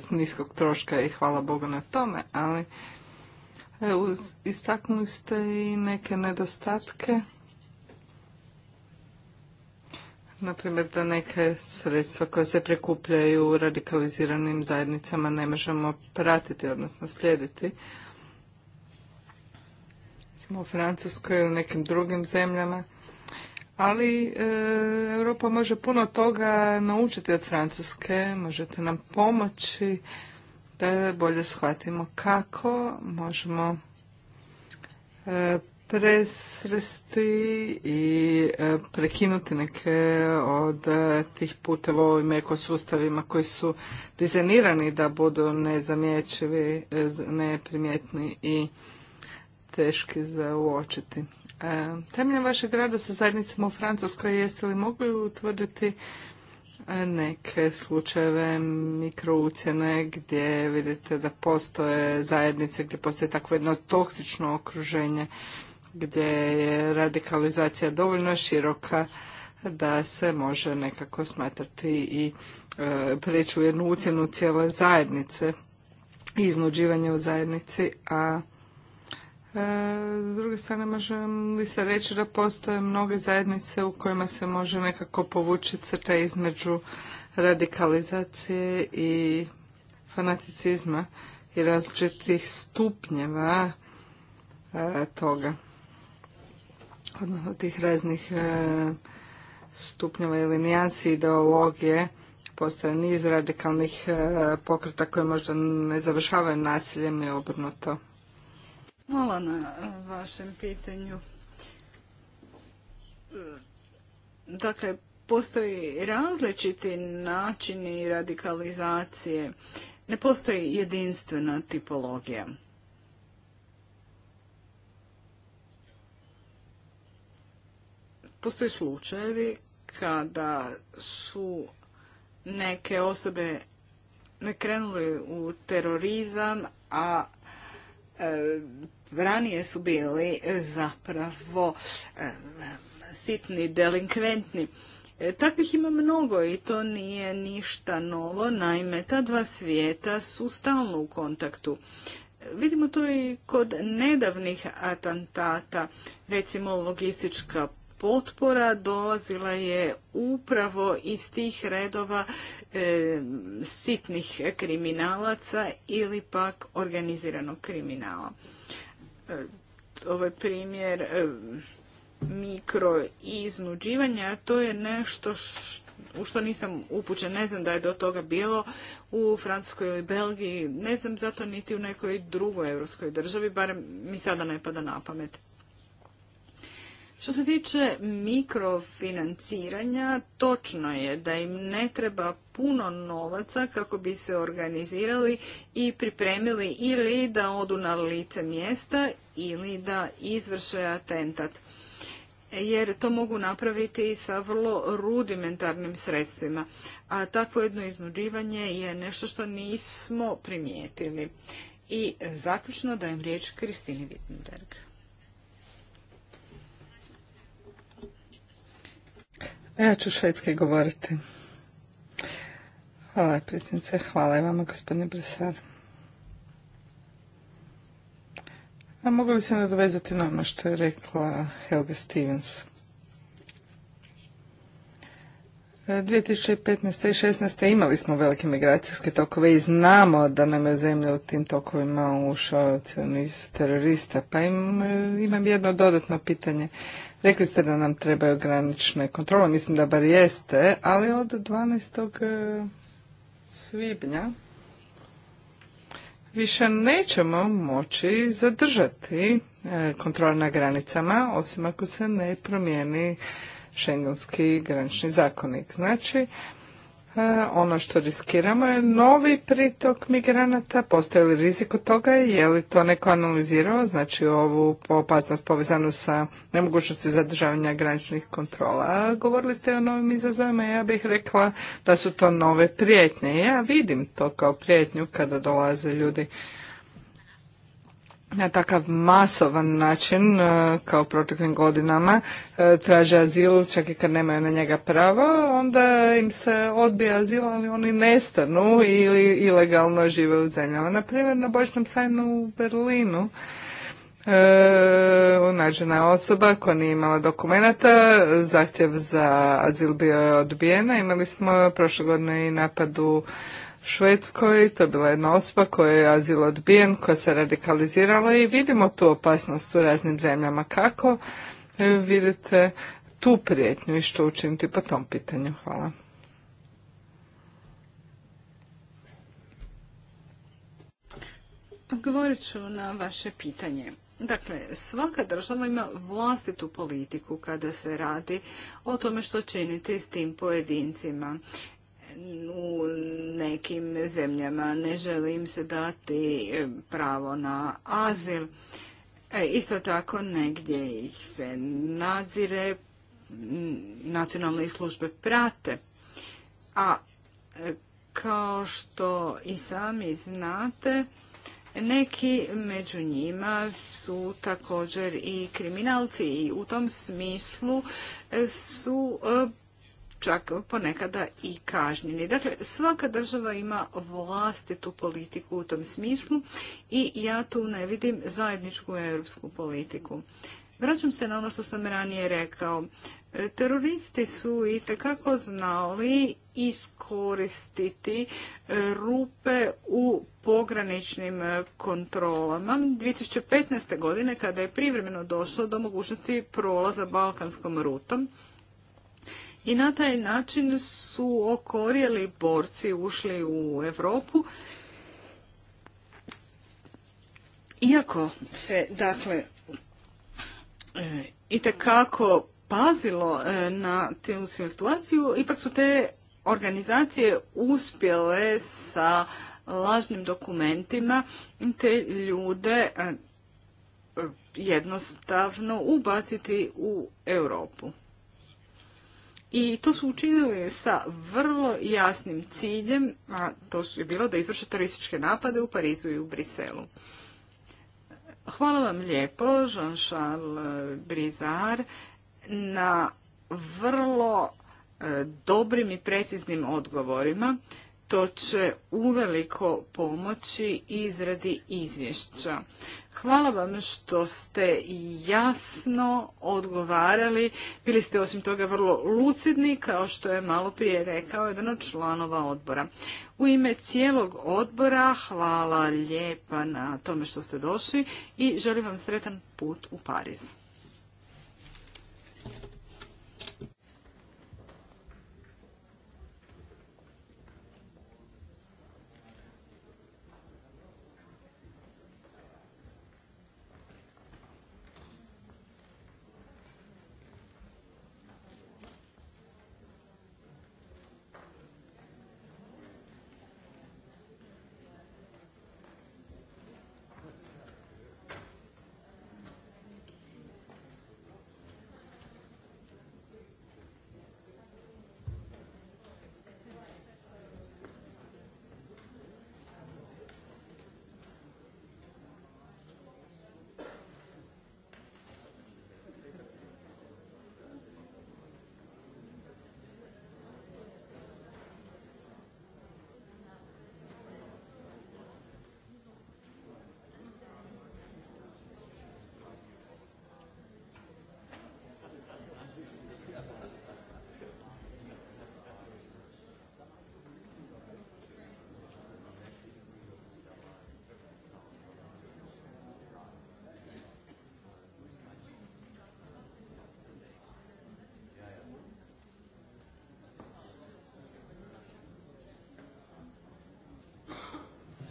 niskog troška i hvala Bogu na tome, ali evo istaknuli ste i neke nedostatke. Naprimjer da neke sredstva koja se prikupljaju u radikaliziranim zajednicama ne možemo pratiti, odnosno slijediti. smo u Francuskoj ili nekim drugim zemljama. Ali e, Europa može puno toga naučiti od Francuske. Možete nam pomoći da e, bolje shvatimo kako možemo e, presresti i e, prekinuti neke od tih puteva u ovim ekosustavima koji su dizajnirani da budu nezamjećivi, neprimjetni i teški za uočiti. Temeljem vašeg rada sa zajednicama u Francuskoj jeste li mogli utvrditi neke slučajeve mikroucjene gdje vidite da postoje zajednice, gdje postoje takvo jedno toksično okruženje gdje je radikalizacija dovoljno široka da se može nekako smatrati i e, preći u jednu ucjenu cijele zajednice i iznuđivanje u zajednici, a E, s druge strane, možemo li se reći da postoje mnoge zajednice u kojima se može nekako povući crta između radikalizacije i fanaticizma i različitih stupnjeva e, toga, odnosno tih raznih e, stupnjeva ili nijansi ideologije postoje niz radikalnih pokreta koje možda ne završavaju nasiljem i obrnuto. Hvala na eh, vašem pitanju. Eh, dakle, postoji različiti načini radikalizacije. Ne postoji jedinstvena tipologija. Postoji slučajevi kada su neke osobe ne krenuli u terorizam, a eh, ranije su bili zapravo eh, sitni delinkventni. E, takvih ima mnogo i to nije ništa novo, naime ta dva svijeta su stalno u kontaktu. Vidimo to i kod nedavnih atentata, recimo logistička potpora dolazila je upravo iz tih redova eh, sitnih kriminalaca ili pak organiziranog kriminala. E, ovaj primjer e, mikro iznuđivanja, to je nešto u što nisam upućen, ne znam da je do toga bilo u Francuskoj ili Belgiji, ne znam zato niti u nekoj drugoj evropskoj državi, barem mi sada ne pada na pamet. Što se tiče mikrofinanciranja, točno je da im ne treba puno novaca kako bi se organizirali i pripremili ili da odu na lice mjesta ili da izvrše atentat. Jer to mogu napraviti sa vrlo rudimentarnim sredstvima. A takvo jedno iznuđivanje je nešto što nismo primijetili. I zaključno dajem riječ Kristini Wittenberg. Ja ću švedski govoriti. Hvala predsjednice, hvala i vama gospodine Bresar. A mogu li se nadovezati na ono što je rekla Helga Stevens? 2015. i 2016. imali smo velike migracijske tokove i znamo da nam je zemlja u tim tokovima ušao niz terorista. Pa imam jedno dodatno pitanje. Rekli ste da nam trebaju granične kontrole, mislim da bar jeste, ali od 12. E, svibnja više nećemo moći zadržati e, kontrol na granicama, osim ako se ne promijeni šengonski granični zakonik. Znači, ono što riskiramo je novi pritok migranata, postoji li rizik od toga, je li to neko analizirao, znači ovu opasnost povezanu sa nemogućnosti zadržavanja graničnih kontrola. Govorili ste o novim izazovima, ja bih rekla da su to nove prijetnje. Ja vidim to kao prijetnju kada dolaze ljudi na takav masovan način e, kao proteklim godinama e, traže azil čak i kad nemaju na njega pravo onda im se odbija azil, ali oni nestanu ili ilegalno žive u zemljama. Naprimjer, na Božnom sajnu u Berlinu e, unađena je osoba koja nije imala dokumenata, zahtjev za azil bio je odbijena. Imali smo prošle godine i napad u Švedskoj, to je bila jedna osoba koja je azil odbijen, koja se radikalizirala i vidimo tu opasnost u raznim zemljama. Kako vidite tu prijetnju i što učiniti po tom pitanju? Hvala. Govorit ću na vaše pitanje. Dakle, svaka država ima vlastitu politiku kada se radi o tome što činiti s tim pojedincima u nekim zemljama. Ne želim se dati e, pravo na azil. E, isto tako negdje ih se nadzire, nacionalne službe prate. A e, kao što i sami znate, neki među njima su također i kriminalci i u tom smislu su čak ponekada i kažnjeni. Dakle, svaka država ima vlastitu politiku u tom smislu i ja tu ne vidim zajedničku europsku politiku. Vraćam se na ono što sam ranije rekao. Teroristi su i tekako znali iskoristiti rupe u pograničnim kontrolama. 2015. godine kada je privremeno došlo do mogućnosti prolaza balkanskom rutom, i na taj način su okorjeli borci ušli u Europu. Iako se dakle e, i kako pazilo e, na tu situaciju, ipak su te organizacije uspjele sa lažnim dokumentima te ljude e, jednostavno ubaciti u Europu. I to su učinili sa vrlo jasnim ciljem, a to je bilo da izvrše terorističke napade u Parizu i u Briselu. Hvala vam lijepo, Jean-Charles Brizard, na vrlo e, dobrim i preciznim odgovorima. To će uveliko pomoći izradi izvješća. Hvala vam što ste jasno odgovarali. Bili ste osim toga vrlo lucidni, kao što je malo prije rekao jedan od članova odbora. U ime cijelog odbora hvala lijepa na tome što ste došli i želim vam sretan put u Pariz.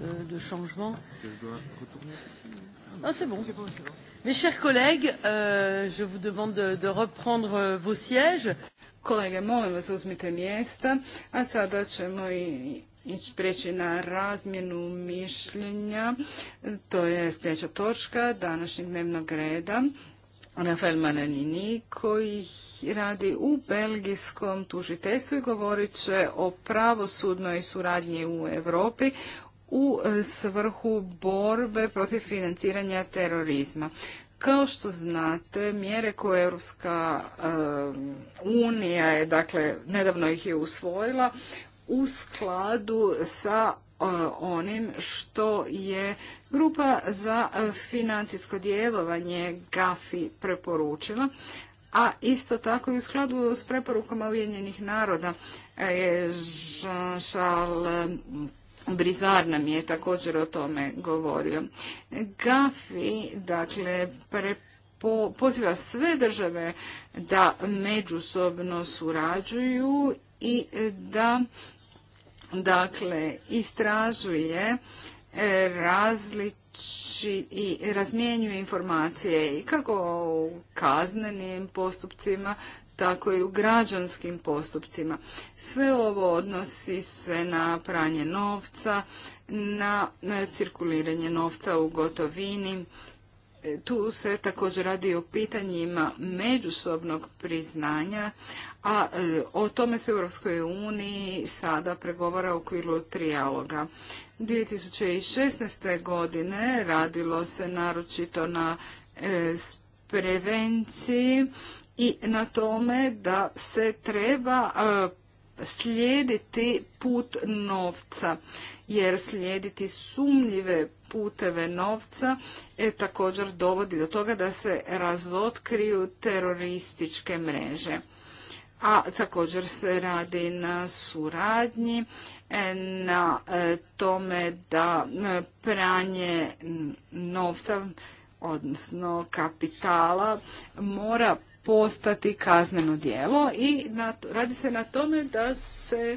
Euh, de changement. Ah, c'est bon. Mes chers collègues, euh, je vous demande de, de reprendre euh, vos sièges. Kolege, molim vas uzmite mjesta, a sada ćemo i ići preći na razmjenu mišljenja. To je sljedeća točka današnjeg dnevnog reda. Rafael Maranini koji radi u belgijskom tužiteljstvu i govorit će o pravosudnoj suradnji u Europi u e, svrhu borbe protiv financiranja terorizma. Kao što znate, mjere koje Europska e, unija je, dakle, nedavno ih je usvojila u skladu sa e, onim što je grupa za financijsko djelovanje GAFI preporučila, a isto tako i u skladu s preporukama Ujedinjenih naroda je Jean-Charles Brizar nam je također o tome govorio. Gafi, dakle, poziva sve države da međusobno surađuju i da dakle, istražuje e, različi i razmjenjuje informacije i kako u kaznenim postupcima, tako i u građanskim postupcima. Sve ovo odnosi se na pranje novca, na cirkuliranje novca u gotovini. E, tu se također radi o pitanjima međusobnog priznanja, a e, o tome se u Europskoj uniji sada pregovara u okviru trijaloga. 2016. godine radilo se naročito na e, prevenciji i na tome da se treba e, slijediti put novca, jer slijediti sumnjive puteve novca je također dovodi do toga da se razotkriju terorističke mreže. A također se radi na suradnji, e, na e, tome da pranje novca, odnosno kapitala, mora postati kazneno djelo i radi se na tome da se e,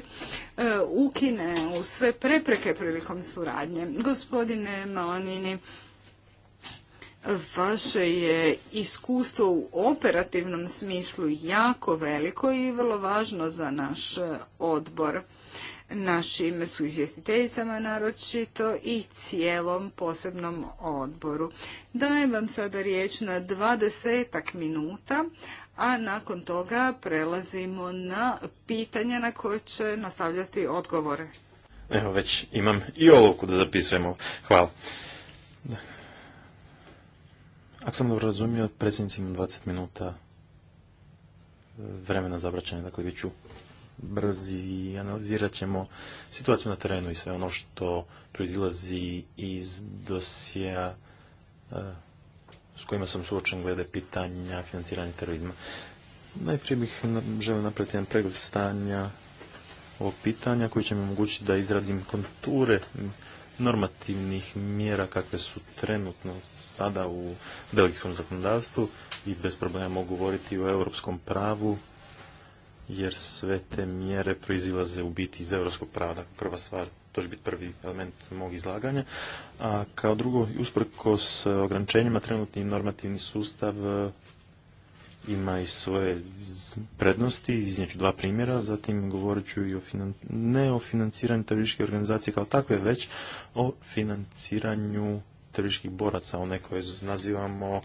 ukine u sve prepreke prilikom suradnje. Gospodine Malanini, vaše je iskustvo u operativnom smislu jako veliko i vrlo važno za naš odbor našim suizvjestiteljicama naročito i cijelom posebnom odboru. Dajem vam sada riječ na dvadesetak minuta, a nakon toga prelazimo na pitanja na koje će nastavljati odgovore. Evo već imam i olovku da zapisujemo. Hvala. Ako sam dobro razumio, predsjednici imam 20 minuta vremena za obraćanje, dakle bit ću brzi, analizirat ćemo situaciju na terenu i sve ono što proizilazi iz dosija eh, s kojima sam suočen glede pitanja financiranja terorizma. Najprije bih želio napraviti jedan pregled stanja ovog pitanja koji će mi omogućiti da izradim konture normativnih mjera kakve su trenutno sada u belgijskom zakonodavstvu i bez problema mogu govoriti o europskom pravu jer sve te mjere proizilaze u biti iz europskog prava. Dakle, prva stvar, to će biti prvi element mog izlaganja. A kao drugo, usprko s ograničenjima, trenutni normativni sustav e, ima i svoje prednosti, iznijeću dva primjera, zatim govorit ću i o finan... ne o financiranju terorističke organizacije kao takve, već o financiranju terorističkih boraca, one koje nazivamo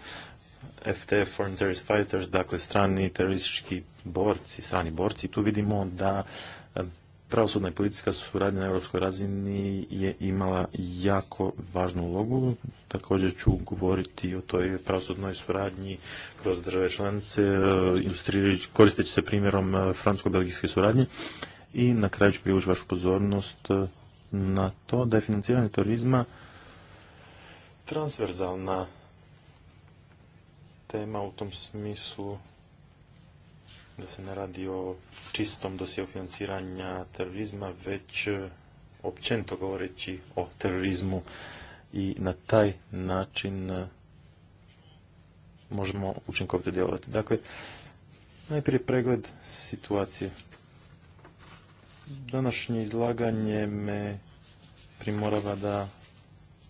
FTF, Foreign Terrorist Fighters, dakle strani teroristički borci, strani borci, tu vidimo da eh, pravosudna i politička suradnja na europskoj razini je imala jako važnu ulogu. Također ću govoriti o toj pravosudnoj suradnji kroz države članice, eh, koristeći se primjerom eh, francusko-belgijske suradnje. I na kraju ću privući vašu pozornost na to da je financiranje turizma transverzalna tema u tom smislu da se ne radi o čistom dosjeu financiranja terorizma, već e, općenito govoreći o terorizmu i na taj način e, možemo učinkovito djelovati. Dakle, najprije pregled situacije. Današnje izlaganje me primorava da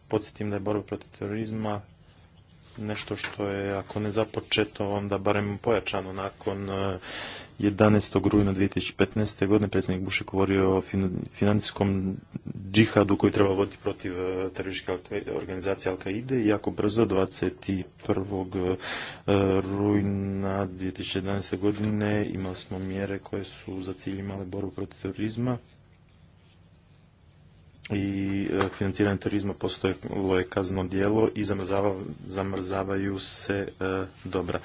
podsjetim da je borba protiv terorizma nešto što je, ako ne započeto, onda barem pojačano nakon 11. E, rujna 2015. godine predsjednik Bush je govorio o financijskom džihadu koji treba voditi protiv e, terorističke organizacije Al-Qaide i jako brzo 21. E, rujna 2011. godine imali smo mjere koje su za cilj imale borbu protiv terorizma i e, financiranje terorizma postojalo je kazno djelo i zamrzavaju se e, dobra.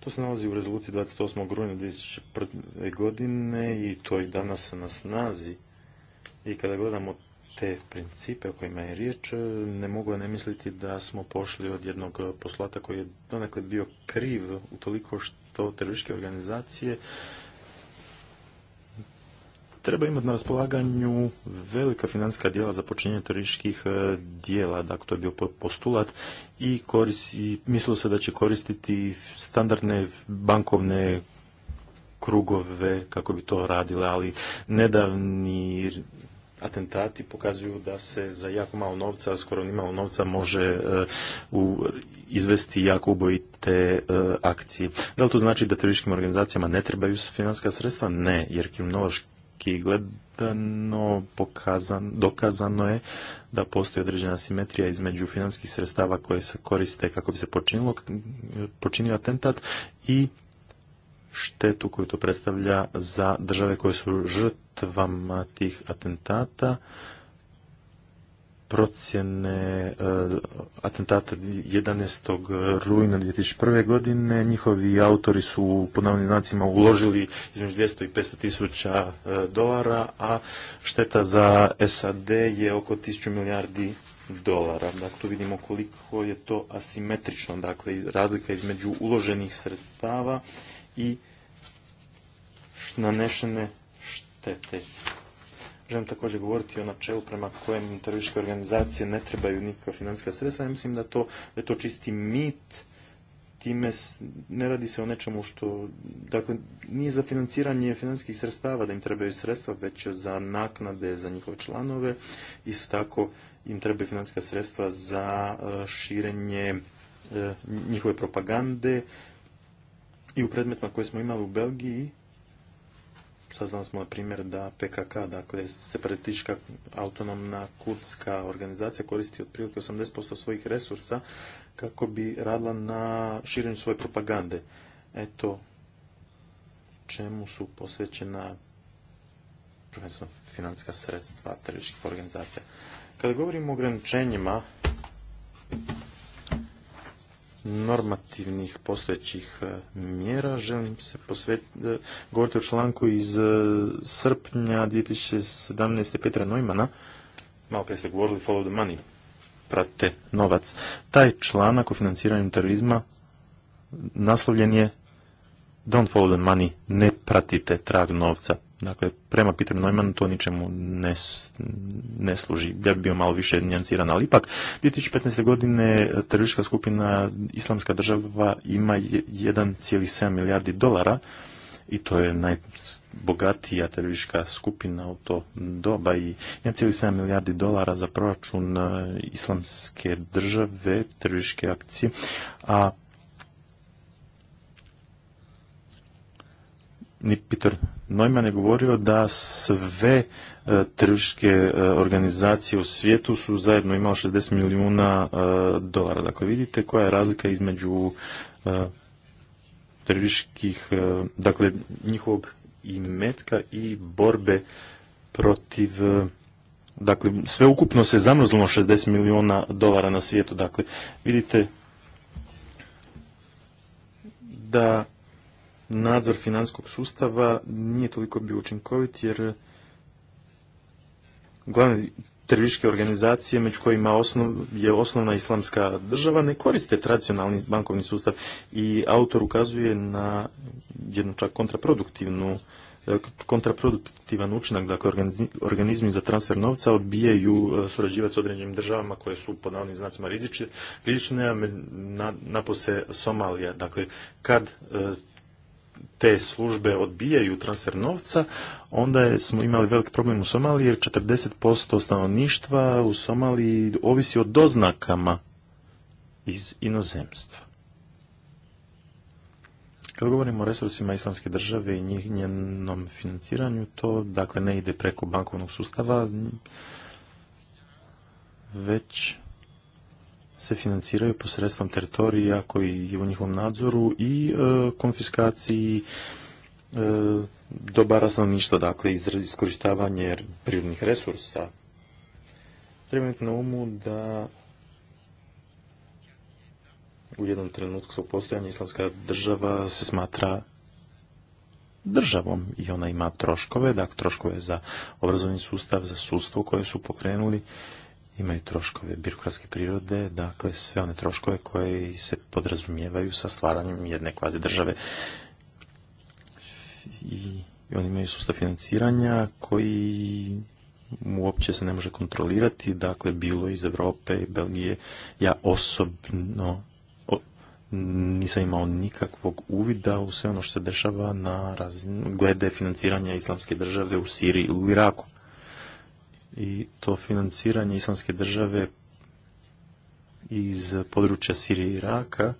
To se nalazi u rezoluciji 28. rujna 2001. godine i to je danas na snazi. I kada gledamo te principe o kojima je riječ, e, ne mogu ne misliti da smo pošli od jednog poslata koji je donekle bio kriv u toliko što terorističke organizacije treba imati na raspolaganju velika financijska djela za počinjenje turističkih e, djela, dakle to je bio postulat i, mislio mislilo se da će koristiti standardne bankovne krugove kako bi to radile, ali nedavni atentati pokazuju da se za jako malo novca, skoro ni malo novca može e, izvesti jako ubojite e, akcije. Da li to znači da terorističkim organizacijama ne trebaju financijska sredstva? Ne, jer kriminološki statistički gledano pokazan, dokazano je da postoji određena simetrija između financijskih sredstava koje se koriste kako bi se počinilo, počinio atentat i štetu koju to predstavlja za države koje su žrtvama tih atentata procjene e, atentata 11. rujna 2001. godine. Njihovi autori su po navodnim znacima uložili između 200 i 500 tisuća e, dolara, a šteta za SAD je oko 1000 milijardi dolara. Dakle, tu vidimo koliko je to asimetrično, dakle, razlika između uloženih sredstava i nanešene štete. Želim također govoriti o načelu prema kojem terorističke organizacije ne trebaju nikakva financijska sredstva. Ja mislim da, to, je to čisti mit time ne radi se o nečemu što, dakle, nije za financiranje financijskih sredstava da im trebaju sredstva, već za naknade za njihove članove. Isto tako im trebaju financijska sredstva za e, širenje e, njihove propagande i u predmetima koje smo imali u Belgiji saznali smo na primjer da PKK, dakle separatistička autonomna kurdska organizacija koristi otprilike 80% svojih resursa kako bi radila na širenju svoje propagande. Eto čemu su posvećena prvenstveno financijska sredstva terorističkih organizacija. Kada govorimo o ograničenjima normativnih postojećih e, mjera. Želim se posvetiti, e, govoriti o članku iz e, srpnja 2017. Petra Neumana. Malo prije ste govorili follow the money. Prate novac. Taj članak o financiranju terorizma naslovljen je don't follow the money, ne pratite trag novca. Dakle, prema Peter Neumann to ničemu ne, ne služi. Ja bih bio malo više nijanciran, ali ipak 2015. godine e, teroristička skupina Islamska država ima 1,7 milijardi dolara i to je najbogatija teroristička skupina u to doba i 1,7 milijardi dolara za proračun e, islamske države, terorističke akcije, a ni Peter Neumann je govorio da sve e, tržiške e, organizacije u svijetu su zajedno imali 60 milijuna e, dolara. Dakle, vidite koja je razlika između tržiških, dakle, njihovog i metka i borbe protiv dakle sve ukupno se zamrznulo 60 milijuna dolara na svijetu dakle vidite da nadzor financijskog sustava nije toliko bio učinkovit jer glavne terorističke organizacije među kojima je osnovna islamska država ne koriste tradicionalni bankovni sustav i autor ukazuje na jednu čak kontraproduktivnu e, kontraproduktivan učinak, dakle organizmi za transfer novca odbijaju e, surađivati s određenim državama koje su pod navodnim znacima rizične, a napose Somalija. Dakle, kad e, te službe odbijaju transfer novca, onda smo imali veliki problem u Somaliji jer 40% stanovništva u Somaliji ovisi o doznakama iz inozemstva. Kad govorimo o resursima islamske države i njenom financiranju, to dakle ne ide preko bankovnog sustava, već se financiraju posredstvom teritorija koji je u njihovom nadzoru i e, konfiskaciji e, dobara stanovništva, dakle iskorištavanje prirodnih resursa. Treba imati na umu da u jednom trenutku svog postojanja islamska država se smatra državom i ona ima troškove, dakle troškove za obrazovni sustav, za sudstvo koje su pokrenuli imaju troškove birokratske prirode, dakle sve one troškove koje se podrazumijevaju sa stvaranjem jedne kvazi države. I oni imaju sustav financiranja koji uopće se ne može kontrolirati, dakle bilo iz Europe i Belgije. Ja osobno nisam imao nikakvog uvida u sve ono što se dešava na razinu glede financiranja islamske države u Siriji ili u Iraku i to financiranje islamske države iz područja Sirije i Iraka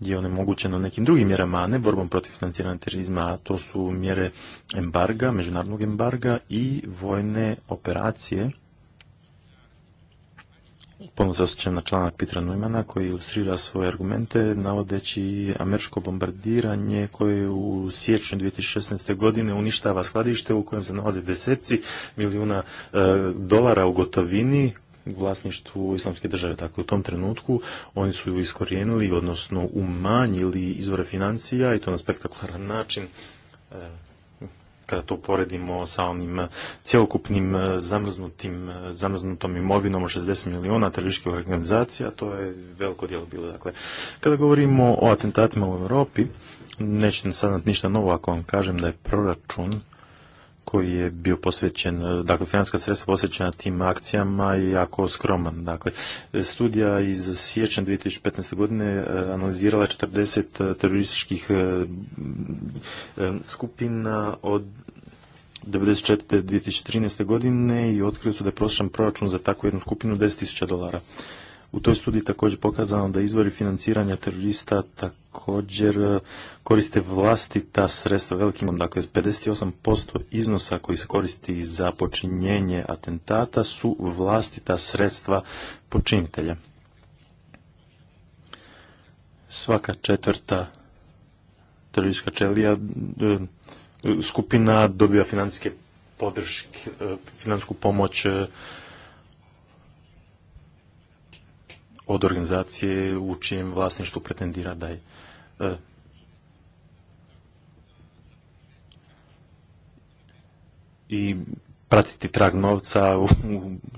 je onemogućeno nekim drugim mjerama, a ne borbom protiv financiranja terorizma, a to su mjere embarga, međunarodnog embarga i vojne operacije ponovno se osjećam na članak Petra Neumana koji ilustrira svoje argumente navodeći američko bombardiranje koje u siječnju 2016. godine uništava skladište u kojem se nalaze deseci milijuna e, dolara u gotovini vlasništvu islamske države. Dakle, u tom trenutku oni su ju iskorijenili, odnosno umanjili izvore financija i to na spektakularan način. E, kada to poredimo sa onim cijelokupnim e, zamrznutim, e, zamrznutom imovinom od 60 milijuna terorističkih organizacija, to je veliko dijelo bilo. Dakle, kada govorimo o atentatima u Europi, nećete sad ništa novo ako vam kažem da je proračun koji je bio posvećen, e, dakle financijska sredstva posvećena tim akcijama je jako skroman. Dakle, studija iz siječnja 2015. godine e, analizirala 40 e, terorističkih skupina od 1994. 2013. godine i otkrili su da je prosječan proračun za takvu jednu skupinu 10.000 dolara. U toj studiji također pokazano da izvori financiranja terorista također e, koriste vlastita sredstva velikim, dakle 58% iznosa koji se koristi za počinjenje atentata su vlastita sredstva počinitelja. Svaka četvrta teroristička čelija e, skupina dobiva financijske podrške, e, financijsku pomoć od organizacije u čijem vlasništvu pretendira da je. E, I pratiti trag novca u,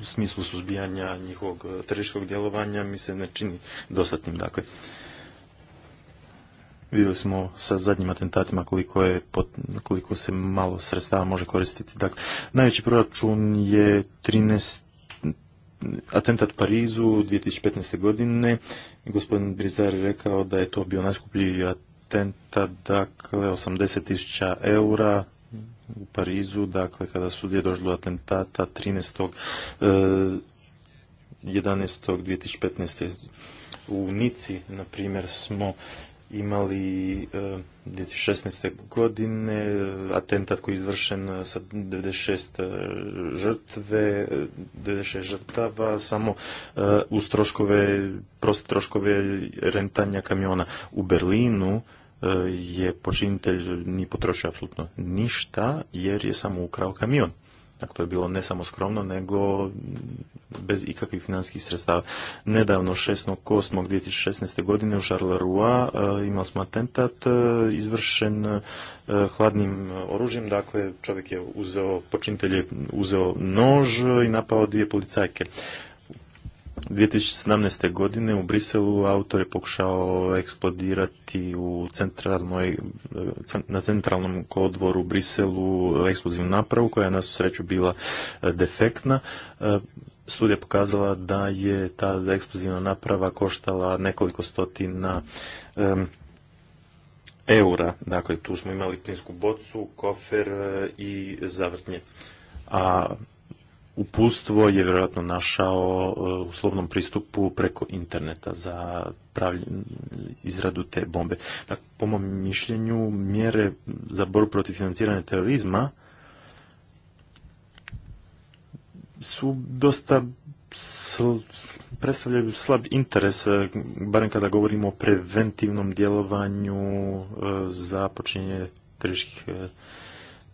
smislu suzbijanja njihovog e, tržiškog djelovanja mi se ne čini dostatnim. Dakle, vidjeli smo sa zadnjim atentatima koliko, je, koliko se malo sredstava može koristiti. Dakle, najveći proračun je 13 atentat Parizu 2015. godine. Gospodin Brizar je rekao da je to bio najskuplji atentat, dakle 80.000 eura u Parizu, dakle kada su je došlo do atentata 13. 11. 2015. U Nici, na primjer, smo imali 2016. E, godine atentat koji je izvršen e, sa 96 e, žrtve, 96 žrtava, samo uz troškove, proste troškove rentanja kamiona. U Berlinu je počinitelj ni potrošio apsolutno ništa jer je samo ukrao kamion. Dakle, to je bilo ne samo skromno, nego bez ikakvih financijskih sredstava. Nedavno, 6.8.2016. godine u Charleroi e, imali smo atentat e, izvršen e, hladnim oružjem. Dakle, čovjek je uzeo, počinitelj je uzeo nož i napao dvije policajke. 2017. godine u Briselu autor je pokušao eksplodirati u centralnoj, na centralnom kodvoru u Briselu eksplozivnu napravu koja je na sreću bila e, defektna. E, studija pokazala da je ta eksplozivna naprava koštala nekoliko stotina eura. Dakle, tu smo imali plinsku bocu, kofer e, i zavrtnje. A upustvo je vjerojatno našao e, u slovnom pristupu preko interneta za izradu te bombe. Dakle, po mom mišljenju, mjere za borbu protiv financiranja terorizma su dosta predstavljaju slab interes, e, barem kada govorimo o preventivnom djelovanju e, za počinjenje terorističkih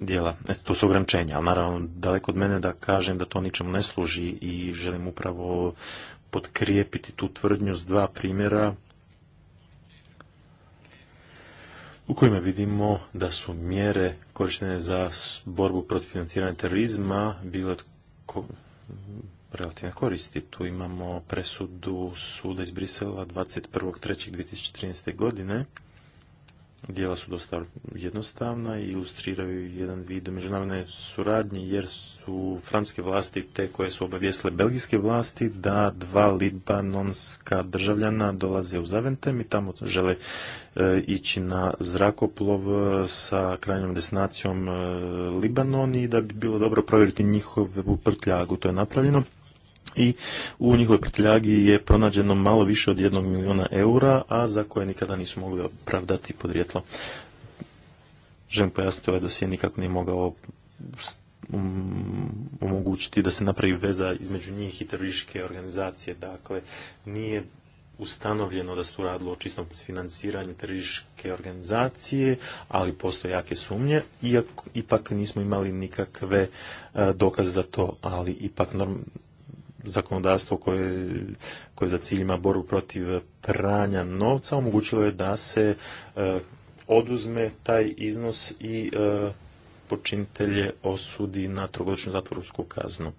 dijela. E, to su ograničenja, ali naravno daleko od mene da kažem da to ničemu ne služi i želim upravo potkrijepiti tu tvrdnju s dva primjera u kojima vidimo da su mjere korištene za borbu protiv financiranja terorizma bile relativne koristi. Tu imamo presudu suda iz Brisela 21.3.2013. godine dijela su dosta jednostavna i ilustriraju jedan vid međunarodne suradnje jer su francuske vlasti te koje su obavijestile belgijske vlasti da dva libanonska državljana dolaze u Zaventem i tamo žele e, ići na zrakoplov e, sa krajnjom destinacijom e, Libanon i da bi bilo dobro provjeriti njihovu prtljagu. To je napravljeno i u njihovoj prtljagi je pronađeno malo više od jednog milijuna eura, a za koje nikada nisu mogli opravdati podrijetlo. Želim pojasniti ovaj dosije nikako nije mogao um, omogućiti da se napravi veza između njih i terorističke organizacije. Dakle, nije ustanovljeno da se tu radilo o čistom financiranju terorističke organizacije, ali postoje jake sumnje, iako ipak nismo imali nikakve eh, dokaze za to, ali ipak normalno zakonodavstvo koje, koje za cilj ima borbu protiv pranja novca omogućilo je da se e, oduzme taj iznos i e, počinitelje osudi na trogodišnju zatvorsku kaznu.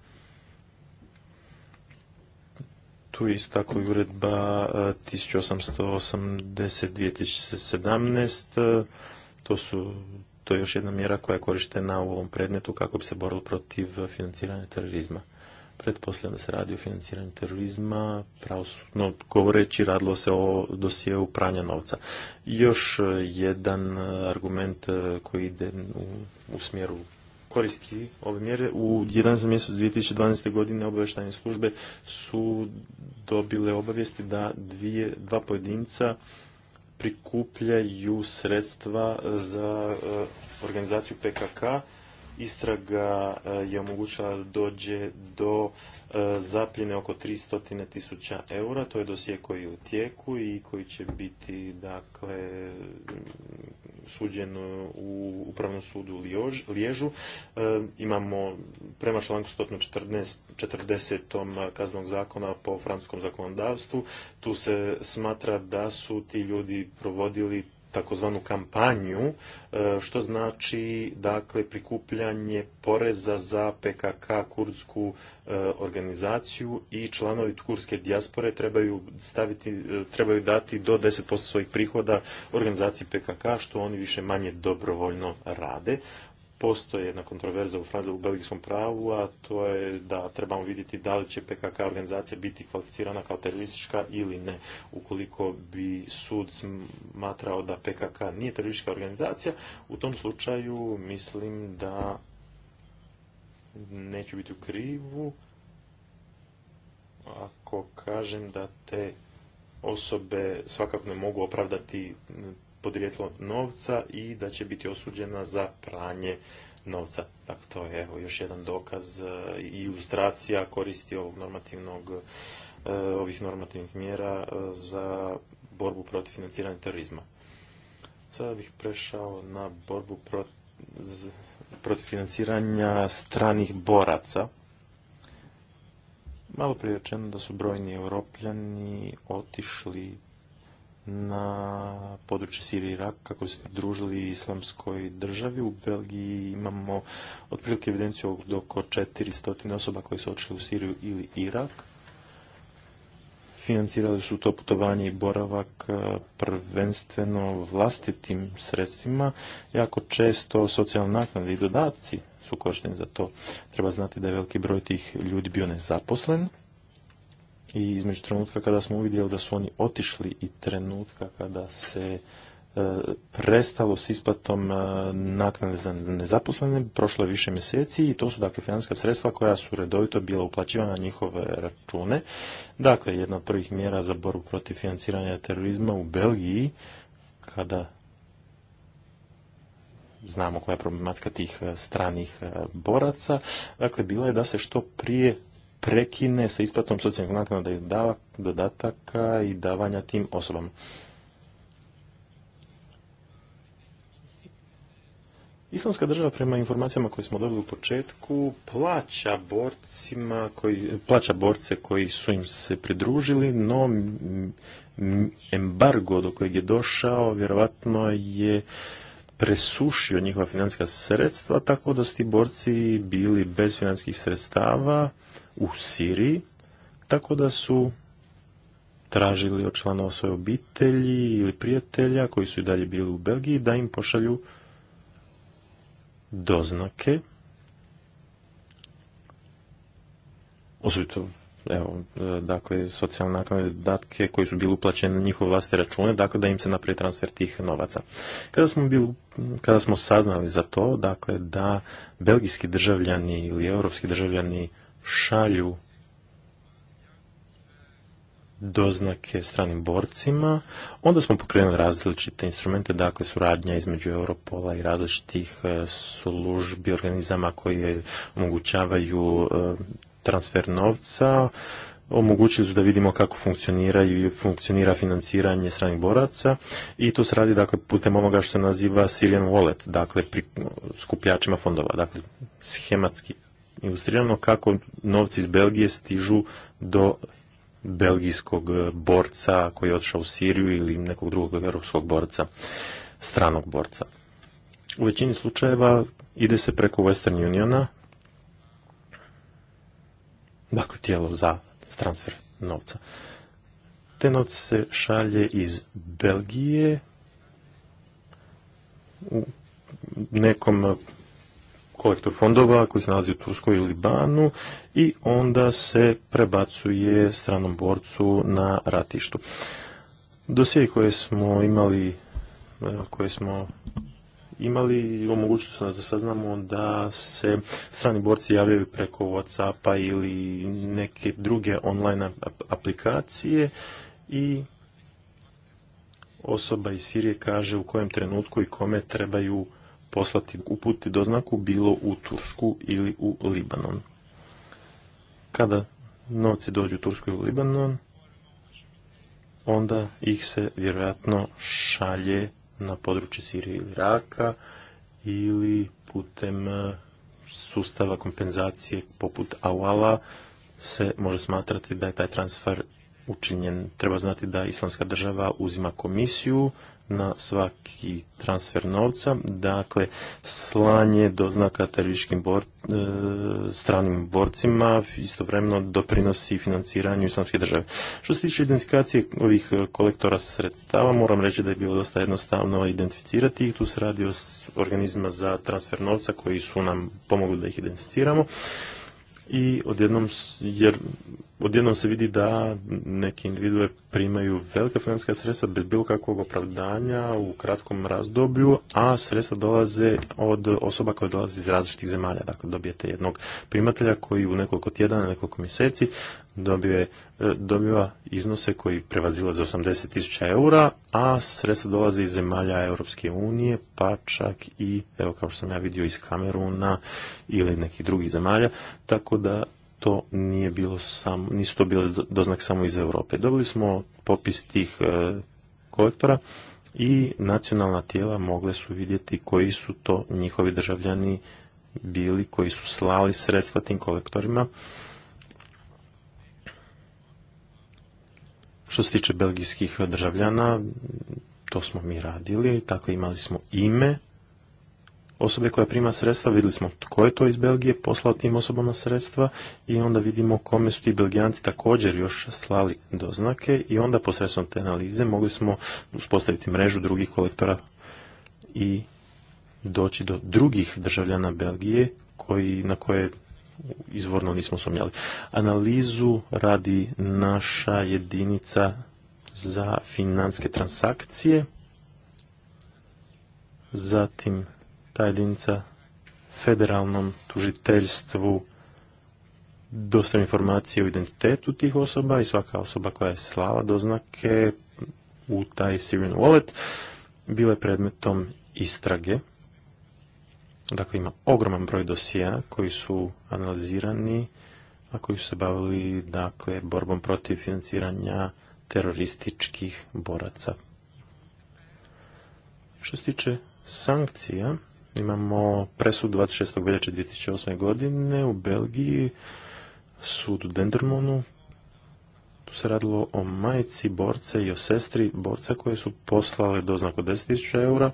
Tu je isto tako i uredba 1880-2017. E, e, to su to je još jedna mjera koja je korištena u ovom predmetu kako bi se borilo protiv financiranja terorizma pretpostavljam da se radi o financiranju terorizma, pravosudno govoreći radilo se o dosjeu pranja novca. Još e, jedan e, argument e, koji ide u, smjeru koristi ove mjere. U 11. mjesecu 2012. godine obavještajne službe su dobile obavijesti da dvije, dva pojedinca prikupljaju sredstva za organizaciju PKK istraga eh, je omogućila da dođe do eh, zapljene oko 300 tisuća eura. To je dosije koji je u tijeku i koji će biti dakle, suđen u Upravnom sudu Liježu. Eh, imamo prema članku 114, kaznog zakona po francuskom zakonodavstvu. Tu se smatra da su ti ljudi provodili takozvanu kampanju, e, što znači dakle prikupljanje poreza za PKK kurdsku e, organizaciju i članovi kurske dijaspore trebaju staviti e, trebaju dati do 10% svojih prihoda organizaciji PKK što oni više manje dobrovoljno rade, postoje jedna kontroverza u belgijskom pravu, a to je da trebamo vidjeti da li će PKK organizacija biti kvalificirana kao teroristička ili ne. Ukoliko bi sud smatrao da PKK nije teroristička organizacija, u tom slučaju mislim da neću biti u krivu ako kažem da te osobe svakako ne mogu opravdati podrijetlo novca i da će biti osuđena za pranje novca. Dakle, to je evo, još jedan dokaz e, i ilustracija koristi ovog normativnog, e, ovih normativnih mjera e, za borbu protiv financiranja terorizma. Sada bih prešao na borbu protiv financiranja stranih boraca. Malo prije rečeno da su brojni europljani otišli na području Sirije i Iraka kako bi se družili islamskoj državi. U Belgiji imamo otprilike evidenciju oko 400 osoba koje su otišli u Siriju ili Irak. Financirali su to putovanje i boravak e, prvenstveno vlastitim sredstvima. Jako često socijalne naknade i dodaci su korišteni za to. Treba znati da je veliki broj tih ljudi bio nezaposlen i između trenutka kada smo uvidjeli da su oni otišli i trenutka kada se e, prestalo s isplatom e, naknade za nezaposlene, prošlo je više mjeseci i to su dakle financijska sredstva koja su redovito bila uplaćivana na njihove račune. Dakle, jedna od prvih mjera za borbu protiv financiranja terorizma u Belgiji, kada znamo koja je problematika tih e, stranih boraca, dakle, bila je da se što prije prekine sa isplatom socijalnih naknada i dodataka i davanja tim osobama. Islamska država prema informacijama koje smo dobili u početku plaća borcima koji, plaća borce koji su im se pridružili, no embargo do kojeg je došao vjerovatno je presušio njihova financijska sredstva, tako da su ti borci bili bez financijskih sredstava u Siriji, tako da su tražili od članova svoje obitelji ili prijatelja koji su i dalje bili u Belgiji da im pošalju doznake. Osobito, evo, dakle, socijalne naknade datke koji su bili uplaćeni na njihove vlastite račune, dakle da im se napravi transfer tih novaca. Kada smo, kada smo saznali za to, dakle, da belgijski državljani ili europski državljani šalju doznake stranim borcima, onda smo pokrenuli različite instrumente, dakle suradnja između Europola i različitih e, službi, organizama koje omogućavaju e, transfer novca, omogućili su da vidimo kako funkcioniraju i funkcionira financiranje stranih boraca i to se radi dakle putem onoga što se naziva Syrian Wallet, dakle skupljačima fondova, dakle schematski ilustrirano kako novci iz Belgije stižu do belgijskog e, borca koji je otišao u Siriju ili nekog drugog europskog borca, stranog borca. U većini slučajeva ide se preko Western Uniona, dakle tijelo za transfer novca. Te novce se šalje iz Belgije u nekom kolektor fondova koji se nalazi u Turskoj i Libanu i onda se prebacuje stranom borcu na ratištu. Dosije koje smo imali e, koje smo imali omogućili su nas da saznamo da se strani borci javljaju preko Whatsappa ili neke druge online aplikacije i osoba iz Sirije kaže u kojem trenutku i kome trebaju poslati uputiti doznaku bilo u Tursku ili u Libanon. Kada novci dođu u Tursku ili u Libanon, onda ih se vjerojatno šalje na područje Sirije ili Iraka ili putem e, sustava kompenzacije poput Awala se može smatrati da je taj transfer učinjen. Treba znati da islamska država uzima komisiju na svaki transfer novca, dakle slanje doznaka terorističkim e, stranim borcima istovremeno doprinosi financiranju islamske države. Što se tiče identifikacije ovih e, kolektora sredstava, moram reći da je bilo dosta jednostavno identificirati ih. Tu se radi o organizma za transfer novca koji su nam pomogli da ih identificiramo i odjednom jer odjednom se vidi da neke individue primaju velika financijska sredstva bez bilo kakvog opravdanja u kratkom razdoblju, a sredstva dolaze od osoba koje dolaze iz različitih zemalja. Dakle, dobijete jednog primatelja koji u nekoliko tjedana, nekoliko mjeseci dobije, e, dobiva iznose koji prevazilaze 80.000 eura, a sredstva dolaze iz zemalja Europske unije, pa čak i, evo kao što sam ja vidio, iz Kameruna ili nekih drugih zemalja, tako da to nije bilo samo, nisu to bile doznak samo iz Europe. Dobili smo popis tih e, kolektora i nacionalna tijela mogle su vidjeti koji su to njihovi državljani bili koji su slali sredstva tim kolektorima. Što se tiče belgijskih državljana, to smo mi radili, tako dakle imali smo ime osobe koja prima sredstva, vidjeli smo tko je to iz Belgije, poslao tim osobama sredstva i onda vidimo kome su ti Belgijanci također još slali doznake i onda posredstvom te analize mogli smo uspostaviti mrežu drugih kolektora i doći do drugih državljana Belgije koji, na koje izvorno nismo sumnjali. Analizu radi naša jedinica za financijske transakcije, zatim ta jedinica federalnom tužiteljstvu dosta informacije o identitetu tih osoba i svaka osoba koja je slala doznake u taj Syrian wallet bila je predmetom istrage. Dakle, ima ogroman broj dosija koji su analizirani, a koji su se bavili dakle, borbom protiv financiranja terorističkih boraca. Što se tiče sankcija, Imamo presud 26. veljače 2008. godine u Belgiji, sud u Dendermonu. Tu se radilo o majci borce i o sestri borca koje su poslale od 10.000 eura.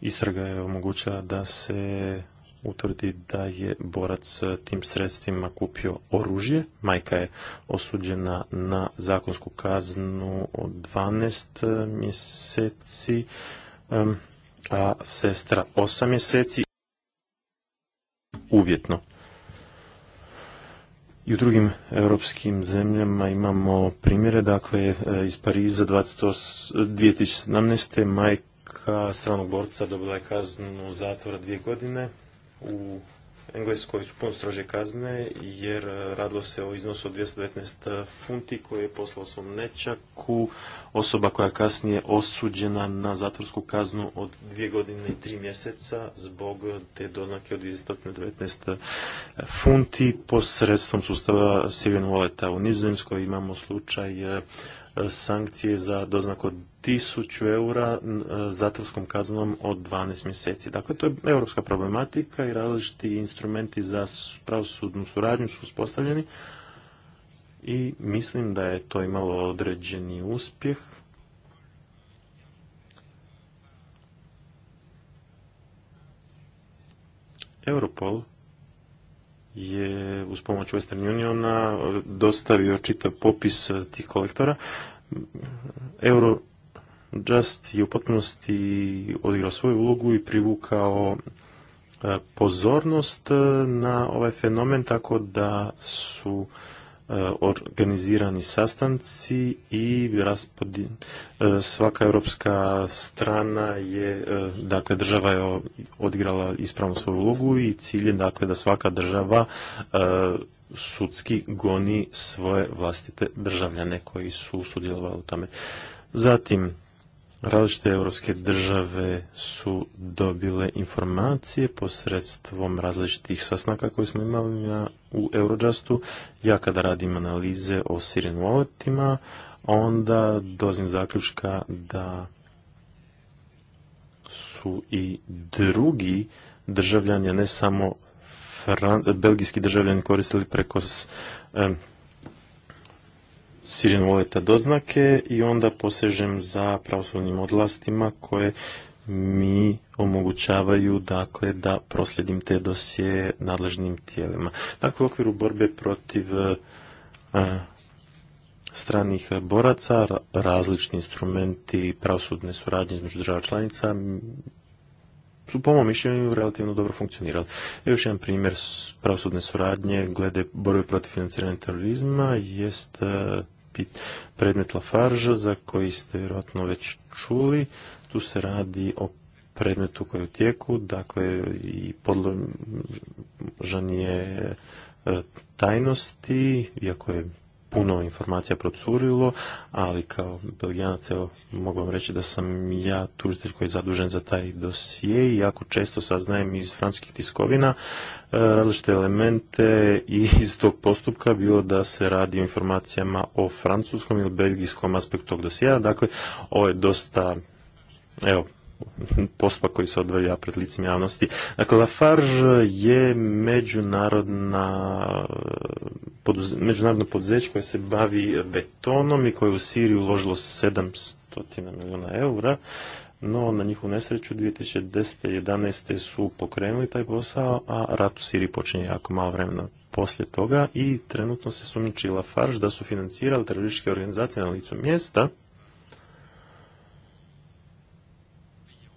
Istraga je omogućila da se utvrdi da je borac tim sredstvima kupio oružje. Majka je osuđena na zakonsku kaznu od 12 mjeseci a sestra osam mjeseci uvjetno. I u drugim europskim zemljama imamo primjere, dakle e, iz Pariza 28, 2017. majka stranog borca dobila je kaznu zatvora dvije godine u Engleskoj su puno strože kazne jer e, radilo se o iznosu od 219 funti koje je poslao svom nečaku osoba koja je kasnije osuđena na zatvorsku kaznu od dvije godine i tri mjeseca zbog te doznake od 219 funti posredstvom sustava Sivian U Nizozemskoj imamo slučaj e, sankcije za doznako od 1000 eura e, zatvorskom kaznom od 12 mjeseci. Dakle, to je europska problematika i različiti instrumenti za pravosudnu suradnju su uspostavljeni i mislim da je to imalo određeni uspjeh. Europol je uz pomoć Western Uniona dostavio čitav popis e, tih kolektora. just je u potpunosti odigrao svoju ulogu i privukao e, pozornost e, na ovaj fenomen tako da su E, organizirani sastanci i raspodin, e, svaka europska strana je, e, dakle država je odigrala ispravno svoju ulogu i cilj je dakle da svaka država sudski goni svoje vlastite državljane koji su sudjelovali u tome. Zatim, Različite europske države su dobile informacije posredstvom različitih sasnaka koje smo imali u Eurojustu. Ja kada radim analize o Siren Walletima, onda dozim zaključka da su i drugi državljani, ne samo belgijski državljani koristili preko Sirijan voleta doznake i onda posežem za pravosudnim odlastima koje mi omogućavaju dakle da prosljedim te dosje nadležnim tijelima. Dakle, u okviru borbe protiv e, stranih boraca, različiti instrumenti pravosudne suradnje između država članica su po mom mišljenju relativno dobro funkcionirali. Još jedan primjer pravosudne suradnje glede borbe protiv financiranja terorizma jest e, predmet Lafarge za koji ste vjerojatno već čuli. Tu se radi o predmetu koji je u tijeku, dakle i podložan je e, tajnosti, iako je puno informacija procurilo, ali kao belgijanac evo, mogu vam reći da sam ja tužitelj koji je zadužen za taj dosije i jako često saznajem iz francuskih tiskovina e, različite elemente iz tog postupka, bilo da se radi o informacijama o francuskom ili belgijskom aspektu tog dosija. Dakle, ovo je dosta, evo, pospa koji se odvija pred licem javnosti. Dakle, Lafarge je međunarodna međunarodno poduzeće koje se bavi betonom i koje je u Siriju uložilo 700 milijuna eura, no na njihovu nesreću 2010. i 2011. su pokrenuli taj posao, a rat u Siriji počinje jako malo vremena poslije toga i trenutno se sumniči Lafarge da su financirali terorističke organizacije na licu mjesta,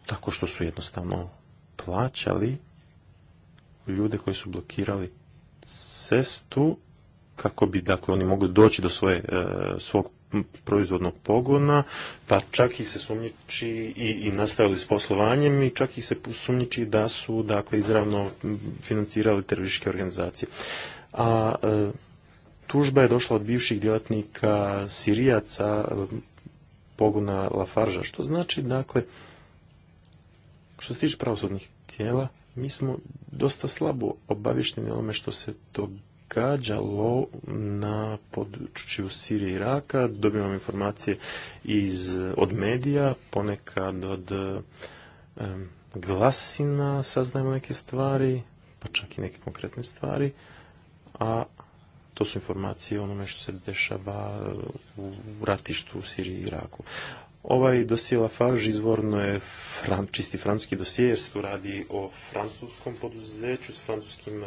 tako što su jednostavno plaćali ljude koji su blokirali cestu kako bi dakle oni mogli doći do svoje, e, svog proizvodnog pogona, pa čak ih se sumnjiči i, i nastavili s poslovanjem i čak ih se sumnjiči da su dakle izravno financirali terorističke organizacije. A e, tužba je došla od bivših djelatnika Sirijaca e, pogona Lafarža, što znači dakle što se tiče pravosudnih tijela, mi smo dosta slabo obavješteni onome što se događalo na području Sirije i Iraka. Dobivamo informacije iz, od medija, ponekad od glasina saznajemo neke stvari, pa čak i neke konkretne stvari, a to su informacije o onome što se dešava u ratištu u Siriji i Iraku. Ovaj dosije Lafarge izvorno je čisti francuski dosije jer se tu radi o francuskom poduzeću s francuskim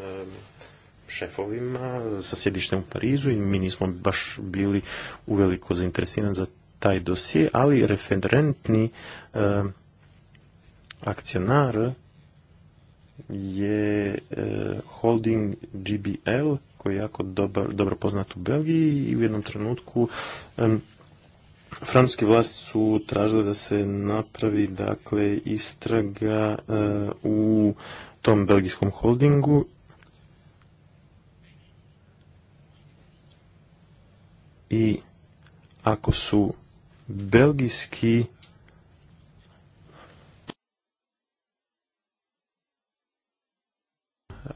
šefovima sa sjedištem u Parizu i mi nismo baš bili uveliko zainteresirani za taj dosije, ali referentni akcionar je holding GBL koji je jako dobro poznat u Belgiji i u jednom trenutku Francuske vlasti su tražile da se napravi dakle istraga eh, u tom belgijskom holdingu i ako su belgijski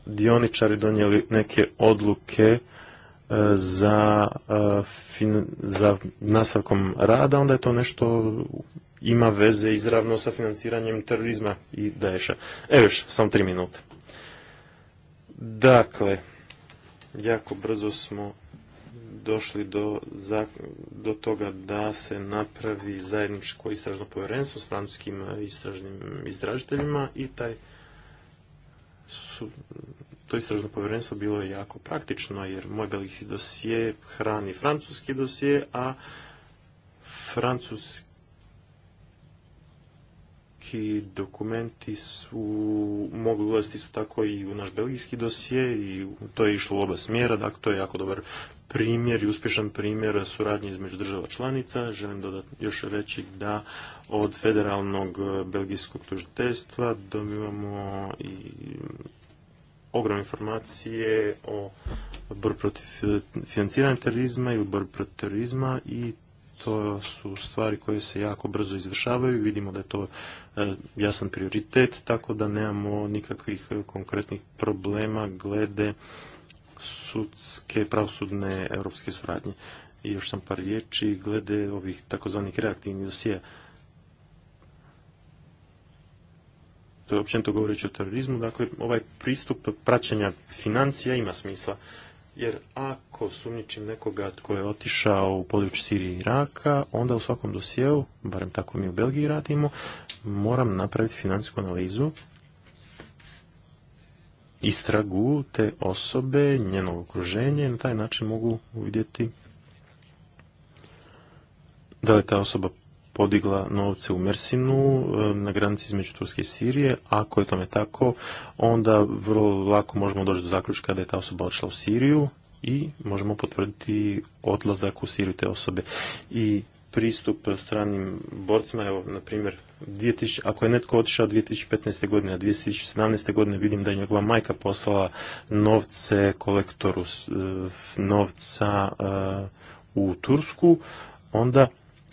dioničari donijeli neke odluke za, e, za nastavkom rada, onda je to nešto ima veze izravno sa financiranjem terorizma i daješa. Evo još, samo tri minute. Dakle, jako brzo smo došli do, do toga da se napravi zajedničko istražno povjerenstvo s francuskim istražnim izdražiteljima i taj su, to istražno povjerenstvo bilo je jako praktično, jer moj belgijski dosije hrani francuski dosije, a francuski dokumenti su mogli ulaziti su tako i u naš belgijski dosije i to je išlo u oba smjera, dakle to je jako dobar primjer i uspješan primjer suradnje između država članica. Želim dodatno još reći da od federalnog belgijskog tužiteljstva dobivamo i ogromne informacije o borbi protiv e, financiranja terorizma i u protiv terorizma i to su stvari koje se jako brzo izvršavaju. Vidimo da je to e, jasan prioritet, tako da nemamo nikakvih konkretnih problema glede sudske, pravosudne europske suradnje. I još sam par riječi glede ovih takozvanih reaktivnih dosija. općenito govoreći o terorizmu, dakle ovaj pristup praćenja financija ima smisla. Jer ako sumničim nekoga tko je otišao u područje Sirije i Iraka, onda u svakom dosjeu, barem tako mi u Belgiji radimo, moram napraviti financijsku analizu, istragu te osobe, njeno okruženje, na taj način mogu uvidjeti da li ta osoba podigla novce u Mersinu na granici između Turske i Sirije. Ako je tome tako, onda vrlo lako možemo doći do zaključka da je ta osoba odšla u Siriju i možemo potvrditi odlazak u Siriju te osobe. I pristup stranim borcima, evo, na primjer, 2000, ako je netko otišao 2015. godine, a 2017. godine vidim da je njegova majka poslala novce kolektoru eh, novca eh, u Tursku, onda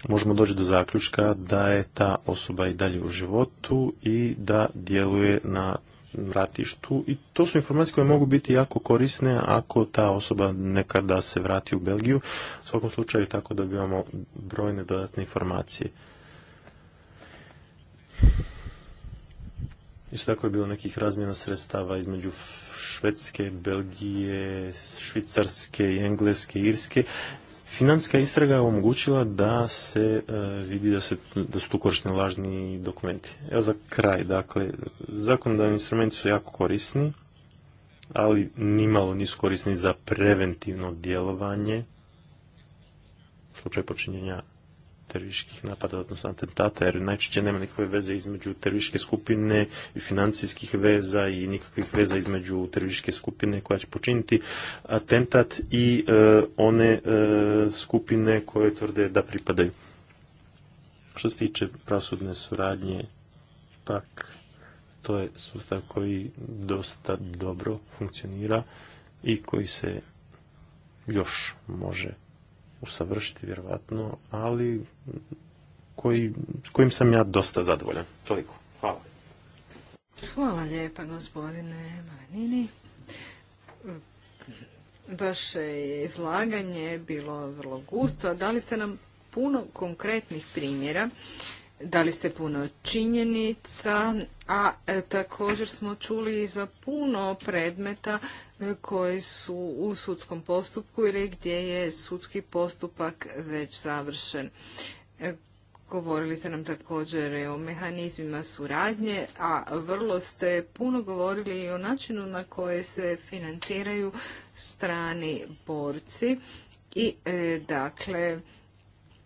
možemo doći do zaključka da je ta osoba i dalje u životu i da djeluje na ratištu i to su informacije koje mogu biti jako korisne ako ta osoba nekada se vrati u Belgiju. U svakom slučaju tako da dobivamo brojne dodatne informacije. Isto tako je bilo nekih razmjena sredstava između Švedske, Belgije, Švicarske, Engleske, Irske. Financijska istraga je omogućila da se e, vidi da, se, da su tu korišteni lažni dokumenti. Evo za kraj, dakle, zakonodavni instrumenti su jako korisni, ali nimalo nisu korisni za preventivno djelovanje u slučaju počinjenja terorističkih napada, odnosno atentata, jer najčešće nema nikakve veze između terorističke skupine i financijskih veza i nikakvih veza između terorističke skupine koja će počiniti atentat i e, one e, skupine koje tvrde da pripadaju. Što se tiče prasudne suradnje, pak to je sustav koji dosta dobro funkcionira i koji se još može usavršiti vjerovatno, ali s kojim sam ja dosta zadovoljan. Toliko. Hvala. Hvala lijepa gospodine Malenini. Vaše je izlaganje bilo vrlo gusto. Dali ste nam puno konkretnih primjera, dali ste puno činjenica, a e, također smo čuli i za puno predmeta koji su u sudskom postupku ili gdje je sudski postupak već završen. E, govorili ste nam također o mehanizmima suradnje, a vrlo ste puno govorili i o načinu na koje se financiraju strani borci i e, dakle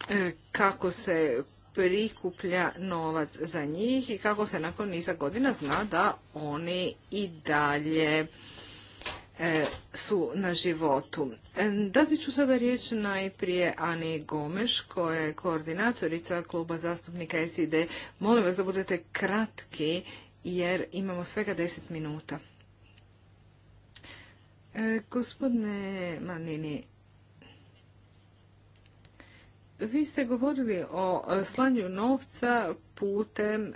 e, kako se prikuplja novac za njih i kako se nakon niza godina zna da oni i dalje E, su na životu. E, dati ću sada riječ najprije Ani Gomeš, koja je koordinatorica kluba zastupnika SID. Molim vas da budete kratki, jer imamo svega deset minuta. E, gospodine Manini, vi ste govorili o slanju novca putem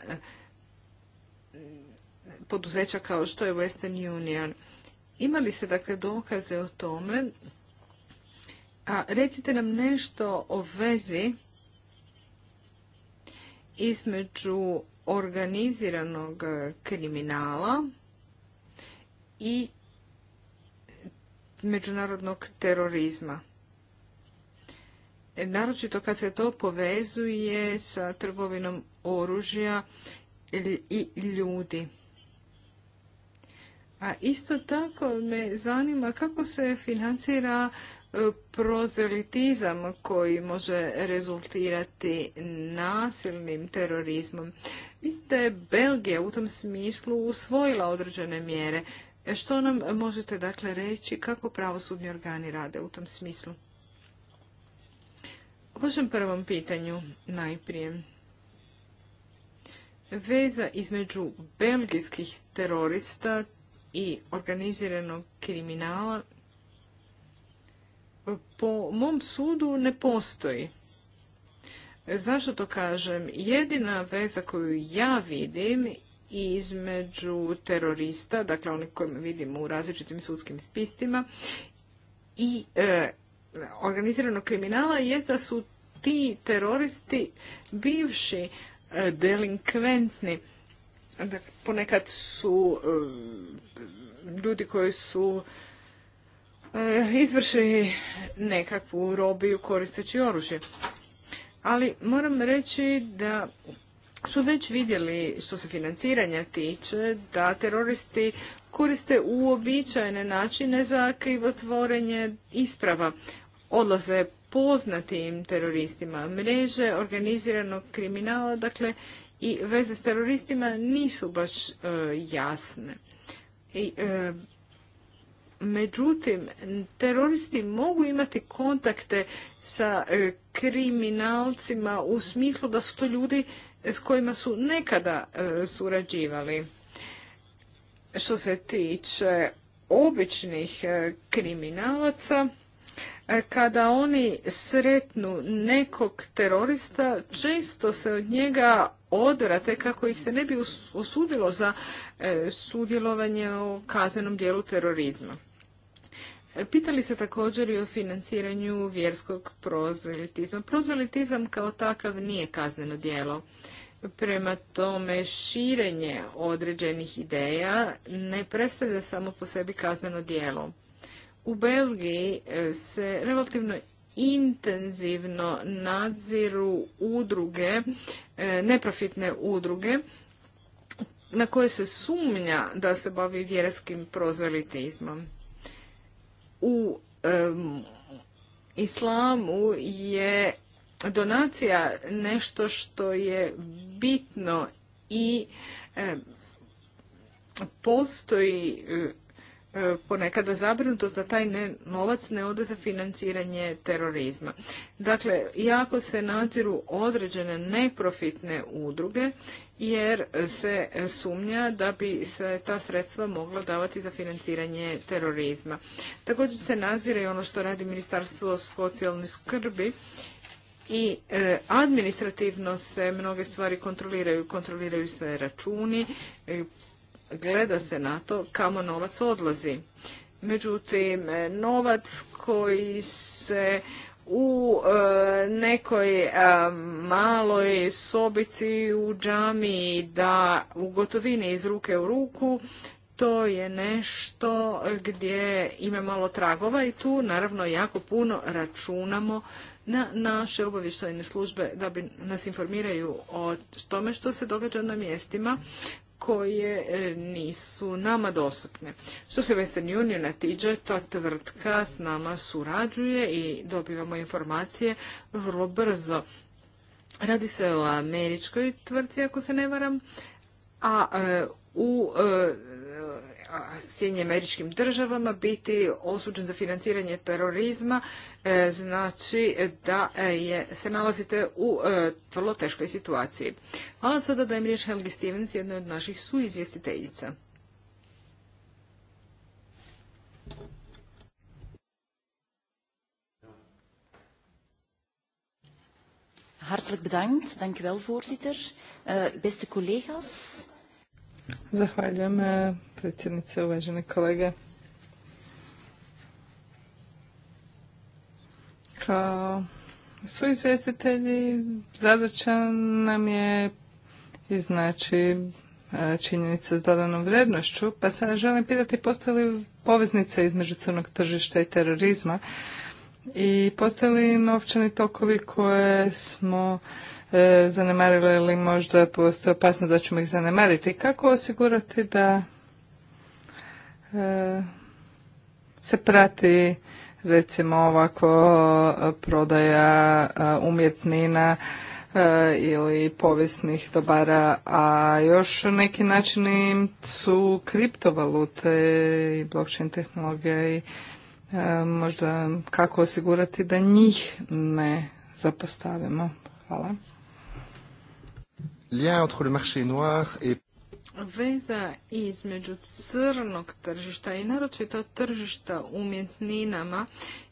poduzeća kao što je Western Union – ima li se dakle dokaze o tome? A recite nam nešto o vezi između organiziranog kriminala i međunarodnog terorizma. Naročito kad se to povezuje sa trgovinom oružja i ljudi. A isto tako me zanima kako se financira e, prozelitizam koji može rezultirati nasilnim terorizmom. Mislim da je Belgija u tom smislu usvojila određene mjere. E, što nam možete dakle reći kako pravosudni organi rade u tom smislu? u vašem prvom pitanju najprije. Veza između belgijskih terorista i organiziranog kriminala po mom sudu ne postoji. Zašto to kažem? Jedina veza koju ja vidim između terorista, dakle onih koje vidimo u različitim sudskim spistima, i e, organiziranog kriminala je da su ti teroristi bivši e, delinkventni ponekad su eh, ljudi koji su eh, izvršili nekakvu robiju koristeći oružje. Ali moram reći da su već vidjeli što se financiranja tiče da teroristi koriste uobičajene načine za krivotvorenje isprava. Odlaze poznatim teroristima mreže organiziranog kriminala, dakle i veze s teroristima nisu baš e, jasne. E, međutim, teroristi mogu imati kontakte sa e, kriminalcima u smislu da su to ljudi s kojima su nekada surađivali. Što se tiče običnih kriminalaca, kada oni sretnu nekog terorista, često se od njega odvrate kako ih se ne bi osudilo za e, sudjelovanje u kaznenom dijelu terorizma. E, pitali se također i o financiranju vjerskog prozelitizma. Prozelitizam kao takav nije kazneno djelo. Prema tome, širenje određenih ideja ne predstavlja samo po sebi kazneno djelo. U Belgiji e, se relativno intenzivno nadziru udruge, e, neprofitne udruge na koje se sumnja da se bavi vjerskim prozelitizmom. U islamu je donacija nešto što je bitno i postoji E, ponekada zabrinutost da taj ne, novac ne ode za financiranje terorizma. Dakle, jako se nadziru određene neprofitne udruge jer se sumnja da bi se ta sredstva mogla davati za financiranje terorizma. Također se nazire i ono što radi Ministarstvo socijalne skrbi i e, administrativno se mnoge stvari kontroliraju. Kontroliraju se računi, e, gleda se na to kamo novac odlazi. Međutim, e, novac koji se u e, nekoj e, maloj sobici u džami da u gotovini iz ruke u ruku, to je nešto gdje ima malo tragova i tu naravno jako puno računamo na naše obavještajne službe da bi nas informiraju o tome što se događa na mjestima koje e, nisu nama dostupne. Što se Western Uniona tiđe, ta tvrtka s nama surađuje i dobivamo informacije vrlo brzo. Radi se o američkoj tvrci, ako se ne varam, a e, u e, Sjedinjenim američkim državama biti osuđen za financiranje terorizma e, znači da e, je, se nalazite u e, vrlo teškoj situaciji. Hvala sada da im riječ Helgi Stevens, jedna od naših suizvjestiteljica. Hartelijk bedankt. Dank voorzitter. Uh, beste collega's, Zahvaljujem e, predsjednice, uvažene kolege. Kao su izvjestitelji zadaća nam je i znači e, činjenica s dodanom vrednošću, pa sada želim pitati postoji li poveznica između crnog tržišta i terorizma i postoje li novčani tokovi koje smo E, zanemarili ili možda postoje opasno da ćemo ih zanemariti. Kako osigurati da e, se prati recimo ovako e, prodaja umjetnina ili povijesnih dobara, a još neki načini su kriptovalute i blockchain tehnologija i možda kako osigurati da njih ne zapostavimo. Hvala lien entre le marché noir et Veza između crnog tržišta i naročito tržišta umjetninama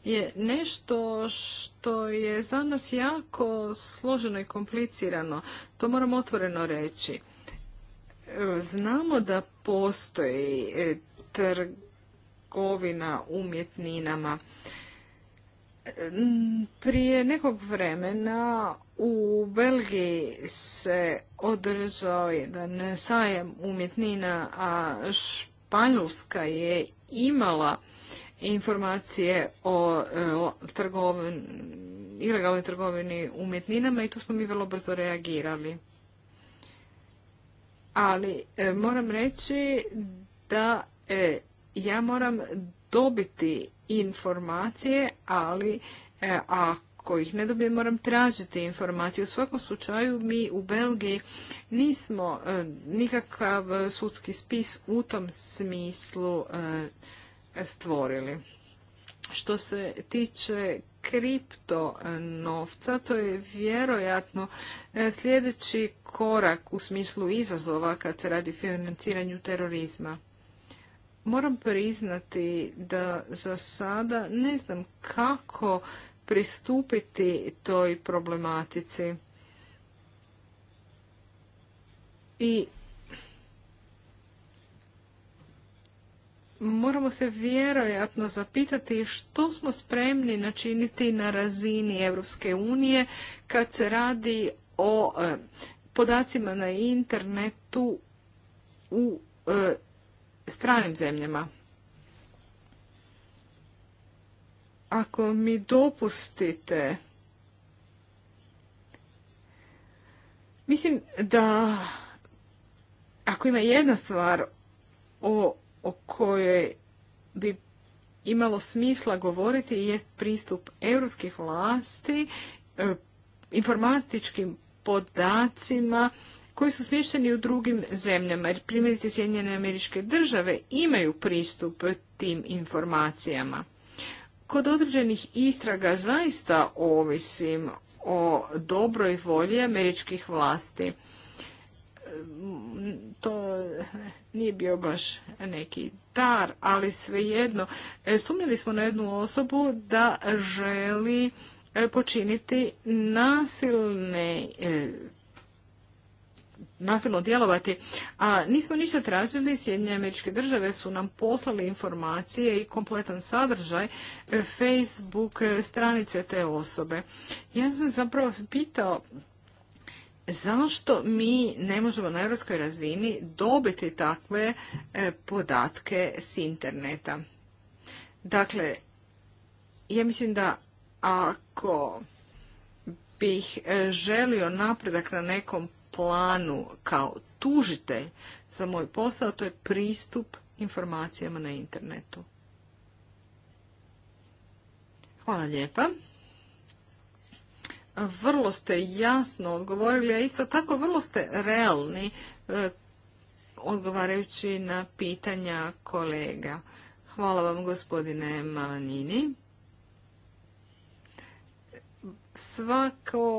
je nešto što je za nas jako složeno i komplicirano. To moramo otvoreno reći. Znamo da postoji e, trgovina umjetninama. Prije nekog vremena u Belgiji se održao jedan sajem umjetnina, a Španjolska je imala informacije o e, ilegalnoj trgovini umjetninama i tu smo mi vrlo brzo reagirali. Ali e, moram reći da e, ja moram dobiti informacije, ali e, ako ih ne dobijem moram tražiti informacije. U svakom slučaju mi u Belgiji nismo e, nikakav sudski spis u tom smislu e, stvorili. Što se tiče kripto novca, to je vjerojatno sljedeći korak u smislu izazova kad se radi financiranju terorizma. Moram priznati da za sada ne znam kako pristupiti toj problematici. I moramo se vjerojatno zapitati što smo spremni načiniti na razini Europske unije kad se radi o eh, podacima na internetu u eh, stranim zemljama. Ako mi dopustite, mislim da ako ima jedna stvar o, o kojoj bi imalo smisla govoriti jest pristup europskih vlasti e, informatičkim podacima koji su smješteni u drugim zemljama, jer primjerice Sjedinjene američke države imaju pristup tim informacijama. Kod određenih istraga zaista ovisim o dobroj volji američkih vlasti. To nije bio baš neki dar, ali svejedno. E, sumnjali smo na jednu osobu da želi e, počiniti nasilne e, nasilno djelovati. A nismo ništa tražili, Sjedinje američke države su nam poslali informacije i kompletan sadržaj e, Facebook e, stranice te osobe. Ja sam zapravo pitao zašto mi ne možemo na europskoj razini dobiti takve e, podatke s interneta. Dakle, ja mislim da ako bih želio napredak na nekom planu kao tužitelj za moj posao, to je pristup informacijama na internetu. Hvala lijepa. Vrlo ste jasno odgovorili, a isto tako vrlo ste realni e, odgovarajući na pitanja kolega. Hvala vam gospodine Malanini. Svako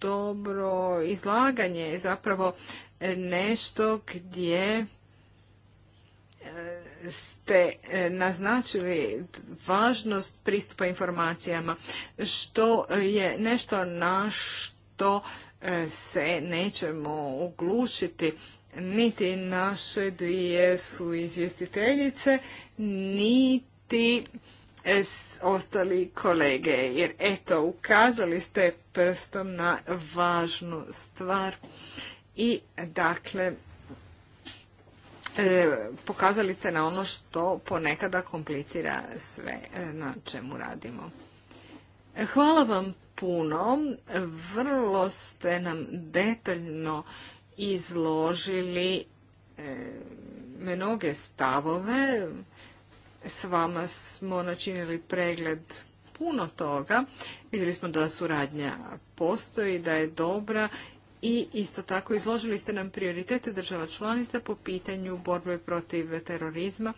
dobro izlaganje je zapravo nešto gdje e, ste naznačili važnost pristupa informacijama, što je nešto na što e, se nećemo uglušiti niti naše dvije su izvjestiteljice, niti e, ostali kolege, jer eto, ukazali ste prstom na važnu stvar i dakle, e, pokazali ste na ono što ponekada komplicira sve e, na čemu radimo. Hvala vam puno, vrlo ste nam detaljno izložili e, mnoge stavove, s vama smo načinili pregled puno toga. Vidjeli smo da suradnja postoji, da je dobra i isto tako izložili ste nam prioritete država članica po pitanju borbe protiv terorizma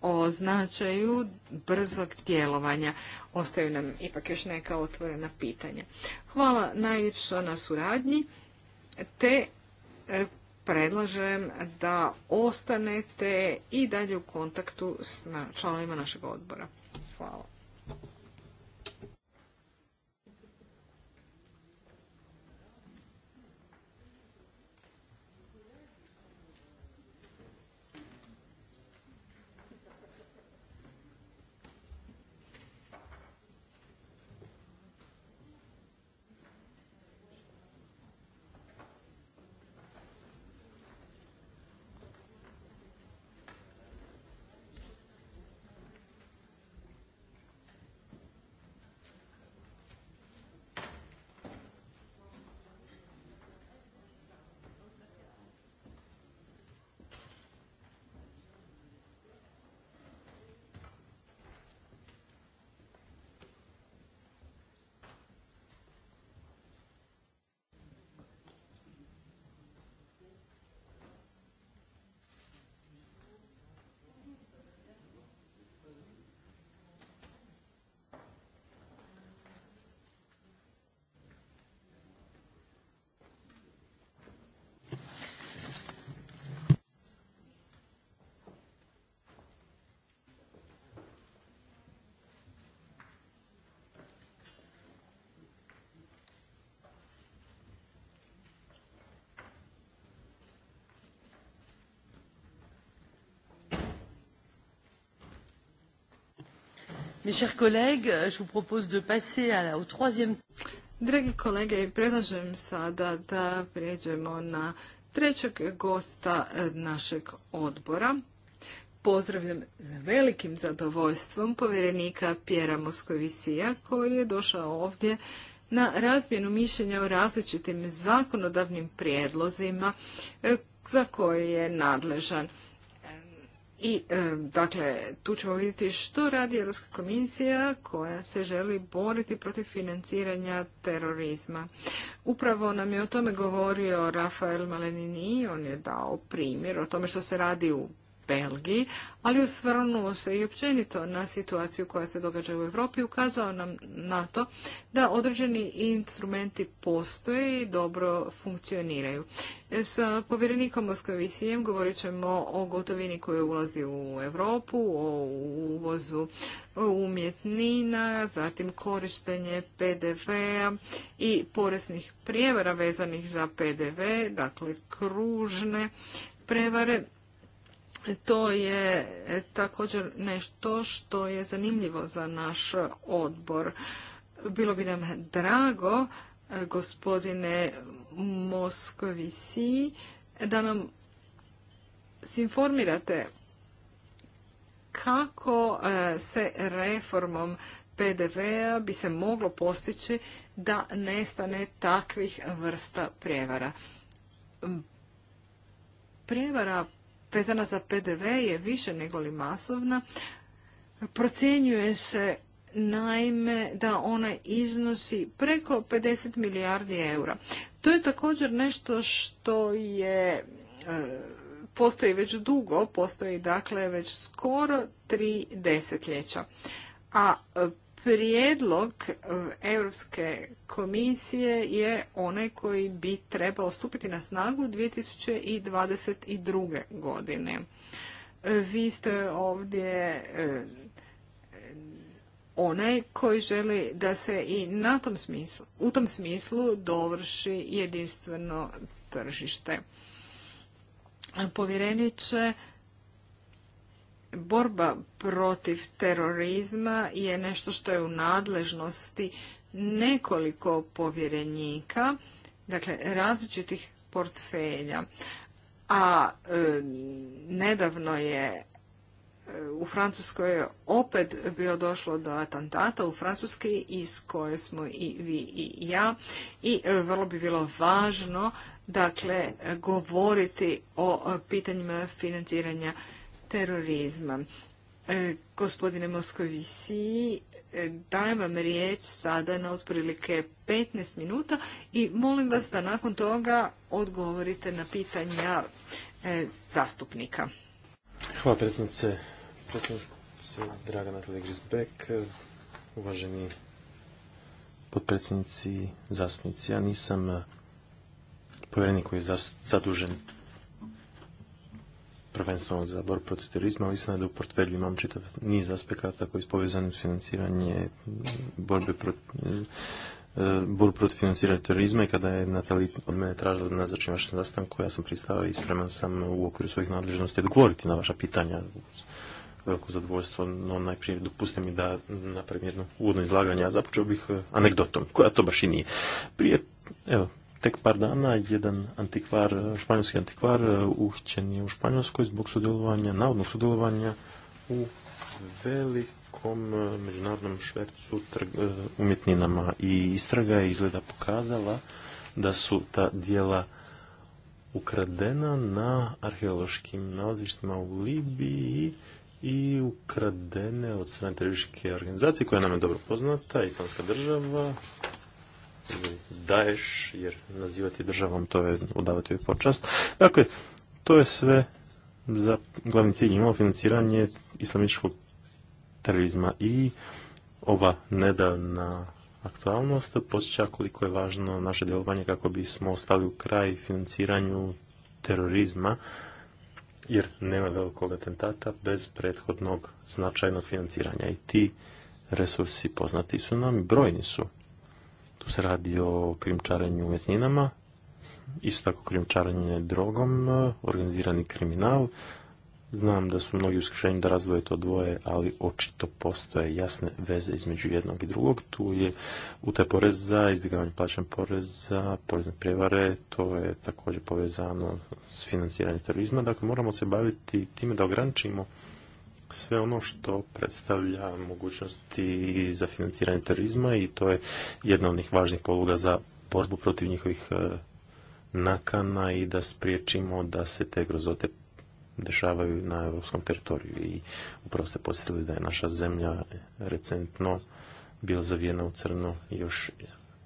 o značaju brzog djelovanja. Ostaju nam ipak još neka otvorena pitanja. Hvala najljepša na suradnji te e, predlažem da ostanete i dalje u kontaktu s članovima našeg odbora. Hvala. Euh, Dragi kolege, predlažem sada da prijeđemo na trećeg gosta e, našeg odbora. Pozdravljam velikim zadovoljstvom povjerenika Pjera Moskovisija koji je došao ovdje na razmjenu mišljenja o različitim zakonodavnim prijedlozima e, za koje je nadležan. I e, dakle, tu ćemo vidjeti što radi Europska komisija koja se želi boriti protiv financiranja terorizma. Upravo nam je o tome govorio Rafael Malenini, on je dao primjer o tome što se radi u Belgiji, ali osvrnuo se i općenito na situaciju koja se događa u Europi ukazao nam na to da određeni instrumenti postoje i dobro funkcioniraju. S povjerenikom Moskovisijem govorit ćemo o gotovini koja ulazi u Europu, o uvozu umjetnina, zatim korištenje PDV-a i poresnih prijevara vezanih za PDV, dakle kružne prevare to je e, također nešto što je zanimljivo za naš odbor. Bilo bi nam drago, e, gospodine Moskovisi, da nam se kako e, se reformom PDV-a bi se moglo postići da nestane takvih vrsta prijevara. Prijevara vezana za PDV je više nego li masovna. Procjenjuje se naime da ona iznosi preko 50 milijardi eura. To je također nešto što je e, postoji već dugo, postoji dakle već skoro tri desetljeća. A e, prijedlog e, Europske komisije je onaj koji bi trebao stupiti na snagu 2022. godine. E, vi ste ovdje e, onaj koji želi da se i na tom smislu, u tom smislu dovrši jedinstveno tržište. Povjereniče, borba protiv terorizma je nešto što je u nadležnosti nekoliko povjerenika, dakle različitih portfelja. A e, nedavno je e, u Francuskoj je opet bio došlo do atentata u Francuski iz koje smo i vi i ja i e, vrlo bi bilo važno dakle govoriti o pitanjima financiranja terorizma. E, gospodine Moskovici, e, dajem vam riječ sada na otprilike 15 minuta i molim vas da nakon toga odgovorite na pitanja e, zastupnika. Hvala predsjednice, predsjednice Draga Natalija Grisbek, uvaženi potpredsjednici zastupnici. Ja nisam povjerenik koji je zadužen prvenstveno za borbu protiv terorizma, ali istina da u portfelju imam čitav niz aspekata koji su povezani s financiranje borbe protiv e, borbu protiv financiranja terorizma i kada je Natali od mene tražila da začne vašem sastanku, ja sam pristao i spreman sam u okviru svojih nadležnosti odgovoriti na vaša pitanja veliko zadovoljstvo, no najprije dopustite mi da napravim jedno uvodno izlaganje, a započeo bih e, anegdotom, koja to baš i nije. Prije, evo, tek par dana jedan antikvar, španjolski antikvar e, uhićen je u Španjolskoj zbog sudjelovanja, navodnog sudjelovanja u velikom e, međunarodnom švercu e, umjetninama i istraga je izgleda pokazala da su ta dijela ukradena na arheološkim nalazištima u Libiji i ukradene od strane terorističke organizacije koja nam je dobro poznata, Islamska država, daješ, jer nazivati državom to je odavati joj počast. Dakle, to je sve za glavni cilj imao financiranje islamičkog terorizma i ova nedavna aktualnost posjeća koliko je važno naše djelovanje kako bismo ostali u kraj financiranju terorizma jer nema velikog atentata bez prethodnog značajnog financiranja i ti resursi poznati su nam i brojni su. Tu se radi o krimčarenju umjetninama, isto tako krimčarenje drogom, organizirani kriminal. Znam da su mnogi uskrišeni da razvoje to dvoje, ali očito postoje jasne veze između jednog i drugog. Tu je utaj poreza, izbjegavanje plaćanja poreza, porezne prijevare, to je također povezano s financiranjem terorizma. Dakle, moramo se baviti time da ograničimo sve ono što predstavlja mogućnosti za financiranje terorizma i to je jedna od njih važnih poluga za borbu protiv njihovih e, nakana i da spriječimo da se te grozote dešavaju na europskom teritoriju i upravo ste posjetili da je naša zemlja recentno bila zavijena u crno još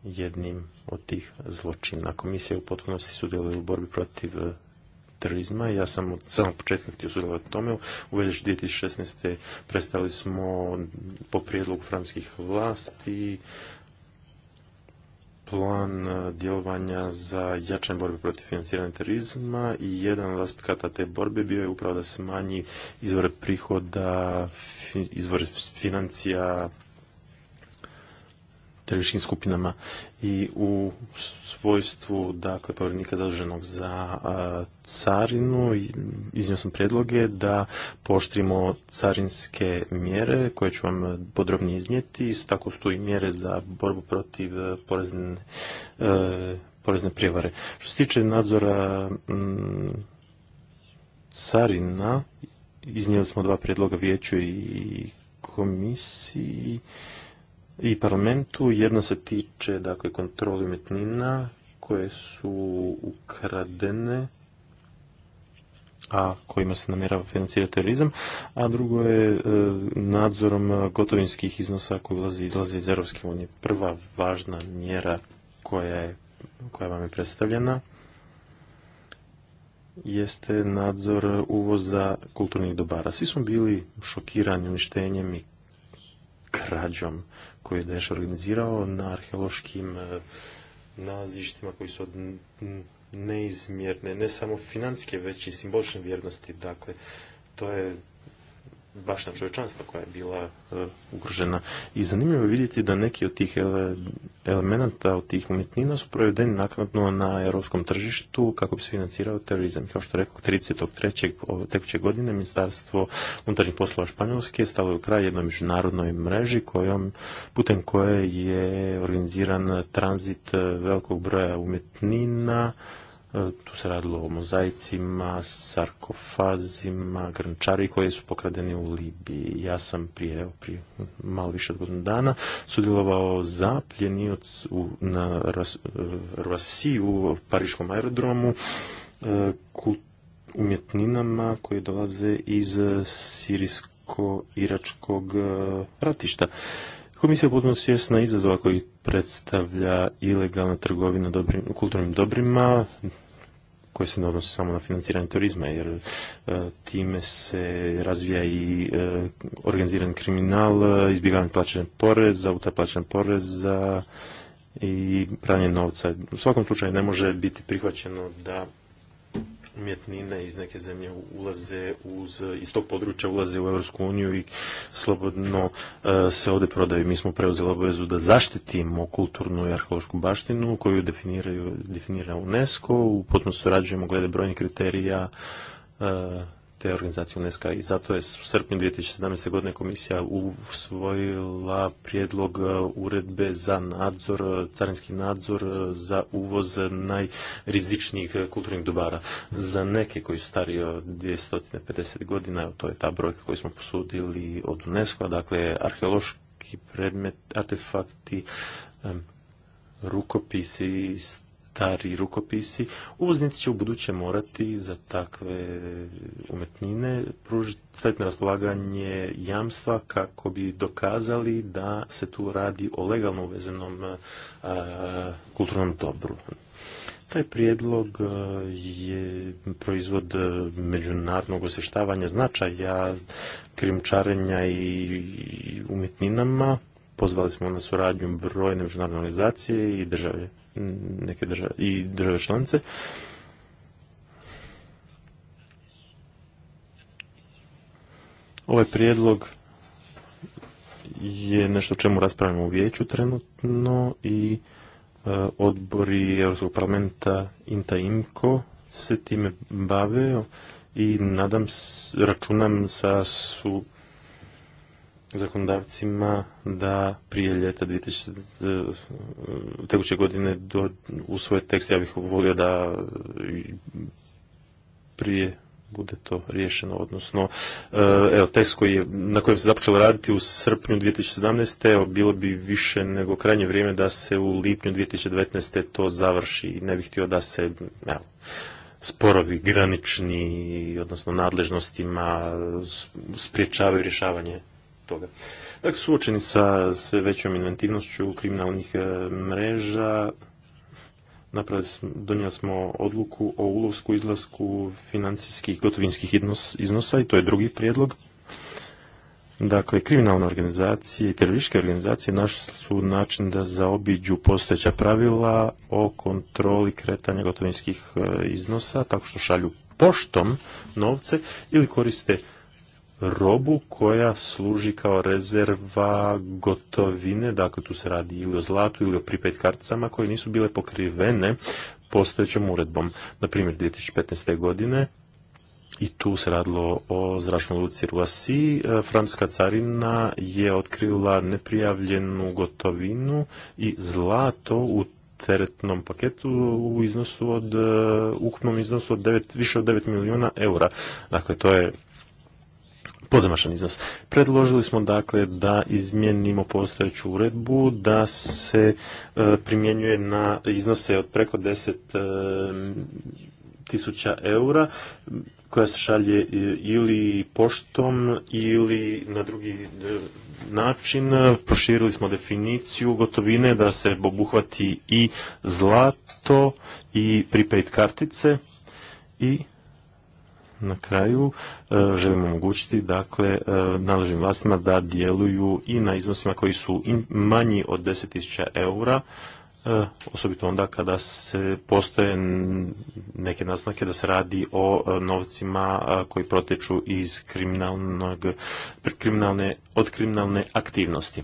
jednim od tih zločina. Komisija u potpunosti sudjeluje u borbi protiv e, terorizma. Ja sam od samog početka htio sudjelovati tome. U veljači 2016. predstavili smo po prijedlogu francuskih vlasti plan djelovanja za jačanje borbe protiv financiranja terorizma i jedan od aspekata te borbe bio je upravo da se manji izvore prihoda, izvore financija terorističkim skupinama i u svojstvu dakle povjerenika zaduženog za carinu iznio sam predloge da poštrimo carinske mjere koje ću vam podrobnije iznijeti isto tako su tu i mjere za borbu protiv porezne, e, prijevare što se tiče nadzora mm, carina iznijeli smo dva predloga vijeću i komisiji i parlamentu. Jedna se tiče dakle, kontroli umjetnina koje su ukradene a kojima se namjerava financirati terorizam, a drugo je e, nadzorom gotovinskih iznosa koji ulazi izlazi iz Europske unije. Prva važna mjera koja, je, koja vam je predstavljena jeste nadzor uvoza kulturnih dobara. Svi smo bili šokirani uništenjem i krađom koji je organizirao na arheološkim e, nalazištima koji su od neizmjerne, ne samo financijske, već i simbolične vjernosti. Dakle, to je na čovječanstva koja je bila e, ugrožena. I zanimljivo je vidjeti da neki od tih elemenata, od tih umjetnina su provedeni naknadno na europskom tržištu kako bi se financirao terorizam. Kao što rekao, 33. tekuće godine Ministarstvo unutarnjih poslova Španjolske stalo u kraj jednoj međunarodnoj mreži kojom, putem koje je organiziran tranzit e, velikog broja umjetnina E, tu se radilo o mozaicima, sarkofazima, grnčari koji su pokradeni u Libiji. Ja sam prije, prije malo više od godinu dana sudjelovao za u, na e, Rasiju u Pariškom aerodromu e, umjetninama koje dolaze iz sirijsko-iračkog ratišta. Komisija je potpuno svjesna izazova koji predstavlja ilegalna trgovina dobrim, kulturnim dobrima, koje se ne odnose samo na financiranje turizma, jer e, time se razvija i e, organiziran kriminal, izbjegavanje plaćanja poreza, utaj plaćanja poreza i pranje novca. U svakom slučaju ne može biti prihvaćeno da umjetnine iz neke zemlje ulaze uz, iz tog područja ulaze u Europsku uniju i slobodno e, se ovdje prodaju. Mi smo preuzeli obavezu da zaštitimo kulturnu i arheološku baštinu koju definiraju, definira UNESCO. U potpuno surađujemo glede brojnih kriterija e, te organizacije UNESCO i zato je u srpnju 2017. godine komisija usvojila prijedlog e, uredbe za nadzor, e, carinski nadzor e, za uvoz najrizičnijih kulturnih dobara. Za neke koji su stariji 250 godina, to je ta brojka koju smo posudili od UNESCO, dakle arheološki predmet, artefakti, rukopisi, stari i rukopisi, uvoznici će u buduće morati za takve umetnine pružiti na raspolaganje jamstva kako bi dokazali da se tu radi o legalno uvezenom kulturnom dobru. Taj prijedlog je proizvod međunarodnog osještavanja značaja krimčarenja i umjetninama. Pozvali smo na suradnju brojne međunarodne organizacije i države neke države i države članice. Ovaj prijedlog je nešto o čemu raspravljamo u vijeću trenutno i e, odbori Europskog parlamenta INTA IMCO se time bave i nadam računam sa su zakonodavcima da prije ljeta 2000, eh, tekuće godine do, u svoj tekst ja bih volio da prije bude to riješeno, odnosno eh, evo, tekst koji je, na kojem se započelo raditi u srpnju 2017. Evo, bilo bi više nego krajnje vrijeme da se u lipnju 2019. to završi i ne bih htio da se evo, sporovi granični, odnosno nadležnostima spriječavaju rješavanje toga. Dakle, suočeni sa sve većom inventivnošću kriminalnih e, mreža, donijeli smo odluku o ulovsku izlasku financijskih gotovinskih iznosa i to je drugi prijedlog. Dakle, kriminalne organizacije i terorističke organizacije našli su način da zaobiđu postojeća pravila o kontroli kretanja gotovinskih e, iznosa, tako što šalju poštom novce ili koriste robu koja služi kao rezerva gotovine, dakle tu se radi ili o zlatu ili o pripet karticama koje nisu bile pokrivene postojećom uredbom. Na primjer 2015. godine i tu se radilo o zračnoj luci Ruasi. E, francuska carina je otkrila neprijavljenu gotovinu i zlato u teretnom paketu u iznosu od, e, ukupnom iznosu od 9, više od 9 milijuna eura. Dakle, to je pozamašan iznos. Predložili smo dakle da izmijenimo postojeću uredbu, da se e, primjenjuje na iznose od preko 10 e, tisuća eura koja se šalje e, ili poštom ili na drugi način. Proširili smo definiciju gotovine da se obuhvati i zlato i prepaid kartice i na kraju e, želimo omogućiti dakle e, nadležnim vlastima da djeluju i na iznosima koji su manji od 10.000 eura e, osobito onda kada se postoje neke naznake da se radi o novcima koji proteču iz kriminalnog, kriminalne, od kriminalne aktivnosti.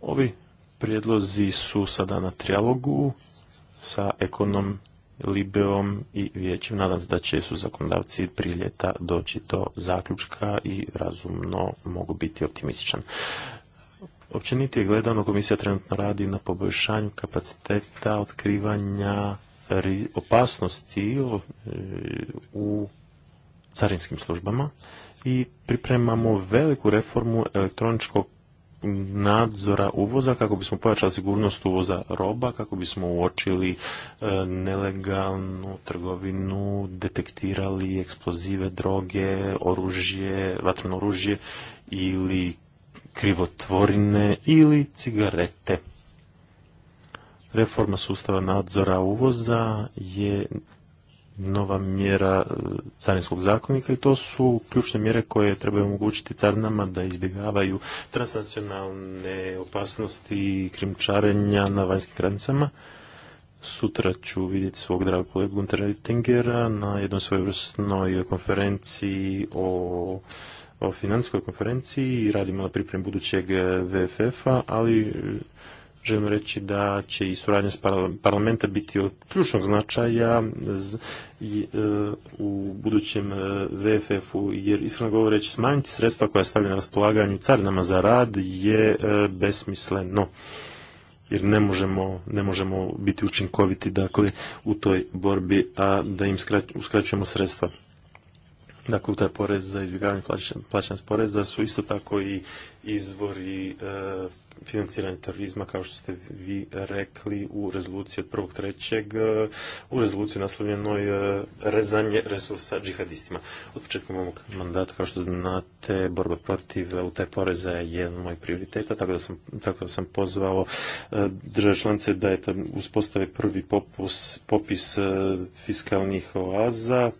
Ovi prijedlozi su sada na trijalogu sa ekonom Libeom i vijećem. Nadam se da će su zakonodavci priljeta doći do zaključka i razumno mogu biti optimističan. je gledano komisija trenutno radi na poboljšanju kapaciteta otkrivanja opasnosti e, u carinskim službama i pripremamo veliku reformu elektroničkog nadzora uvoza kako bismo pojačali sigurnost uvoza roba, kako bismo uočili e, nelegalnu trgovinu, detektirali eksplozive, droge, oružje, vatreno oružje ili krivotvorine ili cigarete. Reforma sustava nadzora uvoza je nova mjera e, carinskog zakonika i to su ključne mjere koje trebaju omogućiti carinama da izbjegavaju transnacionalne opasnosti i krimčarenja na vanjskim granicama. Sutra ću vidjeti svog dragog kolega Guntera na jednoj svojevrsnoj konferenciji o o financijskoj konferenciji i radimo na pripremi budućeg VFF-a, ali želim reći da će i suradnja s parlamenta biti od ključnog značaja e, u budućem e, VFF-u, jer iskreno govoreći smanjiti sredstva koja stavljena na raspolaganju carinama za rad je e, besmisleno jer ne možemo, ne možemo biti učinkoviti dakle u toj borbi, a da im uskraćujemo sredstva. Dakle, taj porez za izbjegavanje plaćanja poreza su isto tako i izvori e, financiranja terorizma, kao što ste vi rekli u rezoluciji od 1.3. E, u rezoluciji naslovljenoj e, rezanje resursa džihadistima. Od početka mog mandata, kao što znate, borba protiv u te poreza je jedan moj prioriteta, tako da sam, tako da sam pozvao e, države članice da je uspostave prvi popus, popis e, fiskalnih oaza,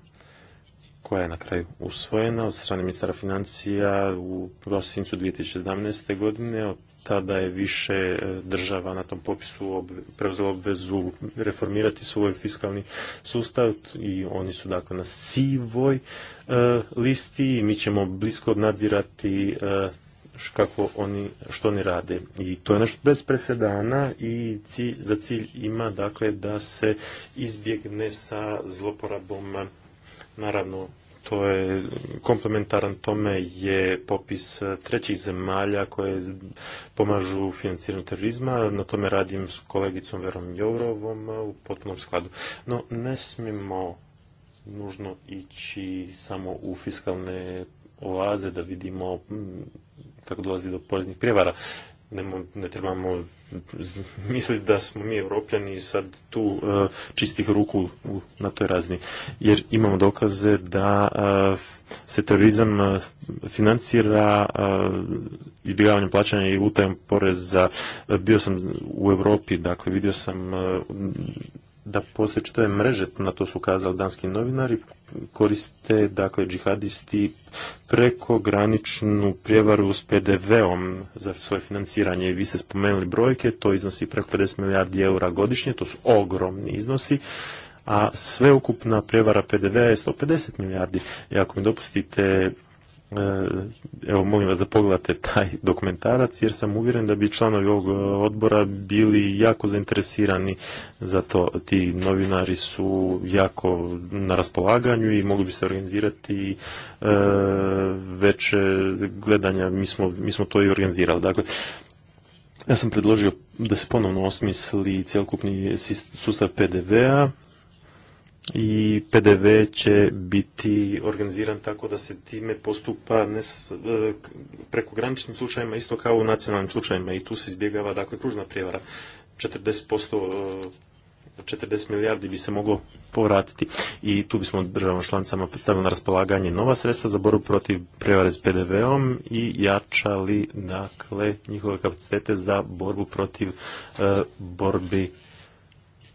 koja je na kraju usvojena od strane ministara financija u prosincu 2017. godine. Od tada je više e, država na tom popisu preuzela obvezu reformirati svoj fiskalni sustav i oni su dakle na sivoj e, listi i mi ćemo blisko nadzirati e, kako oni, što oni rade. I to je nešto bez presedana i za cilj ima dakle da se izbjegne sa zloporabom Naravno, to je komplementaran tome je popis trećih zemalja koje pomažu financiranju terorizma. Na tome radim s kolegicom Verom Jourovom u potpunom skladu. No, ne smijemo nužno ići samo u fiskalne oaze da vidimo mm, kako dolazi do poreznih prijevara ne, ne trebamo misliti da smo mi europljani sad tu e, čistih ruku na toj razni. Jer imamo dokaze da e, se terorizam e, financira izbjegavanjem plaćanja i utajom poreza. Bio sam u Europi, dakle vidio sam da poslije čitave mreže, na to su kazali danski novinari, koriste dakle džihadisti preko graničnu prijevaru s PDV-om za svoje financiranje. Vi ste spomenuli brojke, to iznosi preko 50 milijardi eura godišnje, to su ogromni iznosi, a sveukupna prijevara PDV-a je 150 milijardi. I ako mi dopustite evo molim vas da pogledate taj dokumentarac jer sam uvjeren da bi članovi ovog e, odbora bili jako zainteresirani za to. Ti novinari su jako na raspolaganju i mogli bi se organizirati e, veće gledanja. Mi smo, mi smo to i organizirali. Dakle, ja sam predložio da se ponovno osmisli cjelokupni sustav PDV-a i PDV će biti organiziran tako da se time postupa ne e, preko graničnim slučajima isto kao u nacionalnim slučajima i tu se izbjegava dakle kružna prijevara 40% 40 e, milijardi bi se moglo povratiti i tu bismo državama članicama predstavili na raspolaganje nova sredstva za borbu protiv prevare s PDV-om i jačali dakle njihove kapacitete za borbu protiv e, borbi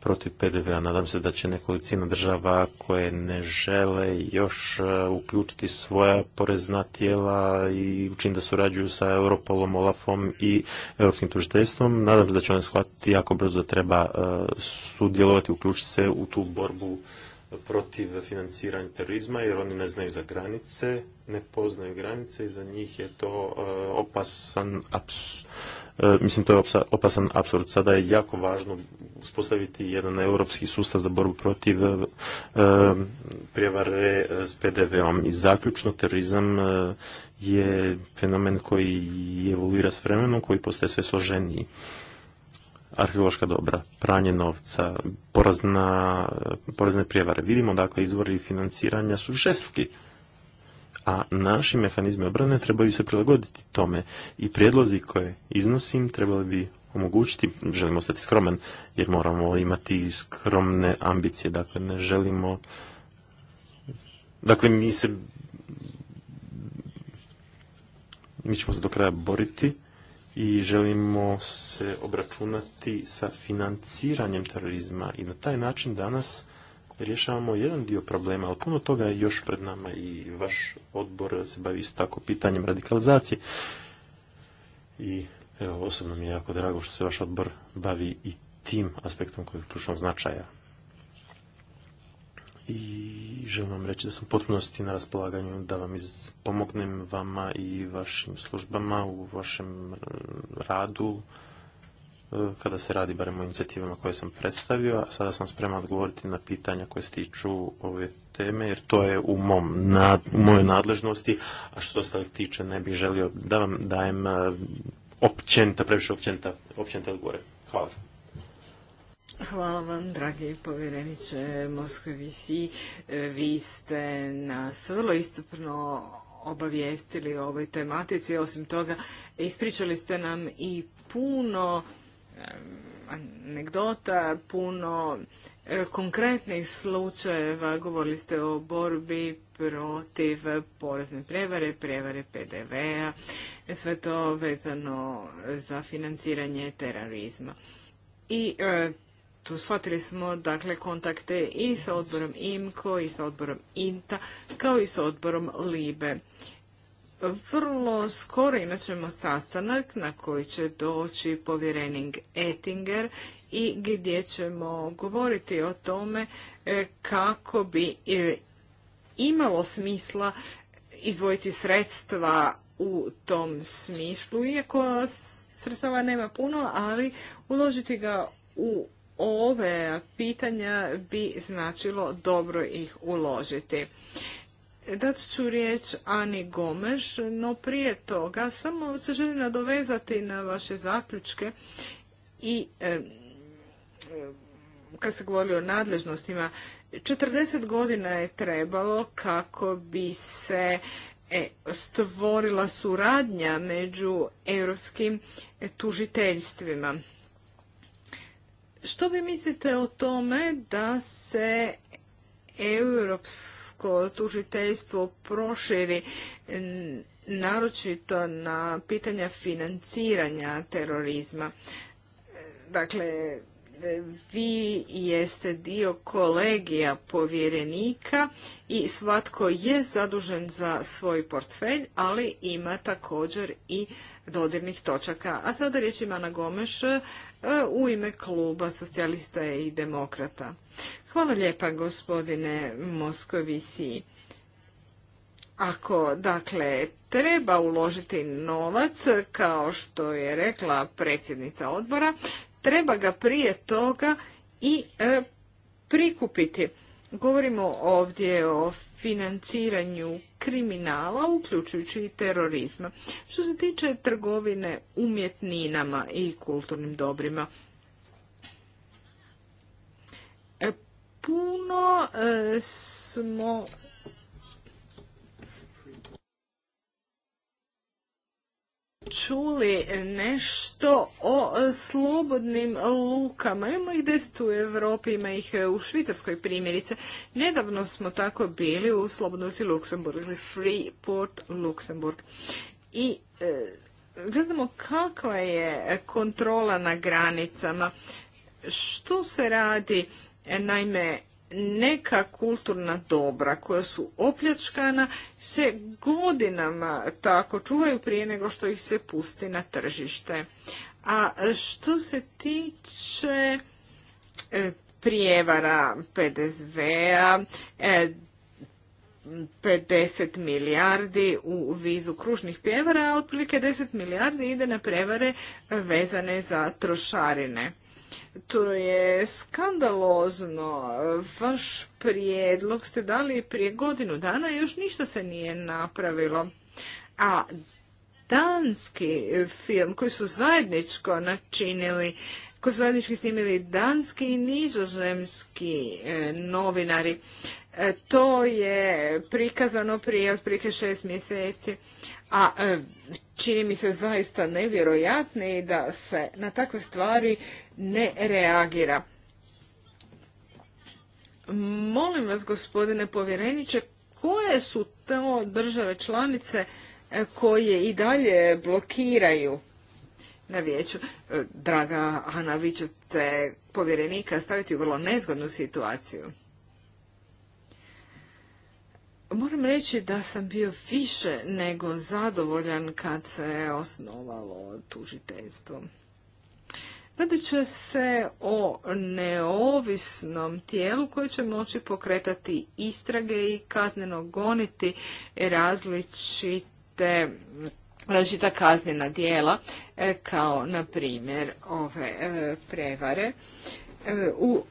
protiv PDV-a. Nadam se da će nekolicina država koje ne žele još e, uključiti svoja porezna tijela i učiniti da surađuju sa Europolom, Olafom i Europskim tužiteljstvom. Nadam se da će one shvatiti jako brzo da treba e, sudjelovati, uključiti se u tu borbu protiv financiranja terorizma jer oni ne znaju za granice, ne poznaju granice i za njih je to eh, opasan eh, mislim to je opasan apsurd. Sada je jako važno uspostaviti jedan europski sustav za borbu protiv eh, prijevare s PDV-om. I zaključno terorizam je fenomen koji evoluira s vremenom, koji postaje sve složeniji arheološka dobra, pranje novca, porazna, porazne prijevare. Vidimo dakle izvori financiranja su višestruki a naši mehanizmi obrane trebaju se prilagoditi tome i prijedlozi koje iznosim trebali bi omogućiti, želimo ostati skromen jer moramo imati skromne ambicije, dakle ne želimo dakle mi se mi ćemo se do kraja boriti i želimo se obračunati sa financiranjem terorizma i na taj način danas rješavamo jedan dio problema, ali puno toga je još pred nama i vaš odbor se bavi s tako pitanjem radikalizacije. I evo, osobno mi je jako drago što se vaš odbor bavi i tim aspektom koji je ključnog značaja i želim vam reći da sam potpunosti na raspolaganju da vam pomognem vama i vašim službama u vašem e, radu e, kada se radi barem o inicijativama koje sam predstavio, a sada sam spreman odgovoriti na pitanja koje se tiču ove teme, jer to je u, mom, na, mojoj nadležnosti, a što se tiče ne bih želio da vam dajem e, općenta, previše općenta, općenta odgovore. Hvala. Hvala vam, dragi povjereniče Moskovici. E, vi ste nas vrlo istupno obavijestili o ovoj tematici. Osim toga, ispričali ste nam i puno e, anegdota, puno e, konkretnih slučajeva. Govorili ste o borbi protiv porezne prevare, prevare PDV-a, sve to vezano za financiranje terorizma. I shvatili smo dakle kontakte i sa odborom IMKO i sa odborom INTA kao i sa odborom LIBE. Vrlo skoro imat ćemo sastanak na koji će doći povjerenik Ettinger i gdje ćemo govoriti o tome e, kako bi e, imalo smisla izvojiti sredstva u tom smislu, iako sredstava nema puno, ali uložiti ga u ove pitanja bi značilo dobro ih uložiti. Dat ću riječ Ani Gomeš, no prije toga samo se želim nadovezati na vaše zaključke i e, kad ste govorili o nadležnostima, 40 godina je trebalo kako bi se e, stvorila suradnja među europskim tužiteljstvima. Što vi mislite o tome da se europsko tužiteljstvo proširi naročito na pitanja financiranja terorizma? Dakle, vi jeste dio kolegija povjerenika i svatko je zadužen za svoj portfelj, ali ima također i dodirnih točaka. A sada riječ ima na Gomeš e, u ime kluba socijalista i demokrata. Hvala lijepa gospodine Moskovici. Ako, dakle, treba uložiti novac, kao što je rekla predsjednica odbora, treba ga prije toga i e, prikupiti. Govorimo ovdje o financiranju kriminala, uključujući i terorizma. Što se tiče trgovine umjetninama i kulturnim dobrima, e, puno e, smo čuli nešto o e, slobodnim lukama. Imamo ih deset u Europi, ima ih e, u Švicarskoj primjerice. Nedavno smo tako bili u slobodnoj si Luksemburg Free Port Luksemburg. I e, gledamo kakva je kontrola na granicama. Što se radi? Naime, neka kulturna dobra koja su opljačkana se godinama tako čuvaju prije nego što ih se pusti na tržište. A što se tiče e, prijevara PDV-a, 50 e, milijardi u vidu kružnih prijevara, a otprilike 10 milijardi ide na prevare vezane za trošarine. To je skandalozno. Vaš prijedlog ste dali prije godinu dana i još ništa se nije napravilo. A danski film koji su zajedničko načinili, koji su zajednički snimili danski i nizozemski e, novinari, e, to je prikazano prije otprilike šest mjeseci. A e, čini mi se zaista nevjerojatni da se na takve stvari ne reagira. Molim vas, gospodine povjereniče, koje su to države članice e, koje i dalje blokiraju na vijeću? E, draga Ana, vi ćete povjerenika staviti u vrlo nezgodnu situaciju. Moram reći da sam bio više nego zadovoljan kad se osnovalo tužiteljstvo. Radit će se o neovisnom tijelu koje će moći pokretati istrage i kazneno goniti različite različita kaznena dijela e, kao na primjer ove e, prevare e, u,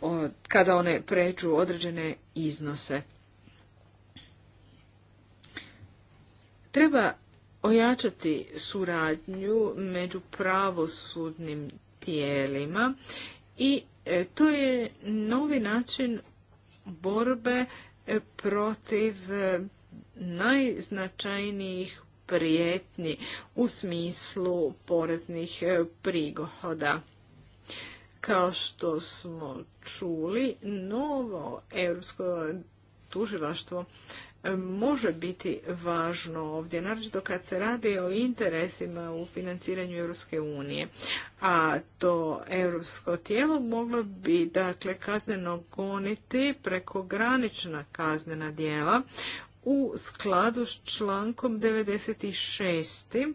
kada one pređu određene iznose. Treba ojačati suradnju među pravosudnim tijelima i e, to je novi način borbe e, protiv e, najznačajnijih prijetnji u smislu poreznih prigohoda. Kao što smo čuli, novo europsko tužilaštvo može biti važno ovdje, naročito kad se radi o interesima u financiranju Europske unije. A to europsko tijelo moglo bi dakle kazneno goniti granična kaznena djela u skladu s člankom 96.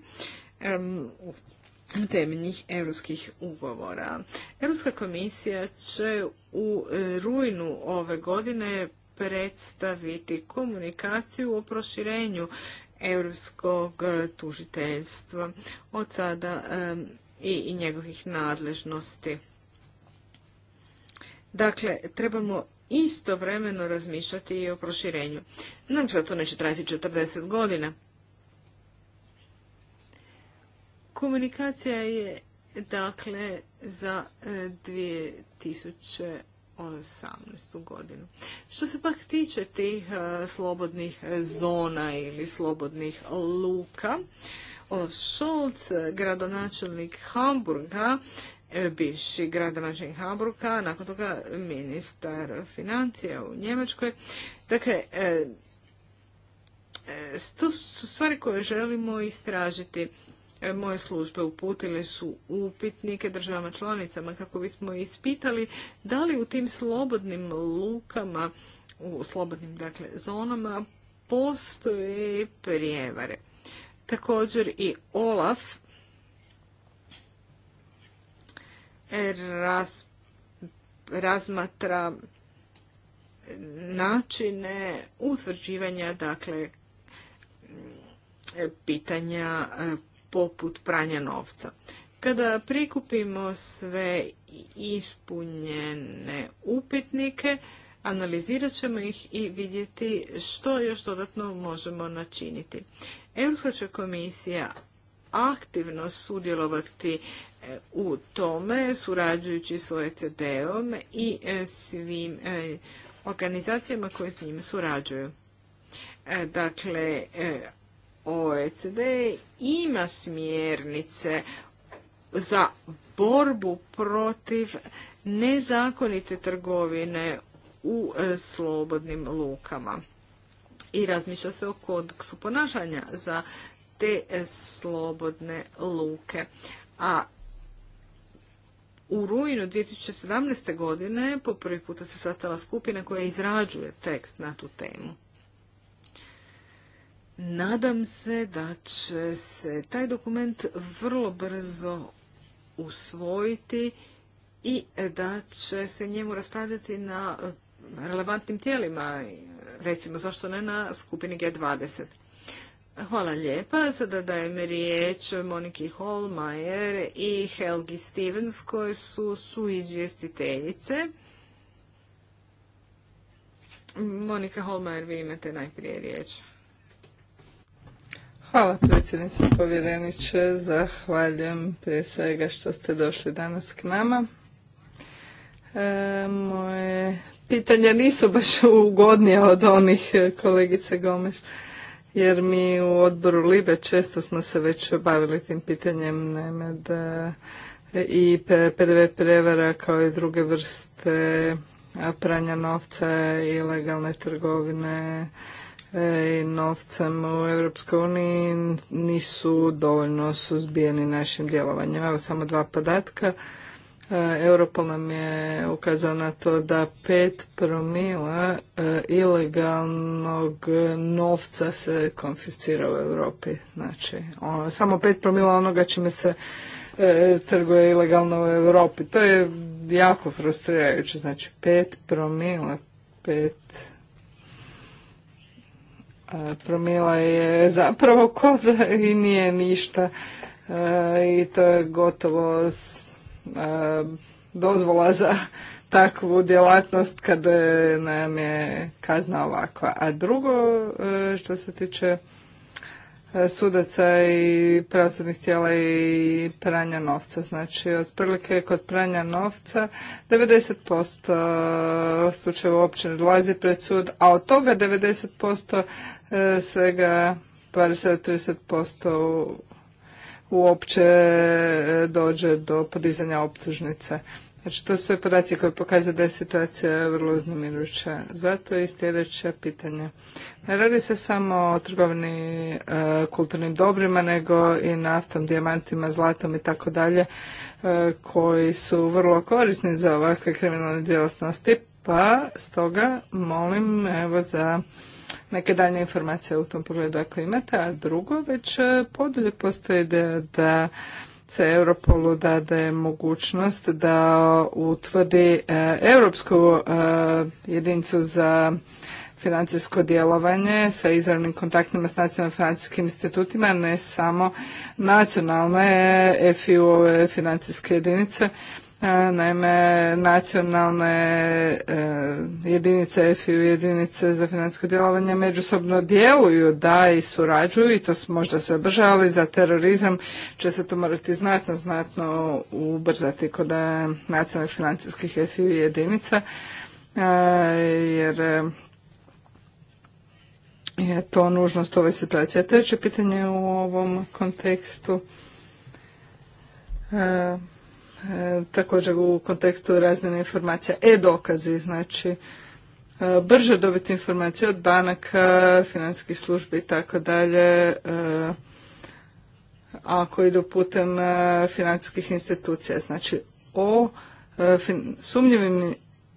temeljnih europskih ugovora. Europska komisija će u rujnu ove godine predstaviti komunikaciju o proširenju europskog e, tužiteljstva od sada e, i njegovih nadležnosti. Dakle, trebamo istovremeno razmišljati i o proširenju. Nam se to neće trajati 40 godina. Komunikacija je dakle za 2000 e, 2018. godinu. Što se pak tiče tih e, slobodnih zona ili slobodnih luka, Olaf Scholz, gradonačelnik Hamburga, e, bivši gradonačelnik Hamburga, nakon toga ministar financija u Njemačkoj. Dakle, e, to su stvari koje želimo istražiti. E, moje službe uputile su upitnike državama članicama kako bismo ispitali da li u tim slobodnim lukama, u slobodnim dakle zonama postoje prijevare. Također i Olaf raz, razmatra načine utvrđivanja dakle pitanja e, poput pranja novca. Kada prikupimo sve ispunjene upitnike, analizirat ćemo ih i vidjeti što još dodatno možemo načiniti. Europska će komisija aktivno sudjelovati e, u tome, surađujući s OECD-om i e, svim e, organizacijama koje s njim surađuju. Dakle, OECD ima smjernice za borbu protiv nezakonite trgovine u e, slobodnim lukama. I razmišlja se o kodeksu ponašanja za te e, slobodne luke. A u rujnu 2017. godine po prvi puta se sastala skupina koja izrađuje tekst na tu temu. Nadam se da će se taj dokument vrlo brzo usvojiti i da će se njemu raspravljati na relevantnim tijelima, recimo zašto ne na skupini G20. Hvala lijepa. Sada dajem riječ Moniki Holmajer i Helgi Stevens koje su suizvjestiteljice. Monika Holmajer, vi imate najprije riječ. Hvala predsjednice povjereniče, zahvaljujem prije svega što ste došli danas k nama. E, moje pitanja nisu baš ugodnije od onih e, kolegice Gomeš, jer mi u odboru Libe često smo se već bavili tim pitanjem, naime da i PDV prevara kao i druge vrste pranja novca, i ilegalne trgovine, i e, novcem u EU nisu dovoljno suzbijeni našim djelovanjem. Evo samo dva podatka. E, Europol nam je ukazao na to da pet promila e, ilegalnog novca se konfiscira u Europi. Znači, ono, samo pet promila onoga čime se e, trguje ilegalno u Europi. To je jako frustrirajuće. Znači, pet promila, pet promila je zapravo kod (laughs) i nije ništa i to je gotovo dozvola za (laughs) takvu djelatnost kad e, nam je kazna ovakva. A drugo e, što se tiče E, sudaca i pravosudnih tijela i pranja novca. Znači, otprilike kod pranja novca 90% e, slučajeva uopće ne dolazi pred sud, a od toga 90% e, svega 20-30% uopće dođe do podizanja optužnice. Znači, to su podaci koje pokazuju da je situacija vrlo uznemirujuća. Zato i sljedeće pitanje. Ne radi se samo o trgovini e, kulturnim dobrima, nego i naftom, dijamantima, zlatom i tako dalje, e, koji su vrlo korisni za ovakve kriminalne djelatnosti. Pa, stoga, molim, evo, za neke dalje informacije u tom pogledu ako imate. A drugo, već e, podulje postoji da, da Europolu dade mogućnost da utvrdi e, europsku e, jedinicu za financijsko djelovanje sa izravnim kontaktima s nacionalnim financijskim institutima, ne samo nacionalne e, FIU financijske jedinice E, naime, nacionalne e, jedinice EFI i jedinice za financijsko djelovanje međusobno djeluju da i surađuju i to možda sve brže, ali za terorizam će se to morati znatno, znatno ubrzati kod e, nacionalnih financijskih EFI i jedinica jer je to nužnost ove situacije. Treće pitanje u ovom kontekstu E, također u kontekstu razmjene informacija, e-dokazi, znači e, brže dobiti informacije od banaka, financijskih službi i tako dalje, e, ako idu putem financijskih institucija. Znači o sumnjivim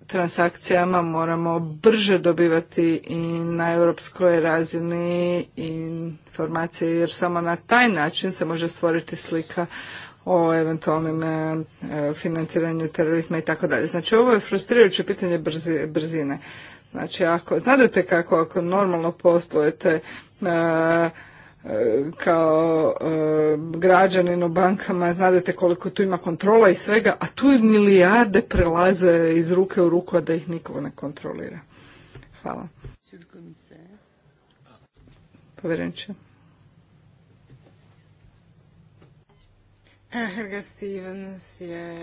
transakcijama moramo brže dobivati i na europskoj razini informacije jer samo na taj način se može stvoriti slika o eventualnim e, e, financiranju terorizma i tako dalje. Znači ovo je frustrirajuće pitanje brzine. Znači ako znate kako ako normalno poslujete e, e, kao e, građanin u bankama, znadete koliko tu ima kontrola i svega, a tu milijarde prelaze iz ruke u ruku, a da ih niko ne kontrolira. Hvala. Povjerenče. Helga Stevens je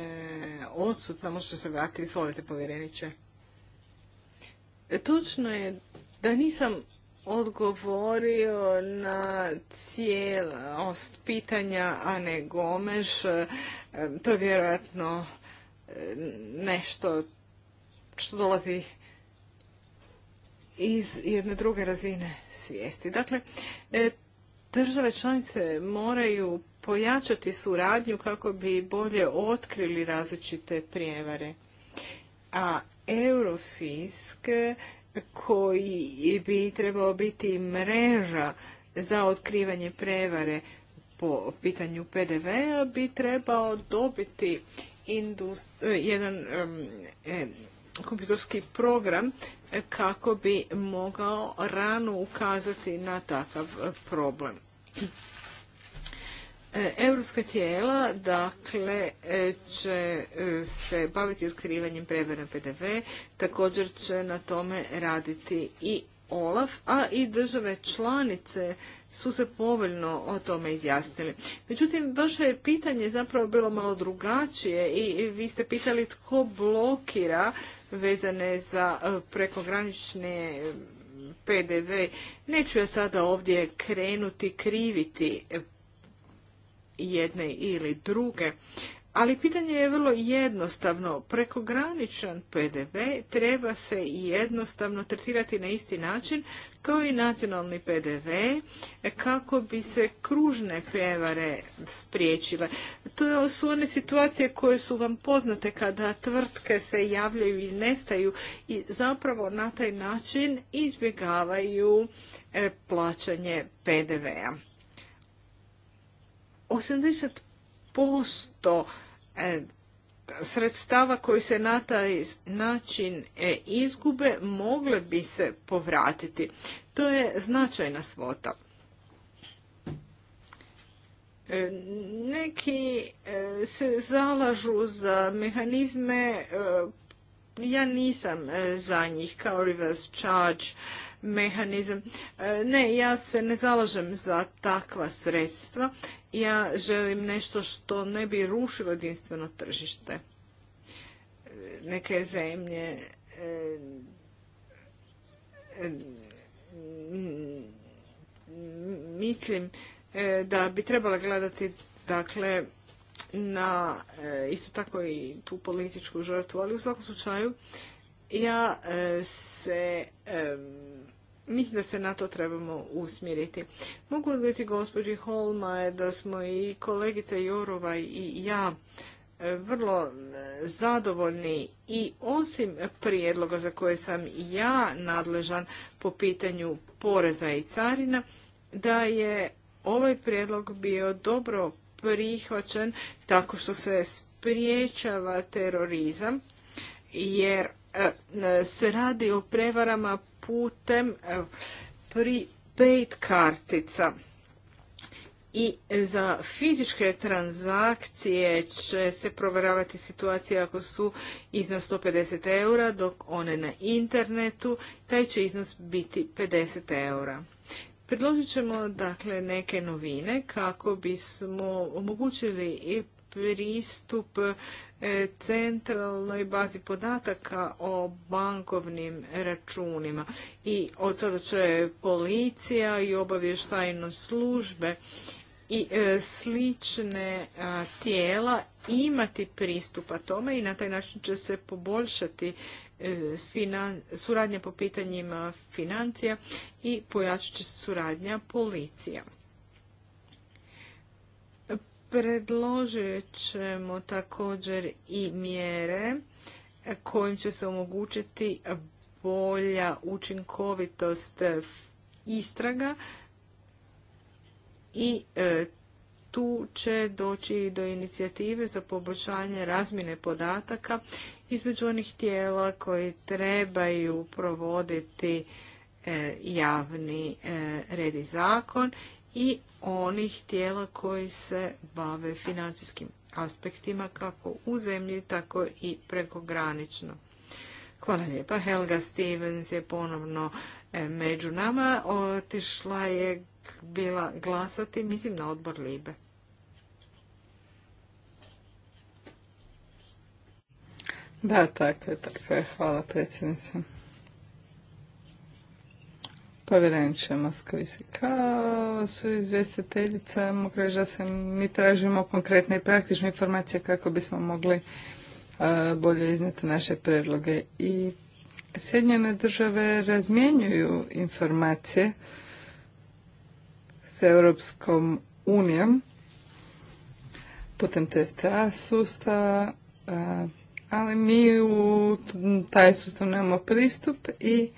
odsutna, možete se vratiti, izvolite povjereniče. E, točno je da nisam odgovorio na cijelost pitanja ne Gomeš. E, to je vjerojatno e, nešto što dolazi iz jedne druge razine svijesti. Dakle, države članice moraju pojačati suradnju kako bi bolje otkrili različite prijevare. A Eurofisk koji bi trebao biti mreža za otkrivanje prevare po pitanju PDV-a bi trebao dobiti jedan kompjutorski program kako bi mogao rano ukazati na takav problem. E, europska tijela dakle e, će e, se baviti otkrivanjem prevara PDV, također će na tome raditi i Olaf, a i države članice su se povoljno o tome izjasnili. Međutim, vaše je pitanje zapravo bilo malo drugačije i vi ste pitali tko blokira vezane za prekogranične PDV. Neću ja sada ovdje krenuti kriviti jedne ili druge. Ali pitanje je vrlo jednostavno. Prekograničan PDV treba se jednostavno tretirati na isti način kao i nacionalni PDV kako bi se kružne prevare spriječile. To su one situacije koje su vam poznate kada tvrtke se javljaju i nestaju i zapravo na taj način izbjegavaju e, plaćanje PDV-a. 80% e, sredstava koji se na taj način e, izgube mogle bi se povratiti. To je značajna svota. E, neki se zalažu za mehanizme, ja nisam za njih kao reverse charge mehanizam. E, ne, ja se ne zalažem za takva sredstva. Ja želim nešto što ne bi rušilo jedinstveno tržište. E, neke zemlje e, mislim da bi trebala gledati dakle na isto tako i tu političku žrtvu, ali u svakom slučaju ja e, se e, mislim da se na to trebamo usmjeriti. Mogu biti gospođi Holma da smo i kolegica Jorova i ja e, vrlo zadovoljni i osim prijedloga za koje sam ja nadležan po pitanju poreza i carina, da je ovaj prijedlog bio dobro prihvaćen tako što se spriječava terorizam, jer E, e, se radi o prevarama putem e, pri kartica. I za fizičke transakcije će se provjeravati situacija ako su iznos 150 eura, dok one na internetu, taj će iznos biti 50 eura. Predložit ćemo dakle neke novine kako bismo omogućili pristup E, centralnoj bazi podataka o bankovnim računima. I od sada će policija i obavještajno službe i e, slične tijela imati pristupa tome i na taj način će se poboljšati e, suradnja po pitanjima financija i pojačit će suradnja policija. Predložit ćemo također i mjere kojim će se omogućiti bolja učinkovitost istraga i e, tu će doći do inicijative za poboljšanje razmjene podataka između onih tijela koji trebaju provoditi e, javni e, red i zakon i onih tijela koji se bave financijskim aspektima kako u zemlji, tako i prekogranično. Hvala lijepa. Helga Stevens je ponovno e, među nama. Otišla je bila glasati, mislim, na odbor Libe. Da, tako je, tako je. Hvala predsjednicom. Povjereniče Moskovici, kao su izvjestiteljica, mogu da se mi tražimo konkretne i praktične informacije kako bismo mogli e, bolje iznijeti naše predloge. I Sjedinjene države razmjenjuju informacije s Europskom unijom putem TFTA sustava, e, ali mi u taj sustav nemamo pristup i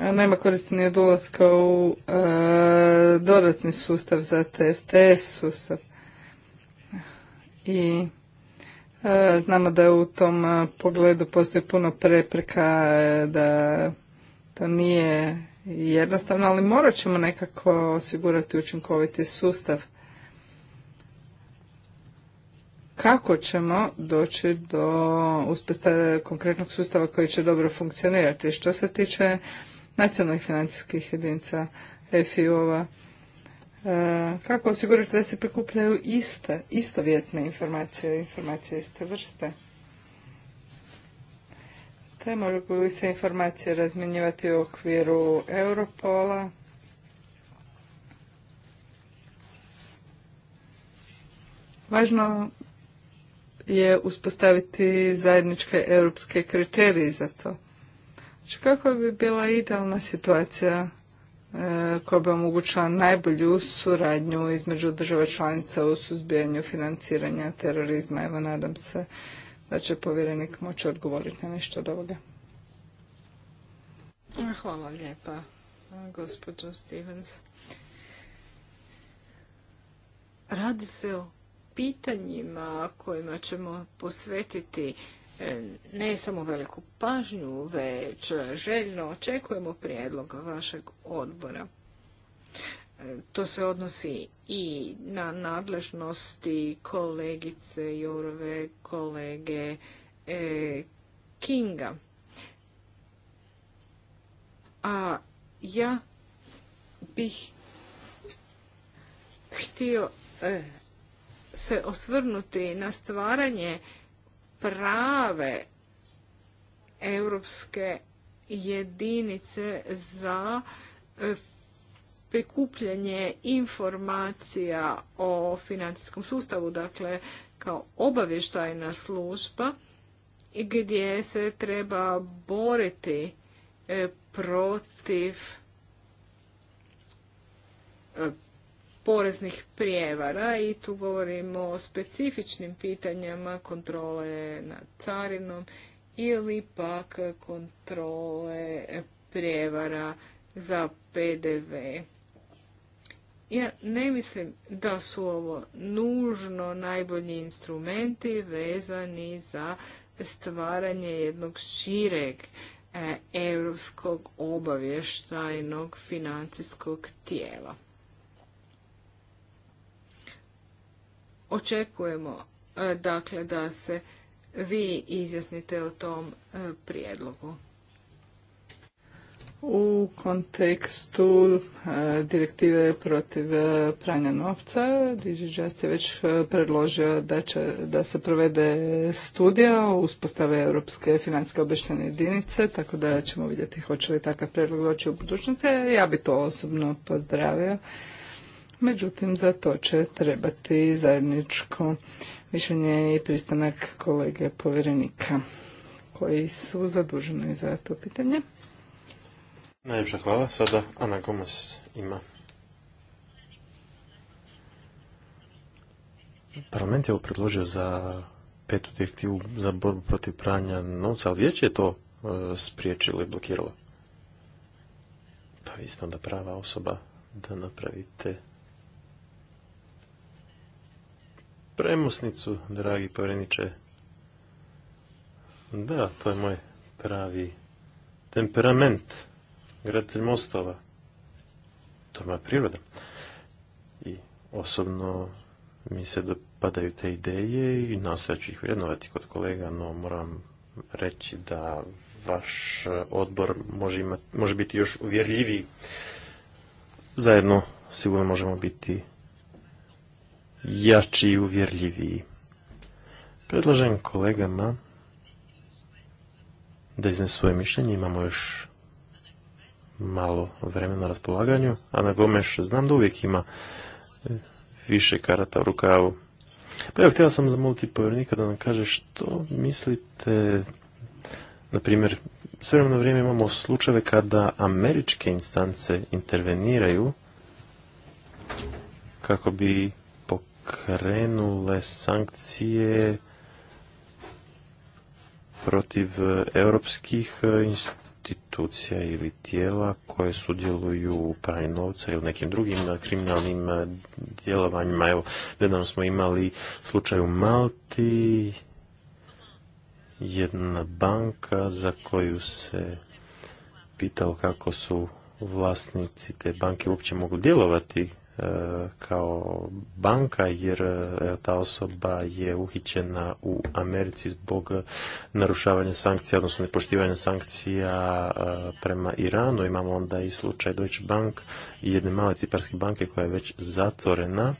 nema koristi ni od ulaska u e, dodatni sustav za TFTS sustav. I e, znamo da u tom e, pogledu postoji puno prepreka, da to nije jednostavno, ali morat ćemo nekako osigurati učinkoviti sustav. Kako ćemo doći do uspostave konkretnog sustava koji će dobro funkcionirati? Što se tiče nacionalnih financijskih jedinica EFI-ova. E, kako osigurati da se prikupljaju iste, istovjetne informacije, informacije iste vrste? Te mogu li se informacije razmjenjivati u okviru Europola? Važno je uspostaviti zajedničke europske kriterije za to. Znači kako bi bila idealna situacija e, koja bi omogućila najbolju suradnju između država članica u suzbijanju financiranja terorizma. Evo, nadam se da će povjerenik moći odgovoriti na nešto od ovoga. Hvala lijepa, gospođo Stevens. Radi se o pitanjima kojima ćemo posvetiti E, ne samo veliku pažnju, već željno očekujemo prijedlog vašeg odbora. E, to se odnosi i na nadležnosti kolegice Jurove, kolege e, Kinga. A ja bih htio se osvrnuti na stvaranje prave europske jedinice za e, prikupljanje informacija o financijskom sustavu, dakle kao obavještajna služba gdje se treba boriti e, protiv e, poreznih prijevara i tu govorimo o specifičnim pitanjama kontrole nad carinom ili pak kontrole prijevara za PDV. Ja ne mislim da su ovo nužno najbolji instrumenti vezani za stvaranje jednog šireg e, europskog obavještajnog financijskog tijela. Očekujemo e, dakle da se vi izjasnite o tom e, prijedlogu. U kontekstu e, direktive protiv pranja novca, Dižiđast je već predložio da, da se provede studija o uspostave Europske financijske obještene jedinice, tako da ćemo vidjeti hoće li takav prijedlog doći u budućnosti. Ja bi to osobno pozdravio Međutim, za to će trebati zajedničko mišljenje i pristanak kolege povjerenika koji su zaduženi za to pitanje. Najljepša hvala. Sada Ana Gomes ima. Parlament je ovo predložio za petu direktivu za borbu protiv pranja novca, ali vijeće je to e, spriječilo i blokiralo. Pa vi ste onda prava osoba da napravite premosnicu, dragi povjereniče. Da, to je moj pravi temperament, graditelj mostova. To je moja priroda. I osobno mi se dopadaju te ideje i nastojat ću ih vrednovati kod kolega, no moram reći da vaš odbor može, može biti još uvjerljiviji. Zajedno sigurno možemo biti jači i uvjerljiviji. Predlažem kolegama da iznesu svoje mišljenje. Imamo još malo vremena na raspolaganju. na Gomeš, znam da uvijek ima e, više karata u rukavu. Pa evo, htjela sam zamoliti povjernika da nam kaže što mislite, na primjer, sve vremena vrijeme imamo slučajeve kada američke instance interveniraju kako bi krenule sankcije protiv eh, europskih eh, institucija ili tijela koje sudjeluju u pranju novca ili nekim drugim eh, kriminalnim djelovanjima. Evo, jednom smo imali slučaj u Malti, jedna banka za koju se pitalo kako su vlasnici te banke uopće mogu djelovati kao banka jer e, ta osoba je uhićena u Americi zbog narušavanja sankcija, odnosno nepoštivanja sankcija e, prema Iranu. Imamo onda i slučaj Deutsche Bank i jedne male ciparske banke koja je već zatvorena.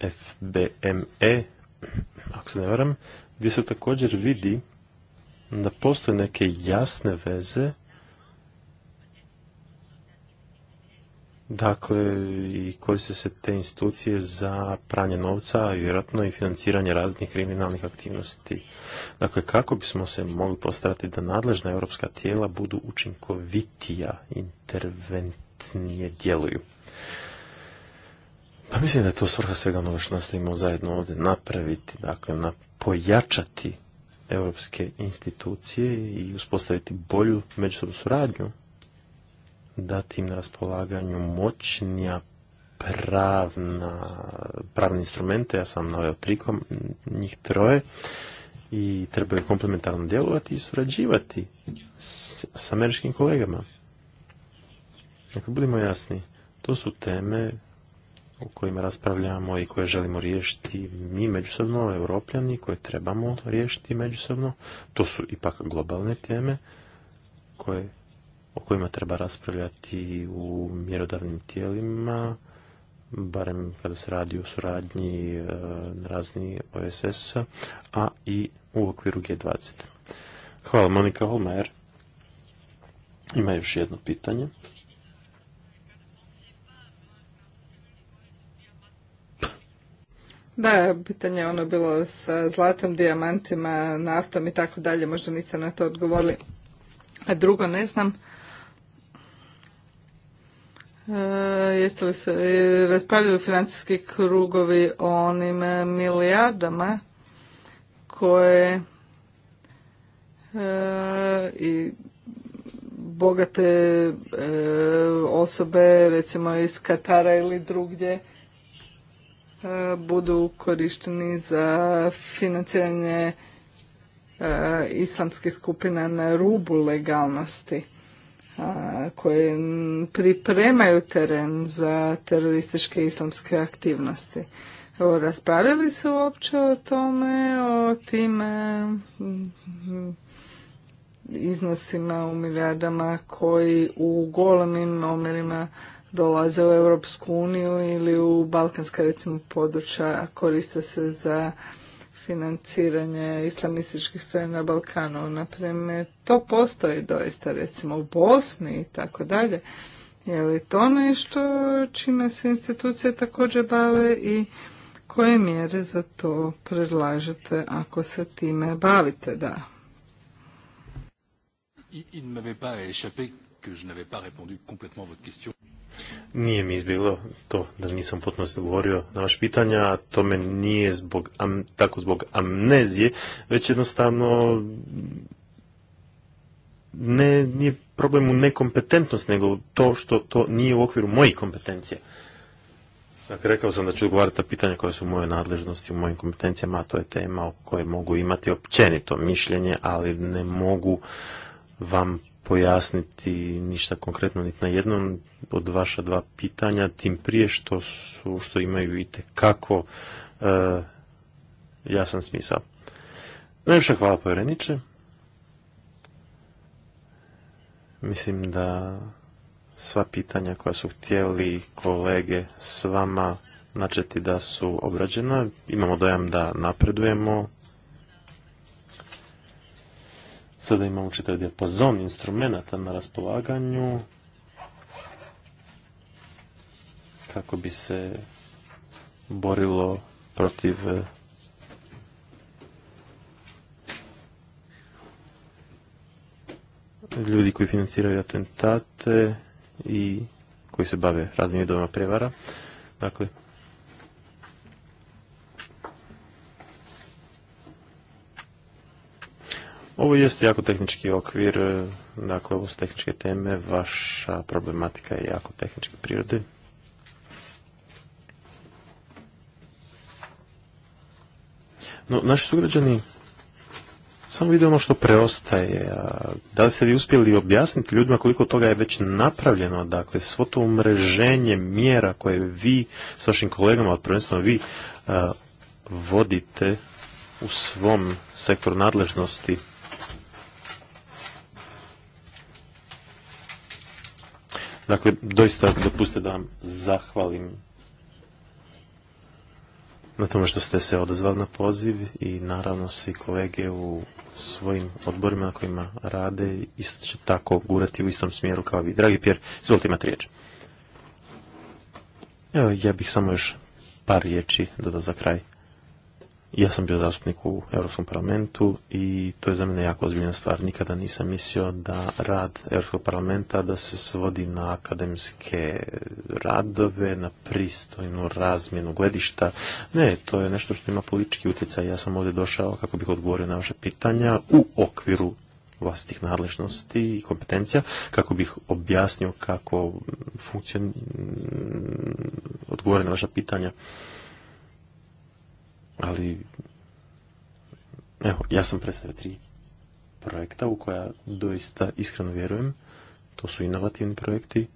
FBME, ako se ne varam, gdje se također vidi da postoje neke jasne veze Dakle, i koriste se te institucije za pranje novca, a vjerojatno i financiranje raznih kriminalnih aktivnosti. Dakle, kako bismo se mogli postarati da nadležna europska tijela budu učinkovitija, interventnije djeluju? Pa mislim da je to svrha svega onoga što nastavimo zajedno ovdje napraviti, dakle, na pojačati europske institucije i uspostaviti bolju međusobnu suradnju dati im na raspolaganju moćnija pravna, pravne instrumente, ja sam naveo trikom, njih troje, i trebaju komplementarno djelovati i surađivati s, američkim kolegama. Dakle, budimo jasni, to su teme o kojima raspravljamo i koje želimo riješiti mi međusobno, europljani, koje trebamo riješiti međusobno. To su ipak globalne teme koje o kojima treba raspravljati u mjerodavnim tijelima, barem kada se radi o suradnji e, na razni OSS-a, a i u okviru G20. Hvala Monika Holmajer. Ima još jedno pitanje. Da, pitanje je ono bilo sa zlatom, dijamantima, naftom i tako dalje, možda niste na to odgovorili. A drugo, ne znam, E, jeste li se e, raspravljali financijski krugovi o onim milijardama koje e, i bogate osobe recimo iz Katara ili drugdje budu korišteni za financiranje islamskih skupina na rubu legalnosti koje pripremaju teren za terorističke islamske aktivnosti. Evo, raspravljali se uopće o tome, o tim e, iznosima u milijardama koji u golemim omjerima dolaze u Europsku uniju ili u balkanska recimo područja koriste se za financiranje islamističkih strana na Balkanu. Naprimjer, to postoji doista, recimo u Bosni i tako dalje. Je li to nešto ono čime se institucije također bave i koje mjere za to predlažete ako se time bavite, da? Il ne m'avait pas échappé que je n'avais pas répondu complètement votre question. Nije mi izbjeglo to da nisam potpuno odgovorio na vaš pitanja, a to me nije zbog, tako zbog amnezije, već jednostavno ne, nije problem u nekompetentnost, nego to što to nije u okviru mojih kompetencija. Dakle, rekao sam da ću odgovarati na pitanja koja su u mojoj nadležnosti, u mojim kompetencijama, a to je tema o kojoj mogu imati općenito mišljenje, ali ne mogu vam pojasniti ništa konkretno niti na jednom od vaša dva pitanja, tim prije što, su, što imaju i tekako eh, jasan smisao. Najviše hvala povjereniče. Mislim da sva pitanja koja su htjeli kolege s vama načeti da su obrađena. Imamo dojam da napredujemo Sada imamo čitav dijapazon instrumenta na raspolaganju kako bi se borilo protiv e, ljudi koji financiraju atentate i koji se bave raznim vidovima prevara. Dakle, Ovo jeste jako tehnički okvir, e, dakle ovo su tehničke teme, vaša problematika je jako tehničke prirode. No, naši sugrađani samo vide ono što preostaje. da li ste vi uspjeli objasniti ljudima koliko toga je već napravljeno? Dakle, svo to umreženje mjera koje vi s vašim kolegama, od prvenstveno vi, vodite u svom sektoru nadležnosti Dakle, doista dopustite da vam zahvalim na tome što ste se odazvali na poziv i naravno svi kolege u svojim odborima na kojima rade isto će tako gurati u istom smjeru kao vi. Dragi Pjer, izvolite imati riječ. Evo, ja bih samo još par riječi dodao za kraj. Ja sam bio zastupnik u Europskom parlamentu i to je za mene jako ozbiljna stvar. Nikada nisam mislio da rad Europskog parlamenta da se svodi na akademske radove, na pristojnu razmjenu gledišta. Ne, to je nešto što ima politički utjecaj. Ja sam ovdje došao kako bih odgovorio na vaše pitanja u okviru vlastitih nadležnosti i kompetencija kako bih objasnio kako funkcion... odgovore na vaša pitanja. Ali, evo, ja sam predstavio tri projekta u koja doista iskreno vjerujem. To su inovativni projekti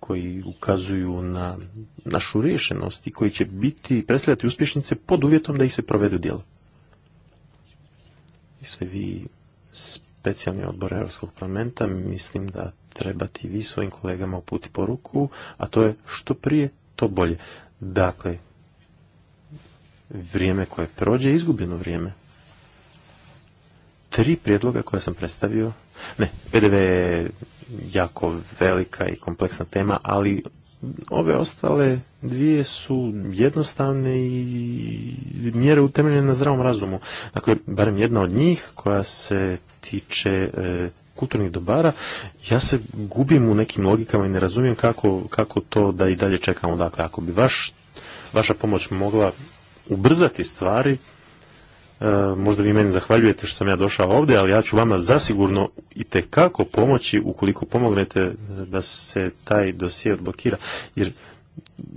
koji ukazuju na našu rješenost i koji će biti predstavljati uspješnice pod uvjetom da ih se provedu djelo. I sve vi specijalni odbor Europskog parlamenta mislim da trebati vi svojim kolegama uputi poruku, a to je što prije, to bolje. Dakle, vrijeme koje prođe izgubljeno vrijeme. Tri prijedloga koje sam predstavio, ne, PDV je jako velika i kompleksna tema, ali ove ostale dvije su jednostavne i mjere utemeljene na zdravom razumu. Dakle, barem jedna od njih koja se tiče e, kulturnih dobara, ja se gubim u nekim logikama i ne razumijem kako, to da i dalje čekamo. Dakle, ako bi vaša pomoć mogla ubrzati stvari. E, možda vi meni zahvaljujete što sam ja došao ovdje, ali ja ću vama zasigurno i kako pomoći ukoliko pomognete e, da se taj dosije odblokira. Jer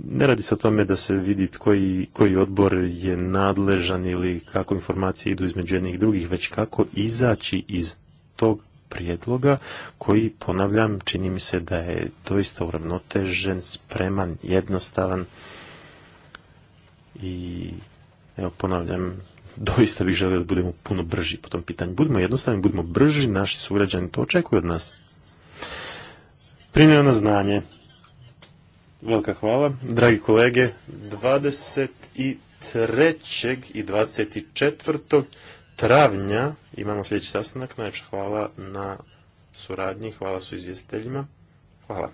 ne radi se o tome da se vidi koji, koji odbor je nadležan ili kako informacije idu između jednih i drugih, već kako izaći iz tog prijedloga koji, ponavljam, čini mi se da je doista uravnotežen, spreman, jednostavan i evo ponavljam, (laughs) doista bih želio da budemo puno brži po tom pitanju. Budimo jednostavni, budimo brži, naši sugrađani to očekuju od nas. Primljeno na znanje. Velika hvala. Dragi kolege, 23. i 24. travnja imamo sljedeći sastanak. Najpša hvala na suradnji, hvala su izvjestiteljima. Hvala.